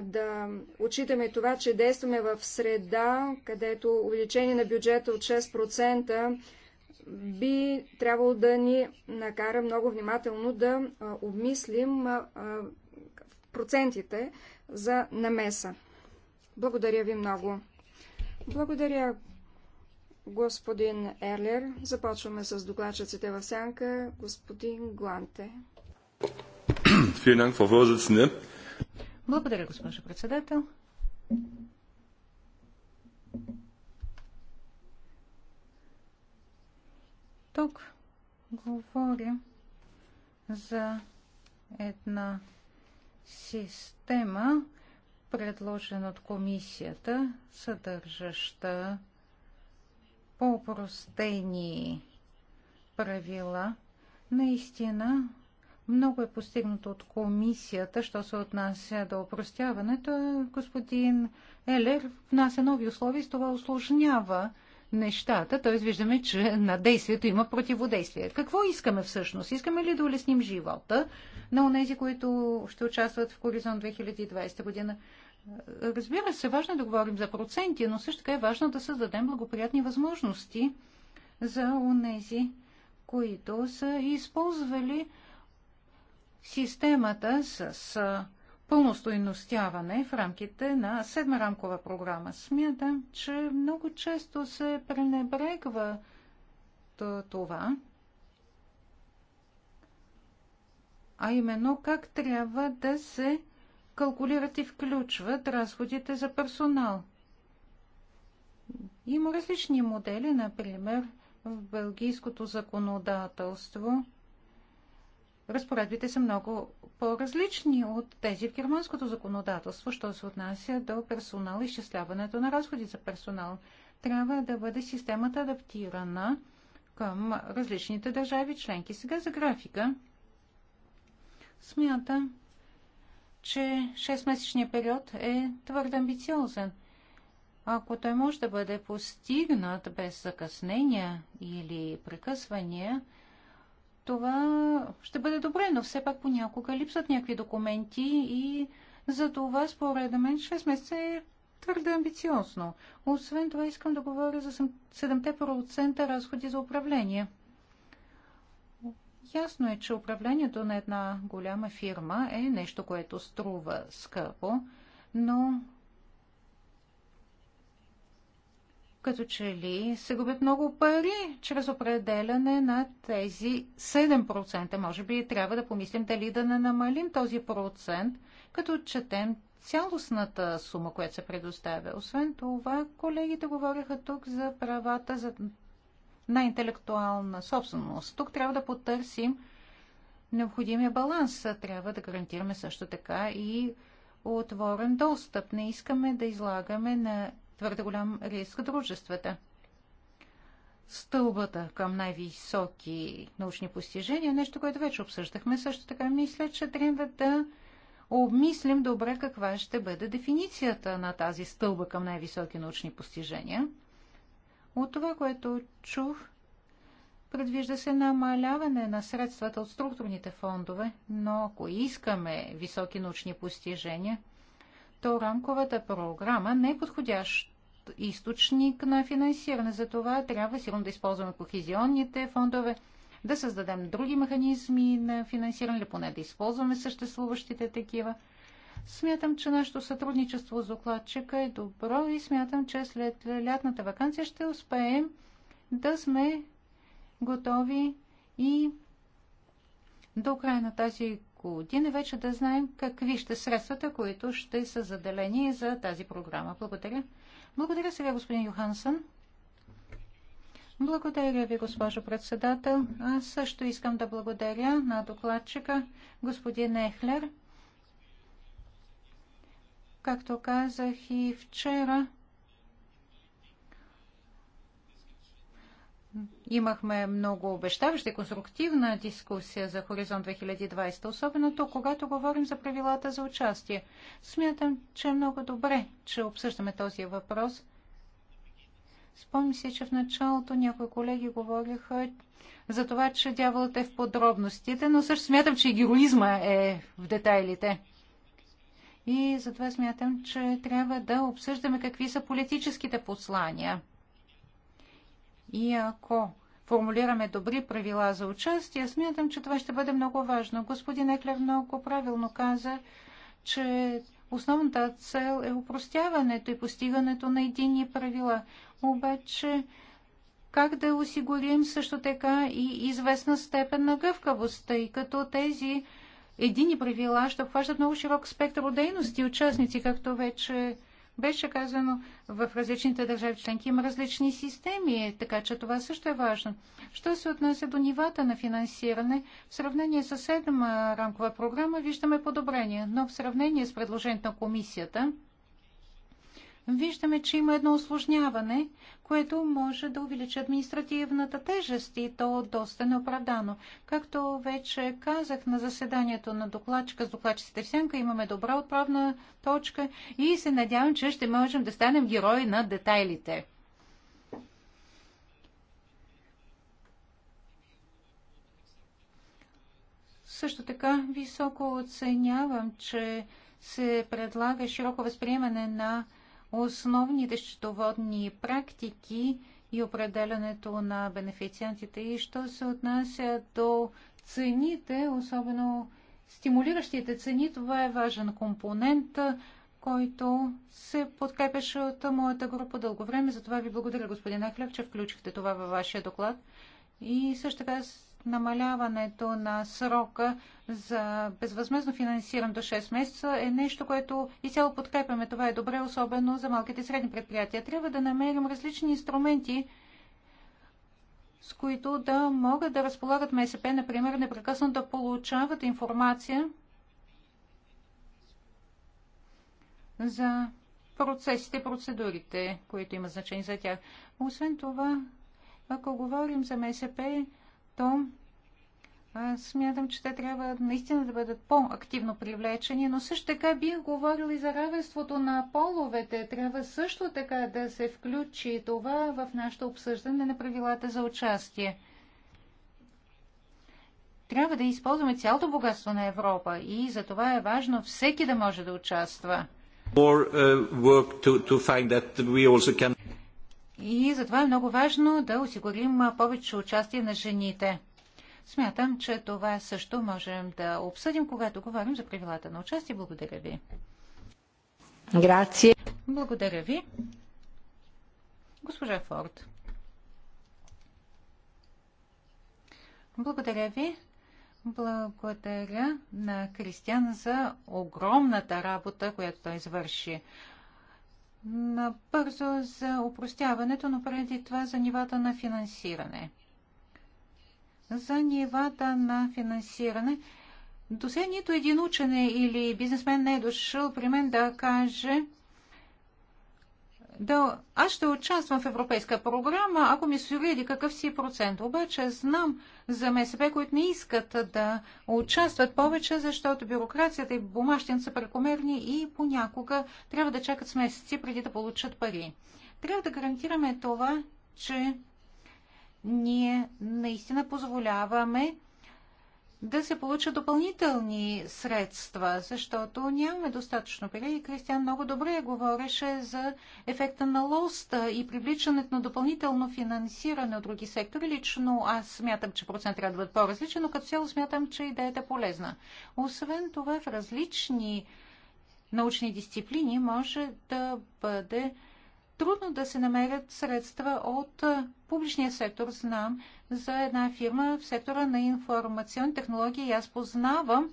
да отчитаме това, че действаме в среда, където увеличение на бюджета от 6% би трябвало да ни накара много внимателно да обмислим процентите за намеса. Благодаря ви много. Благодаря, господин Ерлер. Започваме с докладчиците в сянка. Господин Гланте. Благодаря, госпожо председател. Тук говорим за една система, предложен от комисията, съдържаща по-простени правила, наистина много е постигнато от комисията, що се отнася до опростяването. Господин Елер внася нови условия и с това осложнява нещата, т.е. виждаме, че на действието има противодействие. Какво искаме всъщност? Искаме ли да улесним живота на онези, които ще участват в Хоризонт 2020 година? Разбира се, важно е да говорим за проценти, но също така е важно да създадем благоприятни възможности за онези, които са използвали системата с пълно стойностяване в рамките на седма рамкова програма. Смятам, че много често се пренебрегва това, а именно как трябва да се калкулират и включват разходите за персонал. Има различни модели, например, в бългийското законодателство. Разпоредбите са много по-различни от тези в германското законодателство, що се отнася до персонал и изчисляването на разходи за персонал. Трябва да бъде системата адаптирана към различните държави членки. Сега за графика. Смятам, че 6-месечният период е твърде амбициозен. Ако той може да бъде постигнат без закъснения или прекъсвания, това ще бъде добре, но все пак понякога липсват някакви документи и за това, според мен, 6 месеца е твърде амбициозно. Освен това, искам да говоря за 7% разходи за управление – Ясно е, че управлението на една голяма фирма е нещо, което струва скъпо, но като че ли се губят много пари чрез определяне на тези 7%. Може би трябва да помислим дали да не намалим този процент, като четем цялостната сума, която се предоставя. Освен това, колегите говориха тук за правата за на интелектуална собственост. Тук трябва да потърсим необходимия баланс. Трябва да гарантираме също така и отворен достъп. Не искаме да излагаме на твърде голям риск дружествата. Стълбата към най-високи научни постижения, е нещо, което вече обсъждахме, също така мисля, че трябва да обмислим добре каква ще бъде дефиницията на тази стълба към най-високи научни постижения – от това, което чух, предвижда се намаляване на средствата от структурните фондове, но ако искаме високи научни постижения, то рамковата програма не е подходящ източник на финансиране. За това трябва сигурно да използваме кохезионните фондове, да създадем други механизми на финансиране, или поне да използваме съществуващите такива – Смятам, че нашето сътрудничество с докладчика е добро и смятам, че след лятната вакансия ще успеем да сме готови и до края на тази година вече да знаем какви ще средствата, които ще са заделени за тази програма. Благодаря. Благодаря сега, господин Йохансън. Благодаря ви, госпожо председател. Аз също искам да благодаря на докладчика господин Ехлер Както казах и вчера, имахме много обещаваща и конструктивна дискусия за Хоризонт 2020, особено тук, когато говорим за правилата за участие. Смятам, че е много добре, че обсъждаме този въпрос. Спомни си, че в началото някои колеги говориха за това, че дяволът е в подробностите, но също смятам, че и героизма е в детайлите. И затова смятам, че трябва да обсъждаме какви са политическите послания. И ако формулираме добри правила за участие, смятам, че това ще бъде много важно. Господин Еклер много правилно каза, че основната цел е упростяването и постигането на единни правила. Обаче, как да осигурим също така и известна степен на гъвкавост, тъй като тези едини правила ще обхващат много широк спектър от дейности и участници, както вече беше казано, в различните държави членки има различни системи, така че това също е важно. Що се отнася до нивата на финансиране, в сравнение с седма рамкова програма виждаме подобрение, но в сравнение с предложението на комисията – виждаме, че има едно осложняване, което може да увеличи административната тежест и то доста неоправдано. Както вече казах на заседанието на докладчика с докладчиците в Сянка, имаме добра отправна точка и се надявам, че ще можем да станем герои на детайлите. Също така високо оценявам, че се предлага широко възприемане на основните счетоводни практики и определянето на бенефициентите и що се отнася до цените, особено стимулиращите цени, това е важен компонент, който се подкрепяше от моята група дълго време. Затова ви благодаря, господин Ахлев, че включихте това във вашия доклад. И също така намаляването на срока за безвъзмезно финансиране до 6 месеца е нещо, което изцяло подкрепяме. Това е добре, особено за малките и средни предприятия. Трябва да намерим различни инструменти, с които да могат да разполагат МСП, например, непрекъснато да получават информация за процесите, процедурите, които имат значение за тях. Освен това, ако говорим за МСП, то смятам, че те трябва наистина да бъдат по-активно привлечени, но също така бих говорил и за равенството на половете. Трябва също така да се включи това в нашето обсъждане на правилата за участие. Трябва да използваме цялото богатство на Европа и за това е важно всеки да може да участва. More, uh, can... И затова е много важно да осигурим повече участие на жените. Смятам, че това също можем да обсъдим, когато говорим за правилата на участие. Благодаря ви. Грация. Благодаря ви. Госпожа Форд. Благодаря ви. Благодаря на Кристиан за огромната работа, която той извърши набързо за упростяването, но преди това за нивата на финансиране. За нивата на финансиране. До сега нито един учен или бизнесмен не е дошъл при мен да каже, да, аз ще участвам в европейска програма, ако ми се увиди какъв си процент. Обаче знам за МСП, които не искат да участват повече, защото бюрокрацията и бумащин са прекомерни и понякога трябва да чакат с месеци преди да получат пари. Трябва да гарантираме това, че ние наистина позволяваме да се получат допълнителни средства, защото нямаме достатъчно пари. И Кристиан много добре говореше за ефекта на лоста и привличането на допълнително финансиране от други сектори. Лично аз смятам, че процент трябва да бъде по-различен, но като цяло смятам, че идеята е полезна. Освен това, в различни научни дисциплини може да бъде трудно да се намерят средства от публичния сектор. Знам за една фирма в сектора на информационни технологии. Аз познавам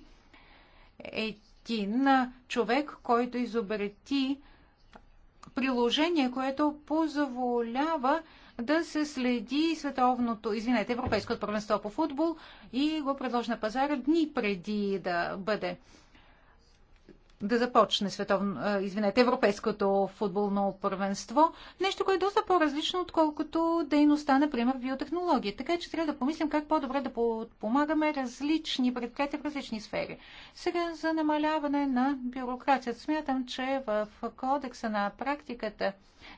един човек, който изобрети приложение, което позволява да се следи световното, извинете, европейското първенство по футбол и го предложи на пазара дни преди да бъде да започне световно, извинете, европейското футболно първенство. Нещо, което е доста по-различно, отколкото дейността, например, в биотехнологии. Така че трябва да помислим как по-добре да помагаме различни предприятия в различни сфери. Сега за намаляване на бюрокрацията. Смятам, че в кодекса на практиката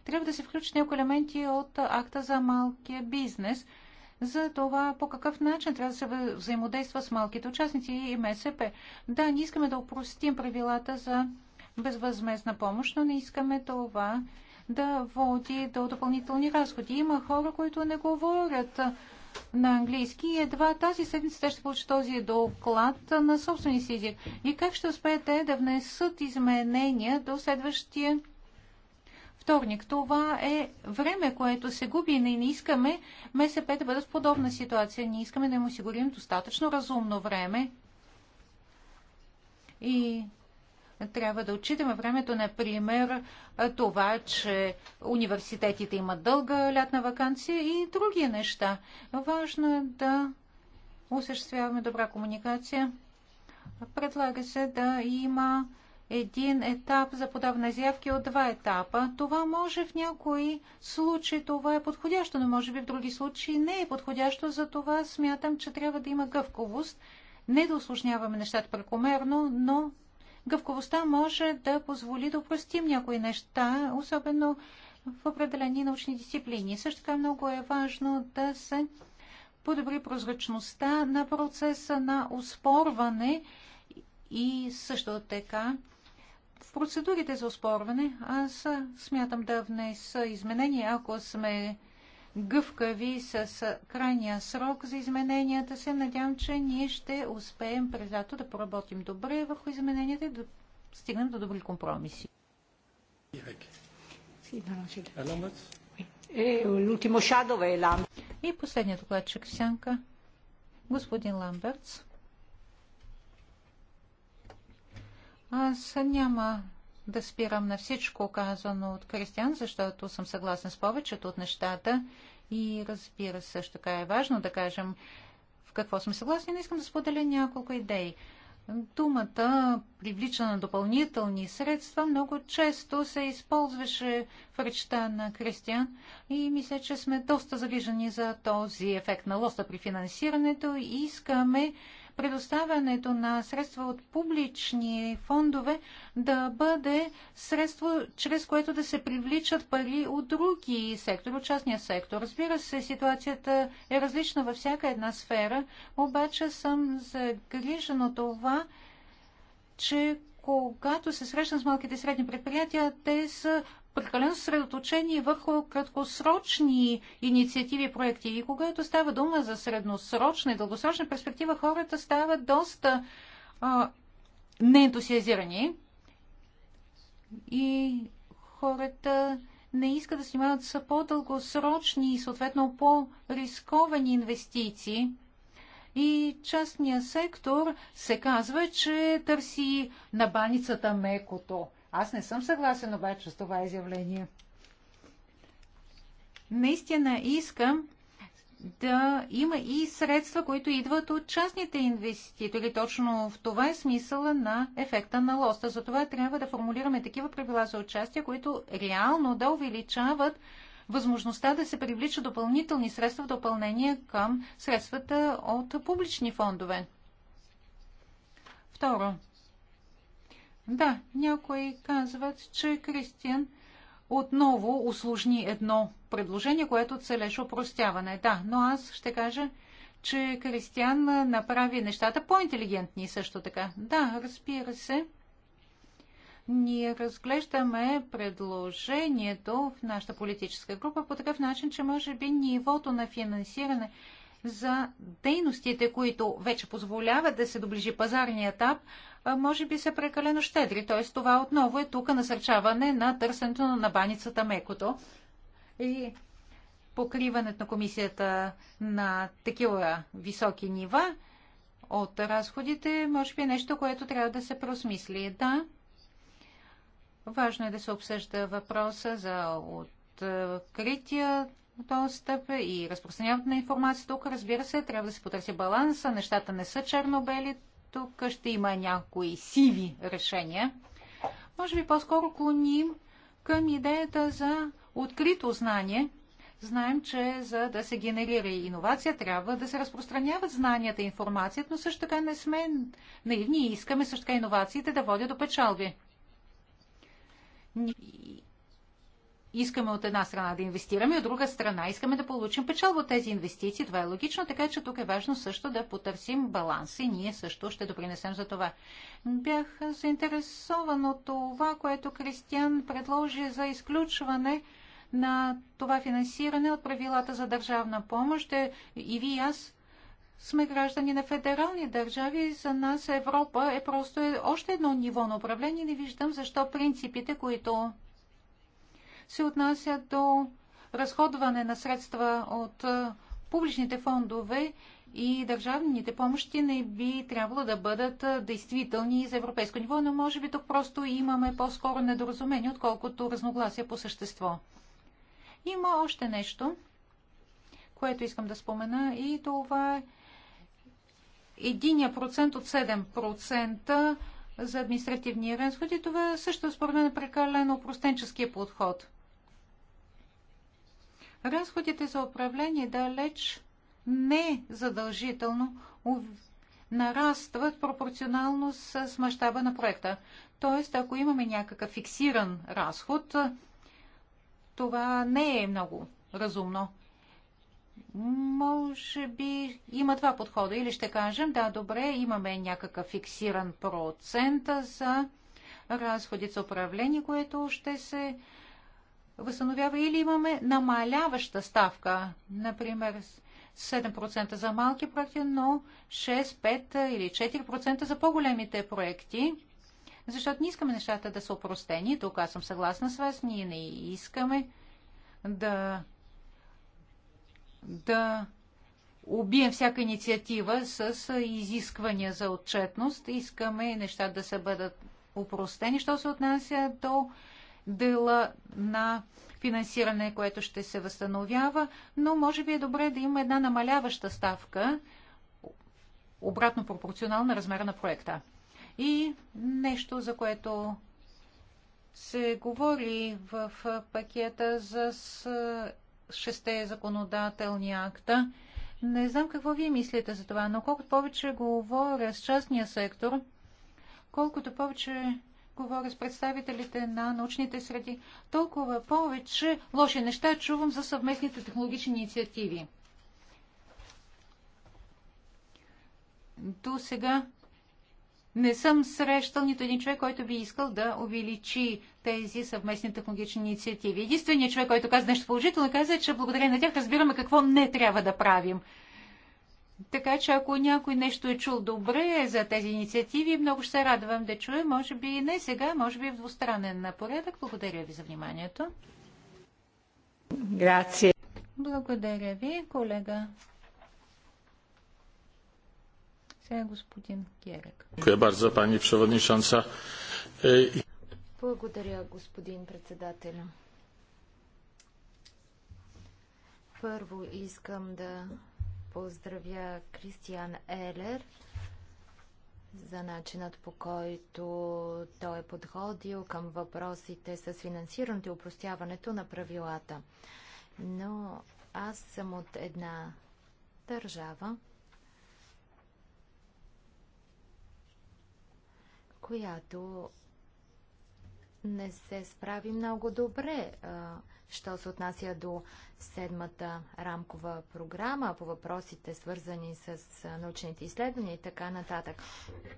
трябва да се включат някои елементи от акта за малкия бизнес – за това по какъв начин трябва да се взаимодейства с малките участници и МСП. Да, ние искаме да упростим правилата за безвъзмезна помощ, но не искаме това да води до допълнителни разходи. Има хора, които не говорят на английски и едва тази седмица те ще получат този доклад на собствени си език. И как ще успеете да внесат изменения до следващия вторник. Това е време, което се губи и не искаме МСП да бъдат в подобна ситуация. Ние искаме да им осигурим достатъчно разумно време и трябва да отчитаме времето, например, това, че университетите имат дълга лятна вакансия и други неща. Важно е да осъществяваме добра комуникация. Предлага се да има един етап за подаване заявки от два етапа. Това може в някои случаи това е подходящо, но може би в други случаи не е подходящо. За това смятам, че трябва да има гъвковост. Не да осложняваме нещата прекомерно, но гъвковостта може да позволи да упростим някои неща, особено в определени научни дисциплини. Също така много е важно да се подобри прозрачността на процеса на оспорване и също така в процедурите за оспорване аз смятам да внеса изменения, ако сме гъвкави с крайния срок за измененията. Се надявам, че ние ще успеем през лято да поработим добре върху измененията и да стигнем до добри компромиси. И последният докладчик в сянка, господин Ламбертс. Аз няма да спирам на всичко казано от Кристиан, защото съм съгласен с повечето от нещата и разбира се, също така е важно да кажем в какво сме съгласни, но искам да споделя няколко идеи. Думата привлича на допълнителни средства много често се използваше в речта на Кристиан и мисля, че сме доста загрижени за този ефект на лоста при финансирането и искаме предоставянето на средства от публични фондове да бъде средство, чрез което да се привличат пари от други сектори, от частния сектор. Разбира се, ситуацията е различна във всяка една сфера, обаче съм загрижен от това, че когато се срещам с малките и средни предприятия, те са прекалено средоточени върху краткосрочни инициативи и проекти. И когато става дума за средносрочна и дългосрочна перспектива, хората стават доста а, неентусиазирани и хората не искат да снимават са по-дългосрочни и съответно по-рисковани инвестиции. И частния сектор се казва, че търси на баницата мекото. Аз не съм съгласен обаче с това изявление. Наистина искам да има и средства, които идват от частните инвеститори. Точно в това е смисъла на ефекта на лоста. Затова трябва да формулираме такива правила за участие, които реално да увеличават възможността да се привлича допълнителни средства в допълнение към средствата от публични фондове. Второ, да, някои казват, че Кристиан отново усложни едно предложение, което целеше опростяване. Да, но аз ще кажа, че Кристиан направи нещата по-интелигентни също така. Да, разбира се. Ние разглеждаме предложението в нашата политическа група по такъв начин, че може би нивото на финансиране за дейностите, които вече позволяват да се доближи пазарния етап, може би са прекалено щедри. Т.е. това отново е тук насърчаване на търсенето на баницата мекото и покриването на комисията на такива високи нива от разходите, може би е нещо, което трябва да се просмисли. Да, важно е да се обсъжда въпроса за открития достъп и разпространяването на информация тук, разбира се, трябва да се потърси баланса. Нещата не са чернобели. Тук ще има някои сиви решения. Може би по-скоро клоним към идеята за открито знание. Знаем, че за да се генерира иновация, трябва да се разпространяват знанията и информацията, но също така не сме наивни и искаме също така иновациите да водят до печалби искаме от една страна да инвестираме, от друга страна искаме да получим печалба от тези инвестиции. Това е логично, така че тук е важно също да потърсим баланс и ние също ще допринесем за това. Бях заинтересован от това, което Кристиан предложи за изключване на това финансиране от правилата за държавна помощ. Е, и ви и аз сме граждани на федерални държави. За нас Европа е просто е още едно ниво на управление. Не виждам защо принципите, които се отнася до разходване на средства от публичните фондове и държавните помощи не би трябвало да бъдат действителни за европейско ниво, но може би тук просто имаме по-скоро недоразумение, отколкото разногласия по същество. Има още нещо, което искам да спомена и това е единия процент от 7% за административни разходи. Това също според мен е прекалено простенческия подход – Разходите за управление далеч не задължително нарастват пропорционално с мащаба на проекта. Тоест, ако имаме някакъв фиксиран разход, това не е много разумно. Може би има два подхода. Или ще кажем, да, добре, имаме някакъв фиксиран процент за разходи за управление, което ще се възстановява или имаме намаляваща ставка, например 7% за малки проекти, но 6, 5 или 4% за по-големите проекти, защото не искаме нещата да са упростени. Тук аз съм съгласна с вас, ние не искаме да, да убием всяка инициатива с изисквания за отчетност. Искаме нещата да се бъдат упростени, що се отнася до дела на финансиране, което ще се възстановява, но може би е добре да има една намаляваща ставка, обратно пропорционална размера на проекта. И нещо, за което се говори в пакета за шесте законодателни акта. Не знам какво вие мислите за това, но колкото повече говоря с частния сектор, колкото повече говоря с представителите на научните среди, толкова повече лоши неща чувам за съвместните технологични инициативи. До сега не съм срещал нито един човек, който би искал да увеличи тези съвместни технологични инициативи. Единственият човек, който каза нещо положително, каза, че благодарение на тях разбираме какво не трябва да правим. Така че ако някой нещо е чул добре за тези инициативи, много ще се радвам да чуя. Може би не сега, може би в двустранен напоредък. Благодаря ви за вниманието. Грация. Благодаря ви, колега. Сега господин Герек. Благодаря барза, пани Шанса. Благодаря, господин председател. Първо искам да поздравя Кристиан Елер за начинът по който той е подходил към въпросите с финансирането и упростяването на правилата. Но аз съм от една държава, която не се справи много добре а, що се отнася до седмата рамкова програма, по въпросите свързани с научните изследвания и така нататък.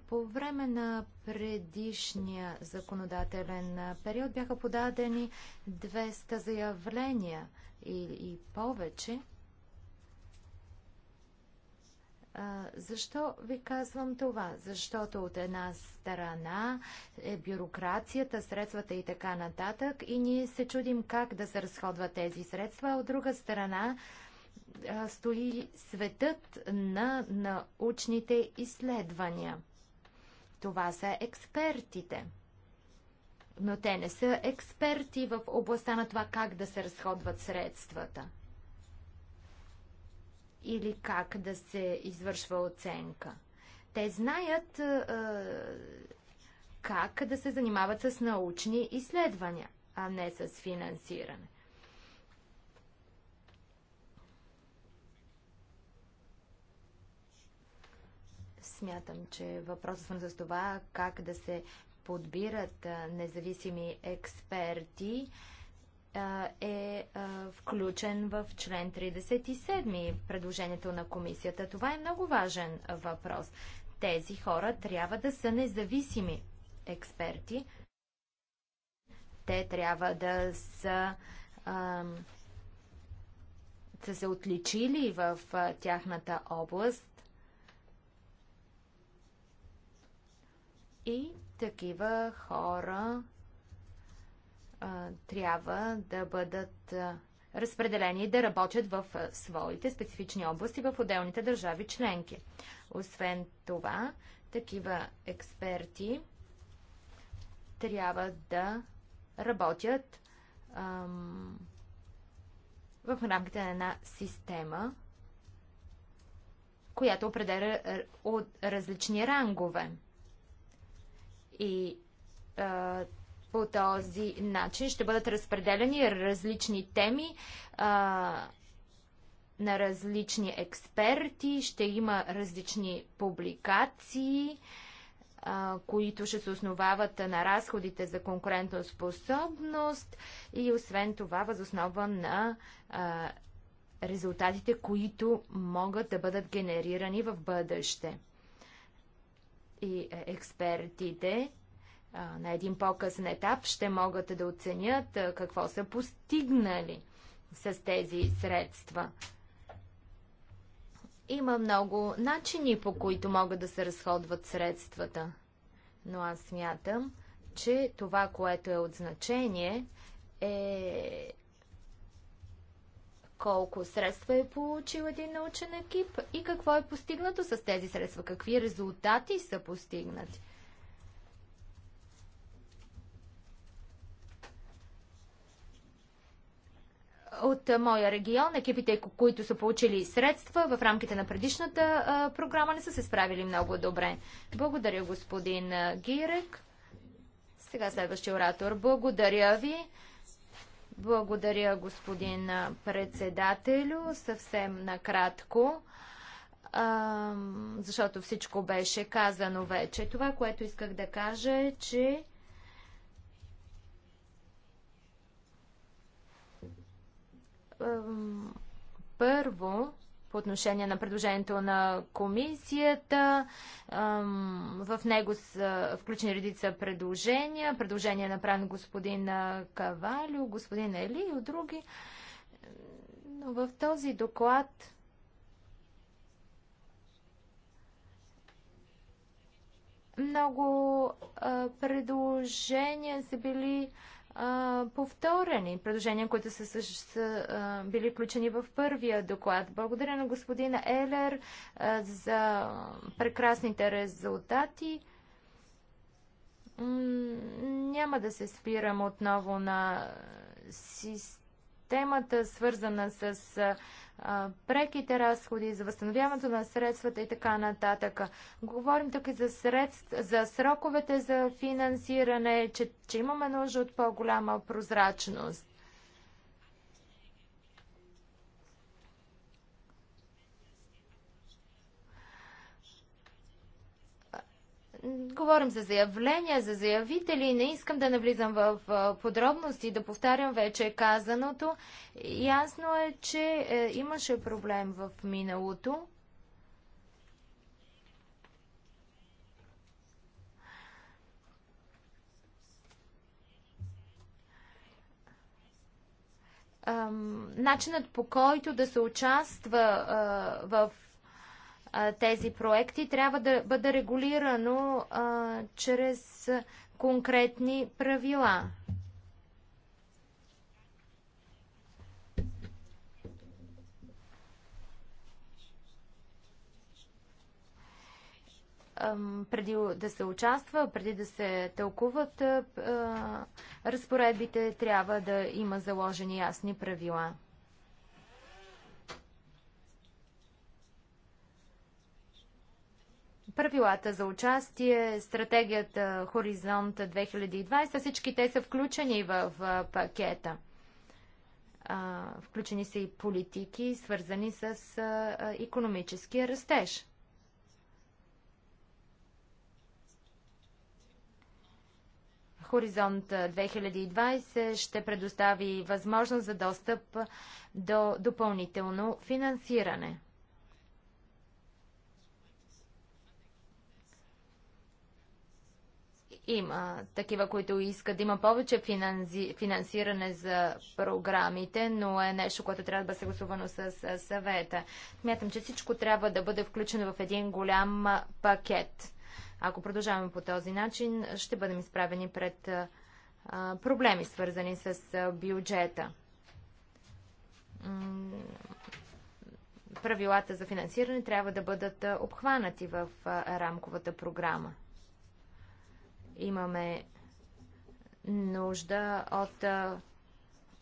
По време на предишния законодателен период бяха подадени 200 заявления и, и повече. Защо ви казвам това? Защото от една страна е бюрокрацията, средствата и така нататък и ние се чудим как да се разходват тези средства, а от друга страна стои светът на научните изследвания. Това са експертите. Но те не са експерти в областта на това как да се разходват средствата или как да се извършва оценка. Те знаят как да се занимават с научни изследвания, а не с финансиране. Смятам, че въпросът съм за това как да се подбират независими експерти е включен в член 37 предложението на комисията. Това е много важен въпрос. Тези хора трябва да са независими експерти. Те трябва да са ам, са се отличили в а, тяхната област и такива хора а, трябва да бъдат разпределени да работят в своите специфични области в отделните държави членки. Освен това, такива експерти трябва да работят ам, в рамките на една система, която определя от различни рангове. И а, по този начин ще бъдат разпределени различни теми а, на различни експерти, ще има различни публикации, а, които ще се основават на разходите за конкурентоспособност и освен това възоснова на а, резултатите, които могат да бъдат генерирани в бъдеще. И е, експертите на един по-късен етап ще могат да оценят какво са постигнали с тези средства. Има много начини, по които могат да се разходват средствата. Но аз смятам, че това, което е от значение, е колко средства е получил един научен екип и какво е постигнато с тези средства, какви резултати са постигнати. от моя регион, екипите, които са получили средства в рамките на предишната програма, не са се справили много добре. Благодаря, господин Гирек. Сега следващия оратор. Благодаря ви. Благодаря, господин председателю. Съвсем накратко, защото всичко беше казано вече. Това, което исках да кажа е, че Първо, по отношение на предложението на комисията. В него са включени редица предложения. Предложение е направен господин Кавалю, господин Ели и от други. Но в този доклад много предложения са били повторени предложения, които са, са, са били включени в първия доклад. Благодаря на господина Елер за прекрасните резултати. Няма да се спирам отново на системата, свързана с преките разходи, за възстановяването на средствата и така нататък. Говорим тук и за, средств, за сроковете за финансиране, че, че имаме нужда от по-голяма прозрачност. Говорим за заявления, за заявители. Не искам да навлизам в подробности, да повтарям вече казаното. Ясно е, че е, имаше проблем в миналото. начинът по който да се участва в тези проекти, трябва да бъде регулирано а, чрез конкретни правила. преди да се участва, преди да се тълкуват разпоредбите, трябва да има заложени ясни правила. правилата за участие, стратегията Хоризонт 2020, всички те са включени в пакета. Включени са и политики, свързани с економическия растеж. Хоризонт 2020 ще предостави възможност за достъп до допълнително финансиране. Има такива, които искат да има повече финанзи... финансиране за програмите, но е нещо, което трябва да бъде съгласувано с съвета. Смятам, че всичко трябва да бъде включено в един голям пакет. Ако продължаваме по този начин, ще бъдем изправени пред проблеми, свързани с бюджета. Правилата за финансиране трябва да бъдат обхванати в рамковата програма. Имаме нужда от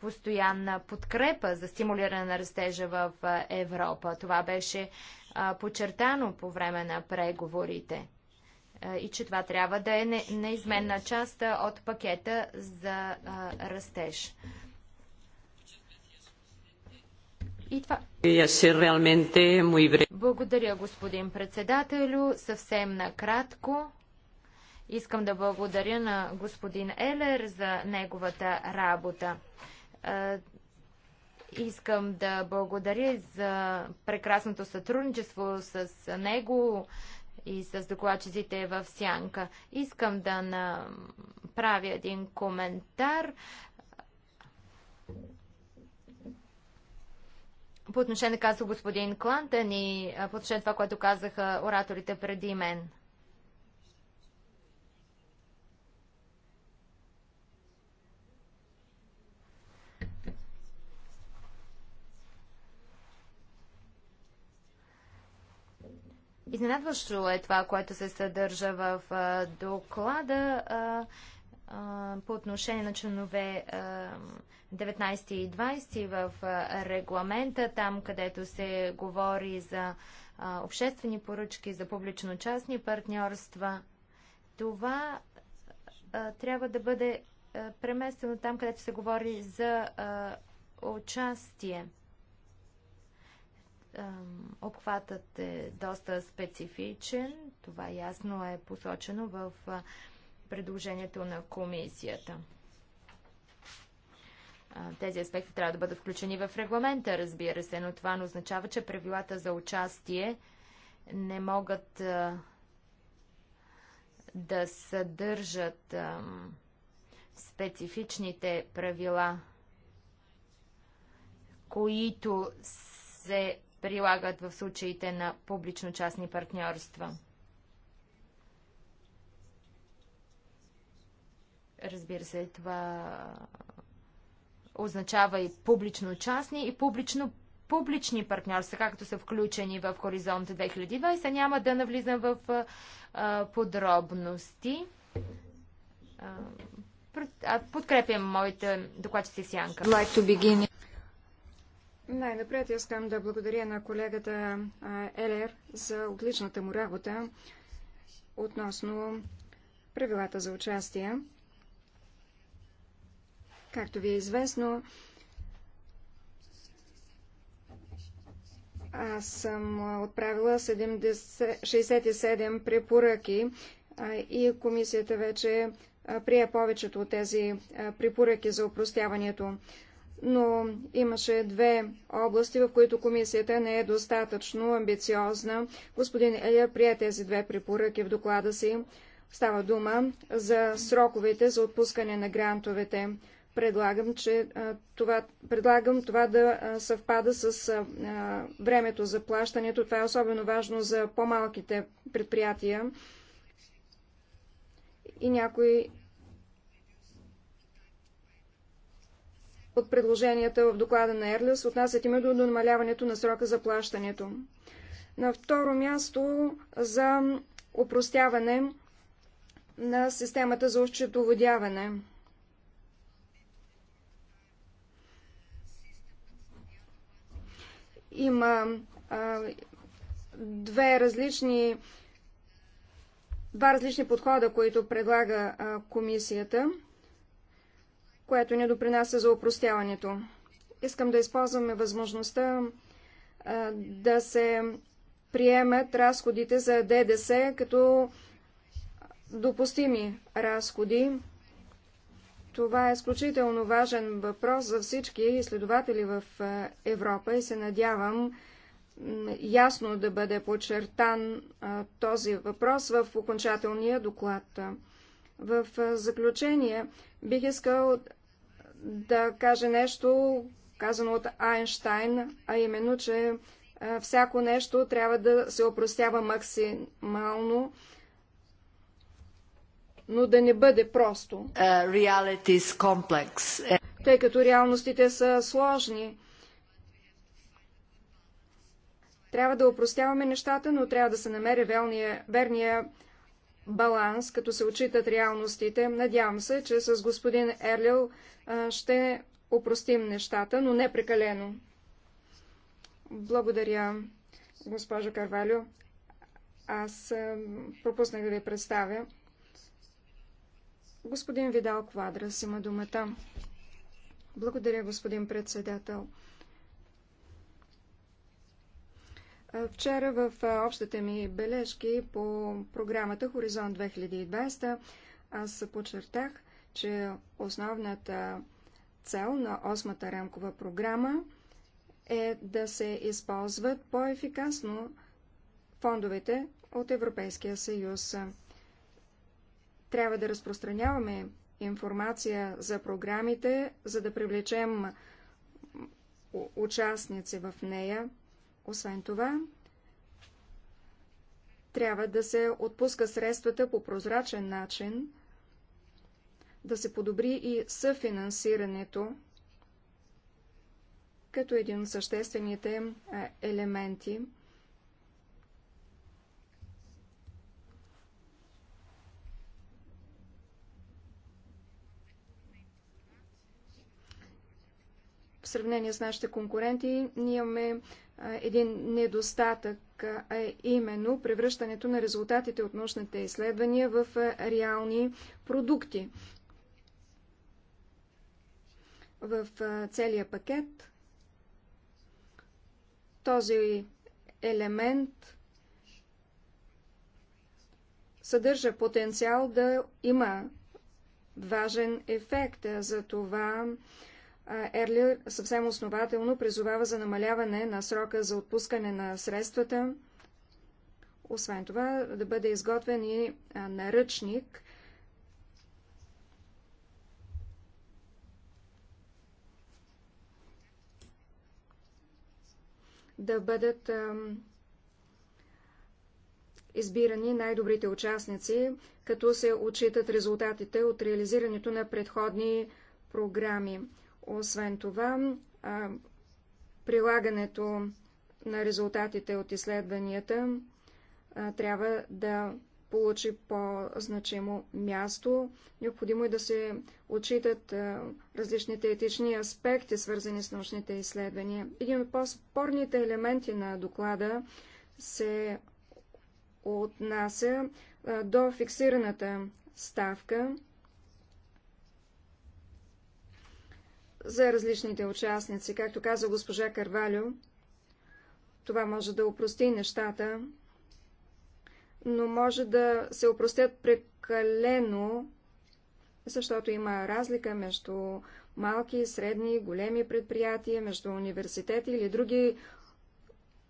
постоянна подкрепа за стимулиране на растежа в Европа. Това беше подчертано по време на преговорите и че това трябва да е неизменна част от пакета за растеж. И това... Благодаря, господин председателю. Съвсем накратко. Искам да благодаря на господин Елер за неговата работа. Искам да благодаря за прекрасното сътрудничество с него и с докладчиците в Сянка. Искам да направя един коментар по отношение на казва господин Клантън и по отношение на това, което казаха ораторите преди мен. Изненадващо е това, което се съдържа в а, доклада а, а, по отношение на чинове 19 и 20 в регламента, там където се говори за обществени поръчки, за публично-частни партньорства. Това трябва да бъде преместено там, където се говори за участие. Обхватът е доста специфичен. Това ясно е посочено в предложението на комисията. Тези аспекти трябва да бъдат включени в регламента, разбира се, но това не означава, че правилата за участие не могат да съдържат специфичните правила, които се прилагат в случаите на публично-частни партньорства. Разбира се, това означава и публично-частни и публично публични партньорства, както са включени в Хоризонт 2020. Няма да навлизам в а, подробности. А, подкрепям моите докладчици Сянка. Like най-напред искам да благодаря на колегата Елер за отличната му работа относно правилата за участие. Както ви е известно, аз съм отправила 70, 67 препоръки и комисията вече прие повечето от тези препоръки за упростяването но имаше две области, в които комисията не е достатъчно амбициозна. Господин Елия прие тези две препоръки в доклада си. Става дума за сроковете за отпускане на грантовете. Предлагам, че, това, предлагам това да съвпада с времето за плащането. Това е особено важно за по-малките предприятия и някои от предложенията в доклада на Ерлес отнасят именно до намаляването на срока за плащането. На второ място за упростяване на системата за ощетоводяване. Има а, две различни два различни подхода, които предлага а, комисията – което ни допринася за опростяването, Искам да използваме възможността да се приемат разходите за ДДС като допустими разходи. Това е изключително важен въпрос за всички изследователи в Европа и се надявам ясно да бъде подчертан този въпрос в окончателния доклад. В заключение бих искал да кажа нещо, казано от Айнштайн, а именно, че всяко нещо трябва да се опростява максимално, но да не бъде просто. Тъй като реалностите са сложни. Трябва да опростяваме нещата, но трябва да се намери верния, верния баланс, като се отчитат реалностите. Надявам се, че с господин Ерлил ще опростим нещата, но не прекалено. Благодаря, госпожо Карвалю. Аз пропуснах да ви представя. Господин Видал Квадрас има думата. Благодаря, господин председател. Вчера в общите ми бележки по програмата Хоризонт 2020 аз подчертах, че основната цел на осмата рамкова програма е да се използват по-ефикасно фондовете от Европейския съюз. Трябва да разпространяваме информация за програмите, за да привлечем участници в нея. Освен това, трябва да се отпуска средствата по прозрачен начин, да се подобри и съфинансирането, като един от съществените е, елементи. В сравнение с нашите конкуренти, ние имаме един недостатък, а именно превръщането на резултатите от научните изследвания в реални продукти. В целия пакет този елемент съдържа потенциал да има важен ефект. За това Ерли съвсем основателно призовава за намаляване на срока за отпускане на средствата. Освен това, да бъде изготвен и наръчник да бъдат избирани най-добрите участници, като се отчитат резултатите от реализирането на предходни програми. Освен това, прилагането на резултатите от изследванията трябва да получи по-значимо място. Необходимо е да се отчитат различните етични аспекти, свързани с научните изследвания. Един от по-спорните елементи на доклада се отнася до фиксираната ставка. за различните участници. Както каза госпожа Карвалю, това може да упрости нещата, но може да се упростят прекалено, защото има разлика между малки, средни, големи предприятия, между университети или други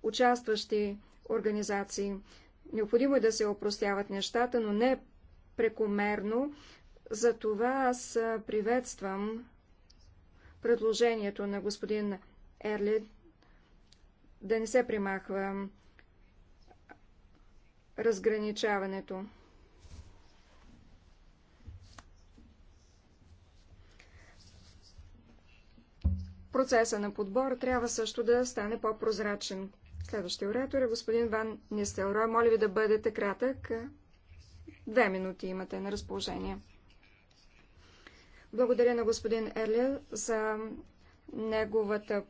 участващи организации. Необходимо е да се опростяват нещата, но не прекомерно. Затова аз приветствам предложението на господин Ерли да не се примахва разграничаването. Процеса на подбор трябва също да стане по-прозрачен. Следващия оратор е господин Ван Нистелрой. Моля ви да бъдете кратък. Две минути имате на разположение. Благодаря на господин Ерлил за неговата,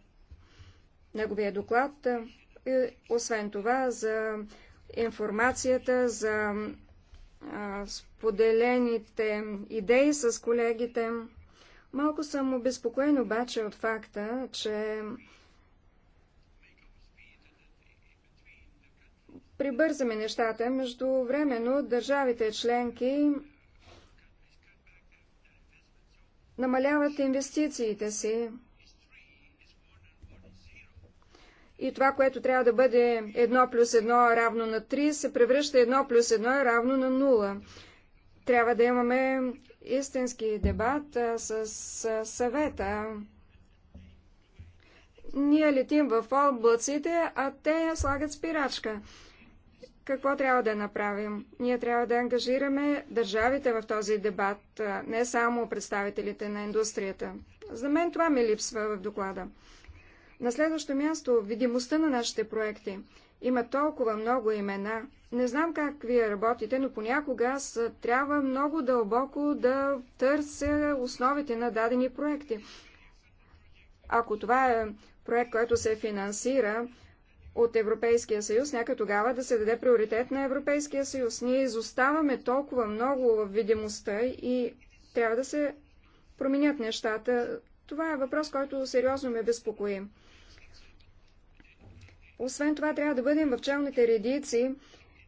неговия доклад. И, освен това, за информацията, за а, споделените идеи с колегите. Малко съм обезпокоен обаче от факта, че прибързаме нещата. Между времено държавите членки намаляват инвестициите си. И това, което трябва да бъде 1 плюс 1 равно на 3, се превръща 1 плюс 1 равно на 0. Трябва да имаме истински дебат с съвета. Ние летим в облаците, а те слагат спирачка. Какво трябва да направим? Ние трябва да ангажираме държавите в този дебат, не само представителите на индустрията. За мен това ми липсва в доклада. На следващо място, видимостта на нашите проекти. Има толкова много имена. Не знам как вие работите, но понякога аз трябва много дълбоко да търся основите на дадени проекти. Ако това е проект, който се финансира от Европейския съюз, нека тогава да се даде приоритет на Европейския съюз. Ние изоставаме толкова много в видимостта и трябва да се променят нещата. Това е въпрос, който сериозно ме безпокои. Освен това, трябва да бъдем в челните редици,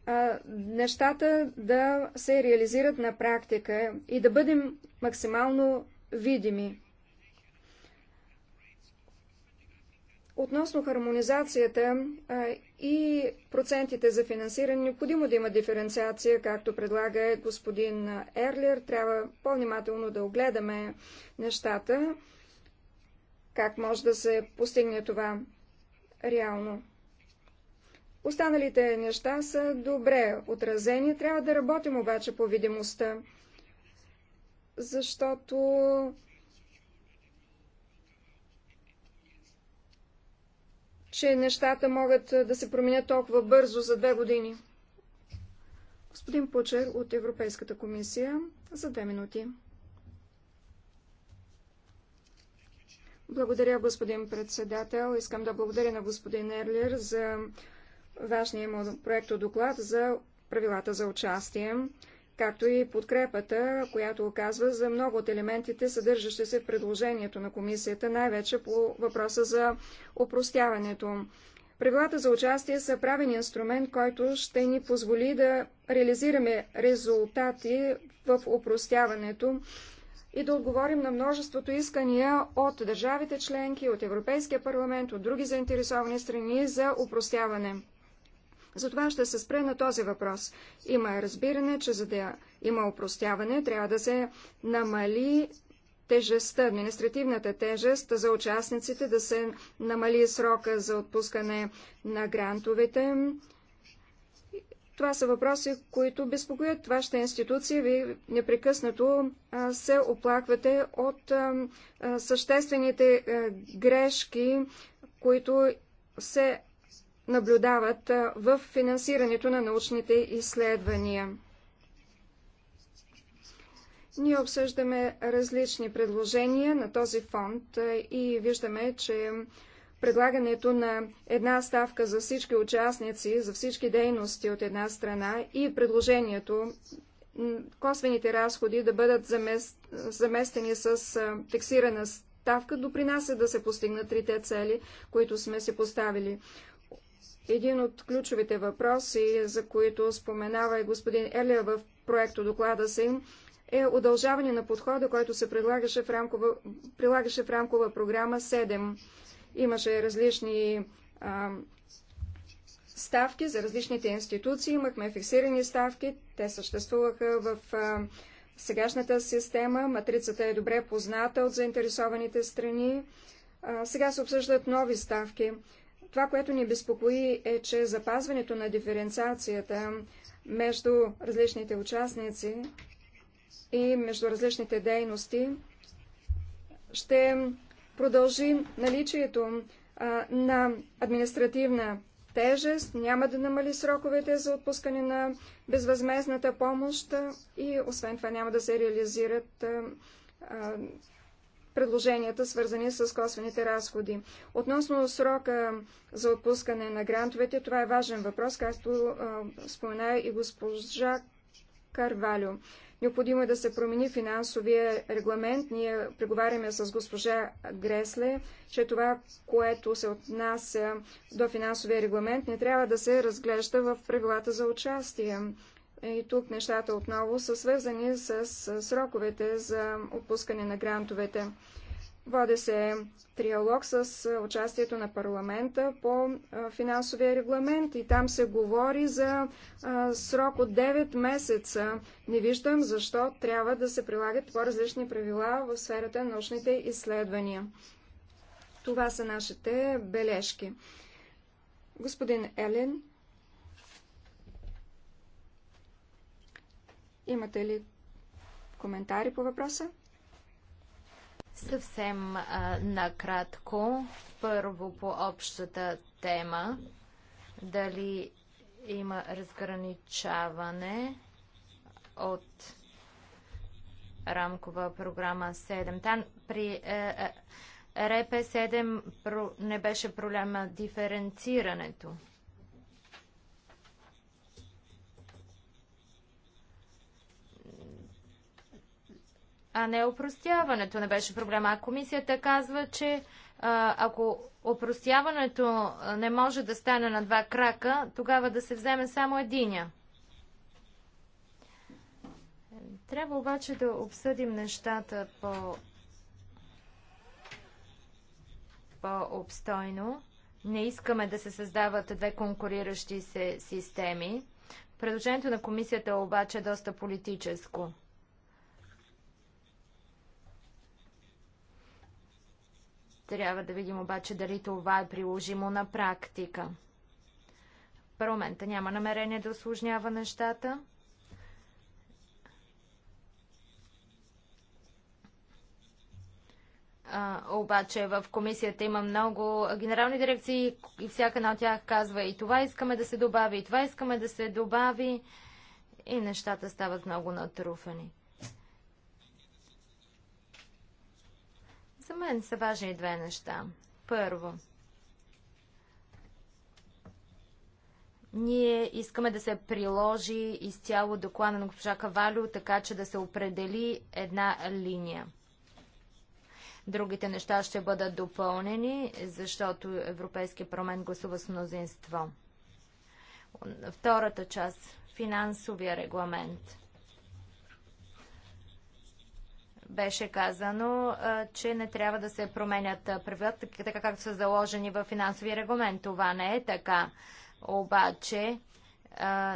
а, нещата да се реализират на практика и да бъдем максимално видими. Относно хармонизацията и процентите за финансиране, необходимо да има диференциация, както предлага господин Ерлер. Трябва по-внимателно да огледаме нещата, как може да се постигне това реално. Останалите неща са добре отразени, трябва да работим обаче по видимостта, защото че нещата могат да се променят толкова бързо за две години. Господин Пучер от Европейската комисия за две минути. Благодаря, господин председател. Искам да благодаря на господин Ерлер за вашния му проекто доклад за правилата за участие както и подкрепата, която оказва за много от елементите, съдържащи се в предложението на комисията, най-вече по въпроса за опростяването. Правилата за участие са правен инструмент, който ще ни позволи да реализираме резултати в опростяването и да отговорим на множеството искания от държавите членки, от Европейския парламент, от други заинтересовани страни за опростяване. Затова ще се спре на този въпрос. Има разбиране, че за да има упростяване, трябва да се намали тежестта, административната тежест за участниците, да се намали срока за отпускане на грантовете. Това са въпроси, които безпокоят вашата институция. Ви непрекъснато се оплаквате от съществените грешки, които се наблюдават в финансирането на научните изследвания. Ние обсъждаме различни предложения на този фонд и виждаме, че предлагането на една ставка за всички участници, за всички дейности от една страна и предложението косвените разходи да бъдат замест... заместени с фиксирана ставка допринася да се постигнат трите цели, които сме си поставили. Един от ключовите въпроси, за които споменава и господин Елия в проекто доклада си, е удължаване на подхода, който се в рамкова, прилагаше в рамкова програма 7. Имаше различни а, ставки за различните институции, имахме фиксирани ставки, те съществуваха в а, сегашната система, матрицата е добре позната от заинтересованите страни. А, сега се обсъждат нови ставки. Това, което ни безпокои е, че запазването на диференциацията между различните участници и между различните дейности ще продължи наличието на административна тежест, няма да намали сроковете за отпускане на безвъзмезната помощ и освен това няма да се реализират а, а, предложенията, свързани с косвените разходи. Относно срока за отпускане на грантовете, това е важен въпрос, както спомена и госпожа Карвалю. Необходимо е да се промени финансовия регламент. Ние преговаряме с госпожа Гресле, че това, което се отнася до финансовия регламент, не трябва да се разглежда в правилата за участие. И тук нещата отново са свързани с сроковете за отпускане на грантовете. Води се триалог с участието на парламента по финансовия регламент и там се говори за срок от 9 месеца. Не виждам защо трябва да се прилагат по-различни правила в сферата на научните изследвания. Това са нашите бележки. Господин Елен, Имате ли коментари по въпроса? Съвсем а, накратко, първо по общата тема, дали има разграничаване от рамкова програма 7. Там при е, е РП 7 не беше проблема диференцирането. а не опростяването не беше проблема. А комисията казва, че ако опростяването не може да стане на два крака, тогава да се вземе само единя. Трябва обаче да обсъдим нещата по по-обстойно. Не искаме да се създават две конкуриращи се системи. Предложението на комисията е обаче е доста политическо. Трябва да видим обаче дали това е приложимо на практика. Парламента няма намерение да осложнява нещата. А, обаче в комисията има много генерални дирекции и всяка една от тях казва и това искаме да се добави, и това искаме да се добави и нещата стават много натруфани. За мен са важни две неща. Първо, Ние искаме да се приложи изцяло доклада на госпожа Кавалю, така че да се определи една линия. Другите неща ще бъдат допълнени, защото Европейския парламент гласува с мнозинство. Втората част – финансовия регламент беше казано, че не трябва да се променят правилата, така както са заложени в финансовия регламент. Това не е така. Обаче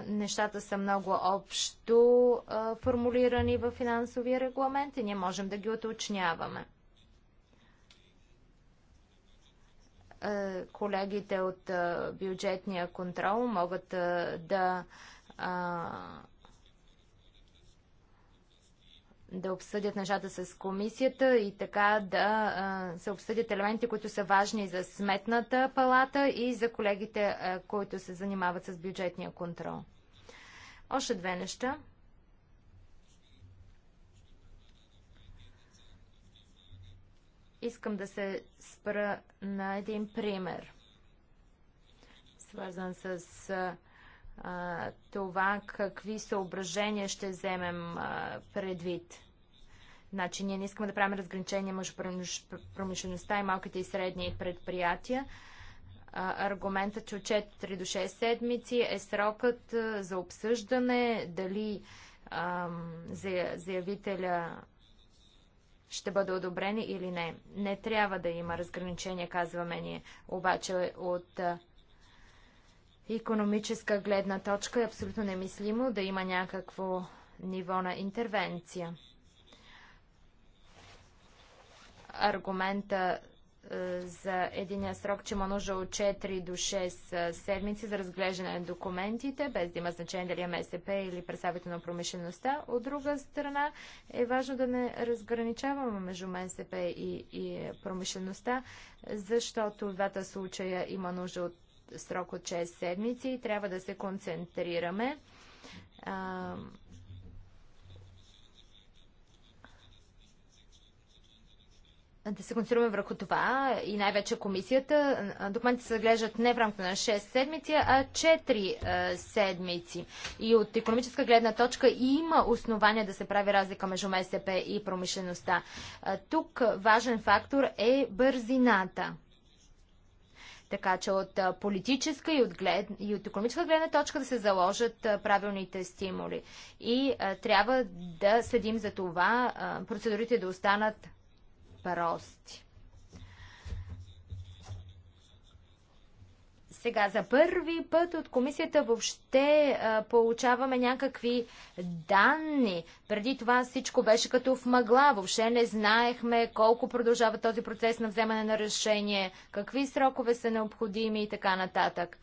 нещата са много общо формулирани в финансовия регламент и ние можем да ги уточняваме. Колегите от бюджетния контрол могат да да обсъдят нещата с комисията и така да а, се обсъдят елементи, които са важни за сметната палата и за колегите, а, които се занимават с бюджетния контрол. Още две неща. Искам да се спра на един пример, свързан с а, това какви съображения ще вземем предвид. Значи, ние не искаме да правим разграничение между промишлеността и малките и средни предприятия. аргументът, че от 4 до 6 седмици е срокът за обсъждане, дали заявителя ще бъде одобрен или не. Не трябва да има разграничение, казваме ние. Обаче от економическа гледна точка е абсолютно немислимо да има някакво ниво на интервенция. Аргумента е, за единия срок, че има нужда от 4 до 6 е, седмици за разглеждане на документите, без да има значение дали е МСП или представител на промишлеността. От друга страна е важно да не разграничаваме между МСП и, и промишлеността, защото в двата случая има нужда от срок от 6 седмици. Трябва да се концентрираме. А, да се концентрираме върху това и най-вече комисията. Документите се заглеждат не в рамките на 6 седмици, а 4 е, седмици. И от економическа гледна точка има основания да се прави разлика между МСП и промишлеността. Тук важен фактор е бързината. Така че от политическа и от, глед... и от економическа гледна точка да се заложат правилните стимули. И а, трябва да следим за това а, процедурите да останат прости. Сега за първи път от комисията въобще а, получаваме някакви данни. Преди това всичко беше като в мъгла. Въобще не знаехме колко продължава този процес на вземане на решение, какви срокове са необходими и така нататък.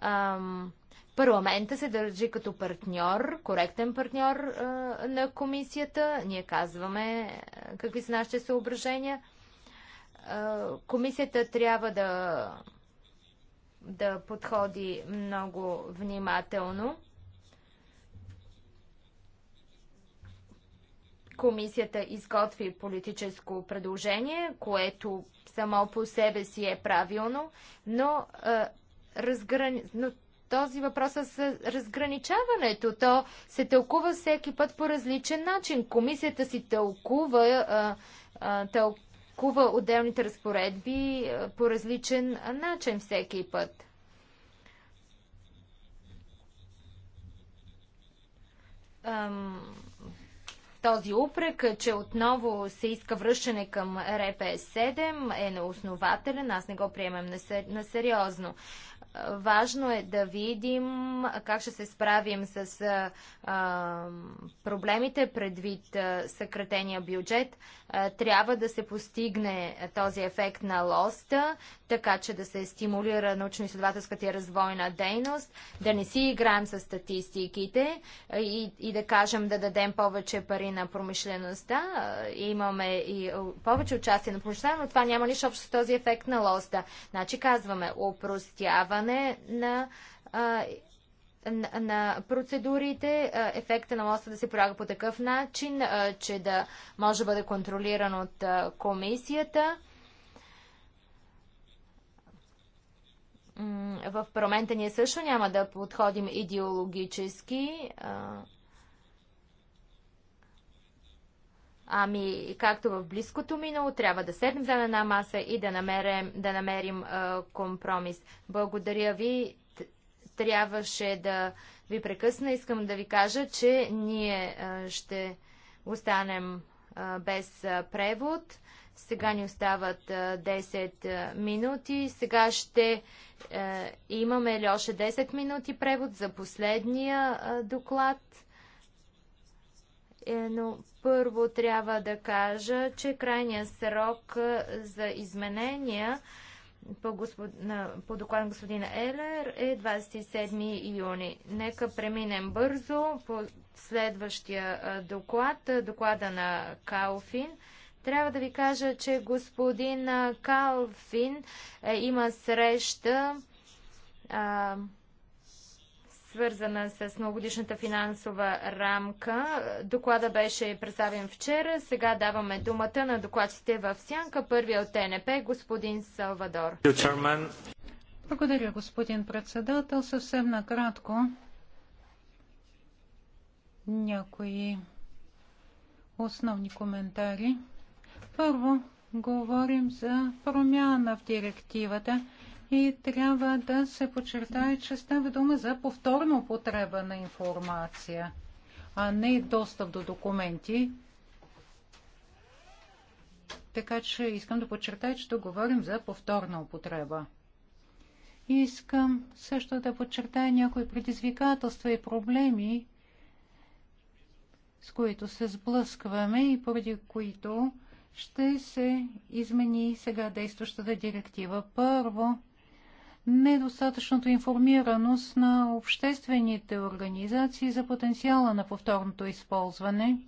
Ам, парламента се държи като партньор, коректен партньор а, на комисията. Ние казваме какви са нашите съображения. А, комисията трябва да да подходи много внимателно. Комисията изготви политическо предложение, което само по себе си е правилно, но, а, разграни... но този въпрос е с разграничаването, то се тълкува всеки път по различен начин. Комисията си тълкува, а, а, тъл тълкува отделните разпоредби е, по различен начин всеки път. Um този упрек, че отново се иска връщане към РПС-7 е неоснователен. Аз не го приемам на сериозно. Важно е да видим как ще се справим с а, проблемите предвид съкратения бюджет. А, трябва да се постигне този ефект на лоста, така че да се стимулира научно-изследователската и развойна дейност, да не си играем с статистиките и, и да кажем да дадем повече пари на промишлеността. Имаме и е, повече участие на промишлеността, но това няма нищо общо с този ефект на лоста. Значи казваме упростяване на на процедурите, ефекта на моста да се прилага по такъв начин, че да може да бъде контролиран от комисията. В парламента ние също няма да подходим идеологически. Ами, както в близкото минало, трябва да седнем за една маса и да намерим, да намерим а, компромис. Благодаря ви. Трябваше да ви прекъсна. Искам да ви кажа, че ние а, ще останем а, без а, превод. Сега ни остават а, 10 минути. Сега ще а, имаме ли още 10 минути превод за последния а, доклад? Е, но първо трябва да кажа, че крайният срок е, за изменения по, господ... по доклад на господин Елер е 27 юни. Нека преминем бързо по следващия е, доклад, доклада на Калфин. Трябва да ви кажа, че господин Калфин има среща а, свързана с многогодишната финансова рамка. Доклада беше представен вчера. Сега даваме думата на докладчите в Сянка. Първия от ТНП, господин Салвадор. Благодаря, господин председател. Съвсем накратко някои основни коментари. Първо, говорим за промяна в директивата и трябва да се подчертае, че става дума за повторна употреба на информация, а не достъп до документи. Така че искам да подчертая, че говорим за повторна употреба. Искам също да подчертая някои предизвикателства и проблеми, с които се сблъскваме и поради които ще се измени сега действащата директива. Първо, недостатъчното информираност на обществените организации за потенциала на повторното използване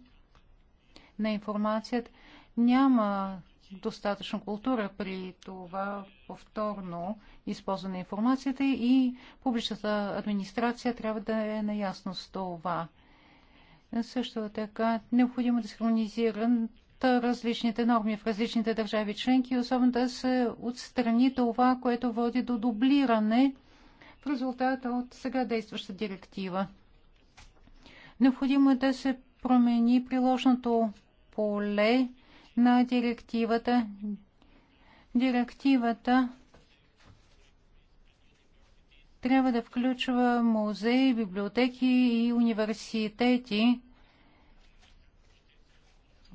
на информацията. Няма достатъчно култура при това повторно използване на информацията и публичната администрация трябва да е наясно с това. Също така необходимо да синхронизира различните норми в различните държави членки, особено да се отстрани това, което води до дублиране в резултата от сега действаща директива. Необходимо е да се промени приложното поле на директивата. Директивата трябва да включва музеи, библиотеки и университети,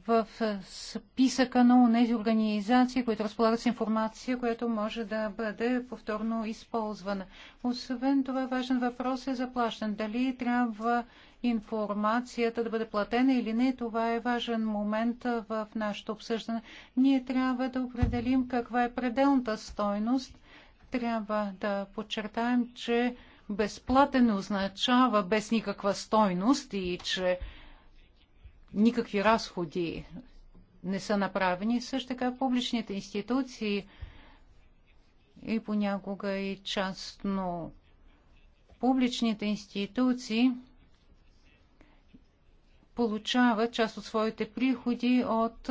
в е, списъка на тези организации, които разполагат с информация, която може да бъде повторно използвана. Освен това, важен въпрос е заплащан. Дали трябва информацията да бъде платена или не, това е важен момент в нашето обсъждане. Ние трябва да определим каква е пределната стойност. Трябва да подчертаем, че безплатен означава без никаква стойност и че никакви разходи не са направени. Също така публичните институции и понякога и частно публичните институции получават част от своите приходи от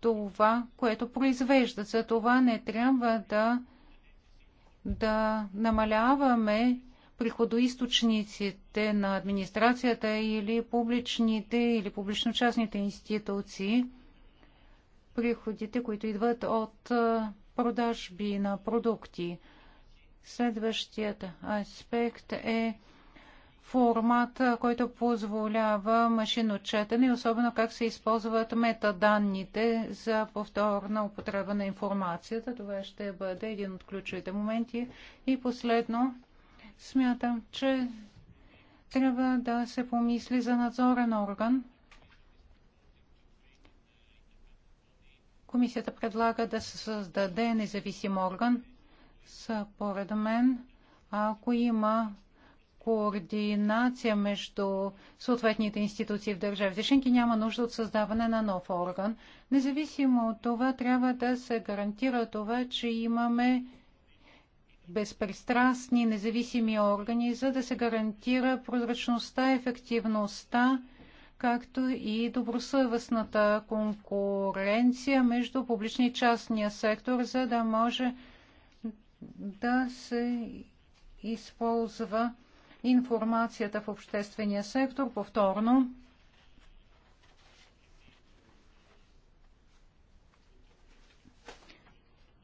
това, което произвеждат. За това не трябва да, да намаляваме приходоисточниците на администрацията или публичните или публично-частните институции, приходите, които идват от продажби на продукти. Следващият аспект е формат, който позволява машинно четене, особено как се използват метаданните за повторна употреба на информацията. Това ще бъде един от ключовите моменти. И последно, Смятам, че трябва да се помисли за надзорен орган. Комисията предлага да се създаде независим орган. Според мен, ако има координация между съответните институции в държавите членки, няма нужда от създаване на нов орган. Независимо от това, трябва да се гарантира това, че имаме безпристрастни независими органи, за да се гарантира прозрачността, ефективността, както и добросъвестната конкуренция между публичния и частния сектор, за да може да се използва информацията в обществения сектор повторно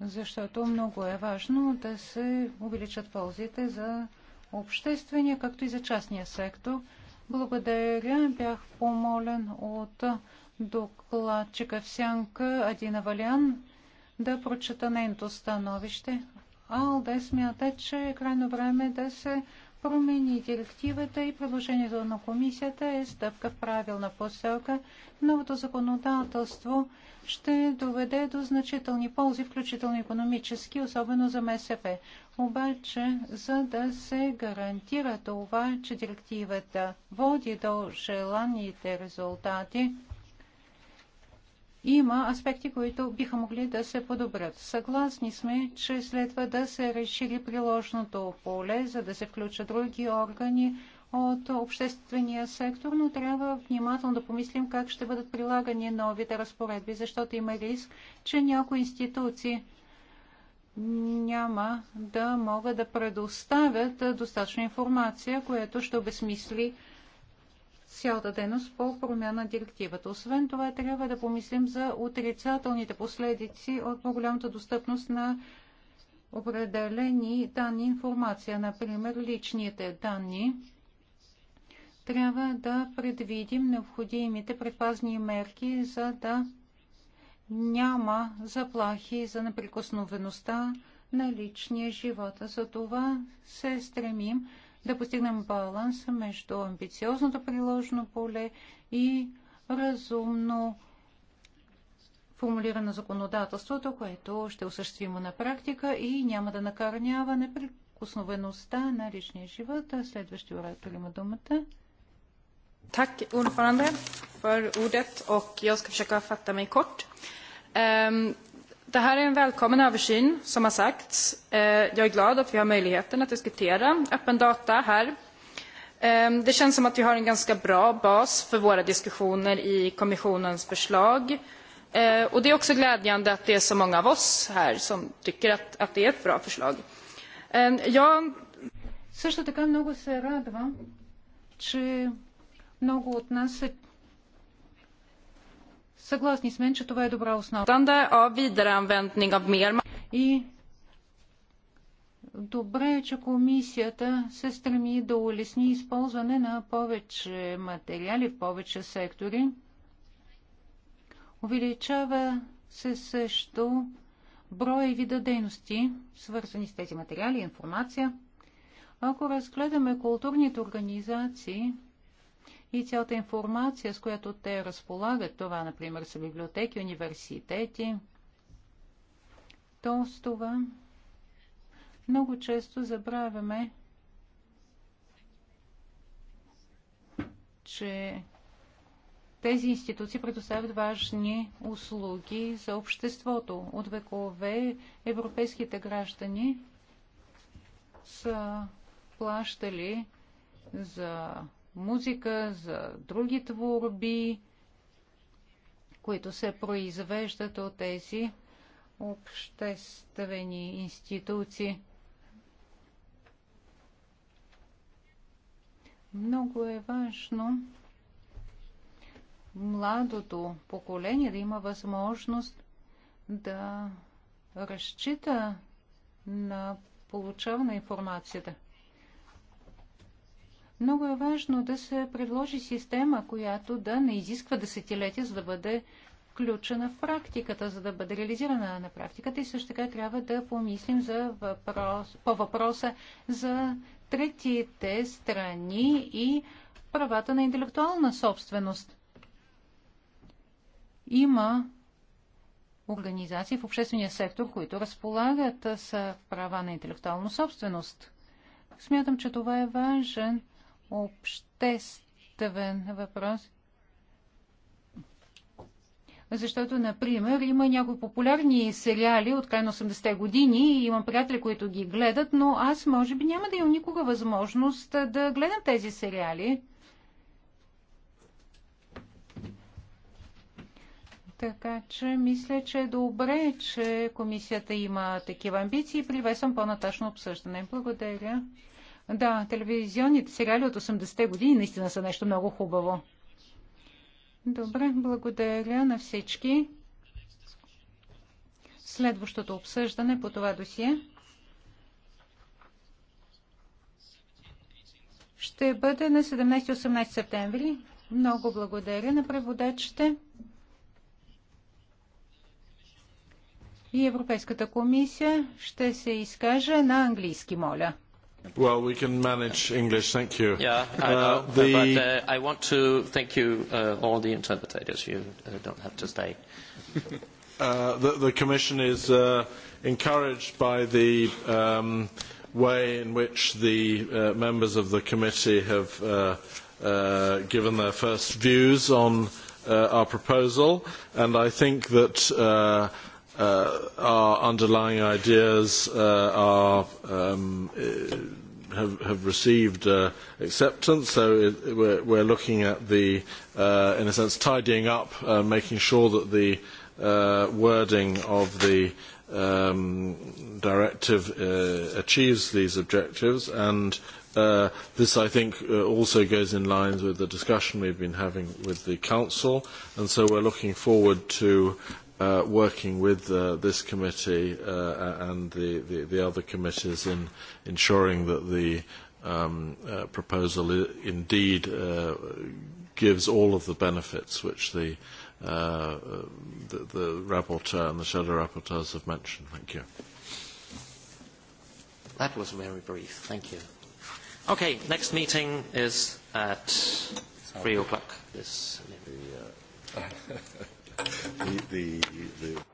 защото много е важно да се увеличат ползите за обществения, както и за частния сектор. Благодаря. Бях помолен от докладчика Всянка Адина Валян да прочета нейното становище. АЛДЕ смята, че е крайно време да се промени директивата и предложението на комисията е стъпка в правилна посока. Новото законодателство ще доведе до значителни ползи, включително економически, особено за МСП. Обаче, за да се гарантира това, че директивата води до желаните резултати, има аспекти, които биха могли да се подобрят. Съгласни сме, че следва да се разшири приложното поле, за да се включат други органи от обществения сектор, но трябва внимателно да помислим как ще бъдат прилагани новите разпоредби, защото има риск, че някои институции няма да могат да предоставят достатъчно информация, което ще обесмисли цялата дейност по промяна на директивата. Освен това, трябва да помислим за отрицателните последици от по-голямата достъпност на определени данни информация, например личните данни. Трябва да предвидим необходимите предпазни мерки, за да няма заплахи за неприкосновеността на личния живот. За това се стремим да постигнем баланса между амбициозното приложено поле и разумно формулиране на законодателството, което ще осъществимо на практика и няма да накарнява неприкосновеността на личния живот. Следващия оратор има думата. Так, ordförande för ordet och jag ska försöka fatta mig kort. Ehm, Det här är en välkommen översyn, som har sagts. Jag är glad att vi har möjligheten att diskutera öppen data här. Det känns som att vi har en ganska bra bas för våra diskussioner i kommissionens förslag. Och det är också glädjande att det är så många av oss här som tycker att, att det är ett bra förslag. Jag... Също така много се радвам, че много от нас се Съгласни сме, че това е добра основа. И добре е, че комисията се стреми да улесни използване на повече материали в повече сектори. Увеличава се също броя и вида дейности, свързани с тези материали, информация. Ако разгледаме културните организации, и цялата информация, с която те разполагат, това, например, са библиотеки, университети, то с това много често забравяме, че тези институции предоставят важни услуги за обществото. От векове европейските граждани са плащали за музика, за други творби, които се произвеждат от тези обществени институции. Много е важно младото поколение да има възможност да разчита на получаване информацията. Много е важно да се предложи система, която да не изисква десетилетия, за да бъде включена в практиката, за да бъде реализирана на практиката и също така трябва да помислим за въпрос, по въпроса за третите страни и правата на интелектуална собственост. Има организации в обществения сектор, които разполагат с права на интелектуална собственост. Смятам, че това е важен обществен въпрос. Защото, например, има някои популярни сериали от край на 80-те години и имам приятели, които ги гледат, но аз може би няма да имам никога възможност да гледам тези сериали. Така че мисля, че е добре, че комисията има такива амбиции. привесвам по наташно обсъждане. Благодаря. Да, телевизионните сериали от 80-те години наистина са нещо много хубаво. Добре, благодаря на всички. Следващото обсъждане по това досие ще бъде на 17-18 септември. Много благодаря на преводачите. И Европейската комисия ще се изкаже на английски, моля. Well, we can manage English, thank you. Yeah, I know, the... but uh, I want to thank you, uh, all the interpreters. You uh, don't have to stay. uh, the, the Commission is uh, encouraged by the um, way in which the uh, members of the committee have uh, uh, given their first views on uh, our proposal, and I think that uh, our underlying ideas are, have, have received acceptance. So it, we're, we're looking at the, in a sense, tidying up, making sure that the wording of the directive achieves these objectives and this, I think, also goes in line with the discussion we have been having with the Council, and so we are looking forward to working with this committee and the, other committees in ensuring that the proposal indeed gives all of the benefits which the, rapporteur and the shadow rapporteurs have mentioned. Thank you. That was very brief. Thank you. Okay, next meeting is at three o'clock. This the, the, the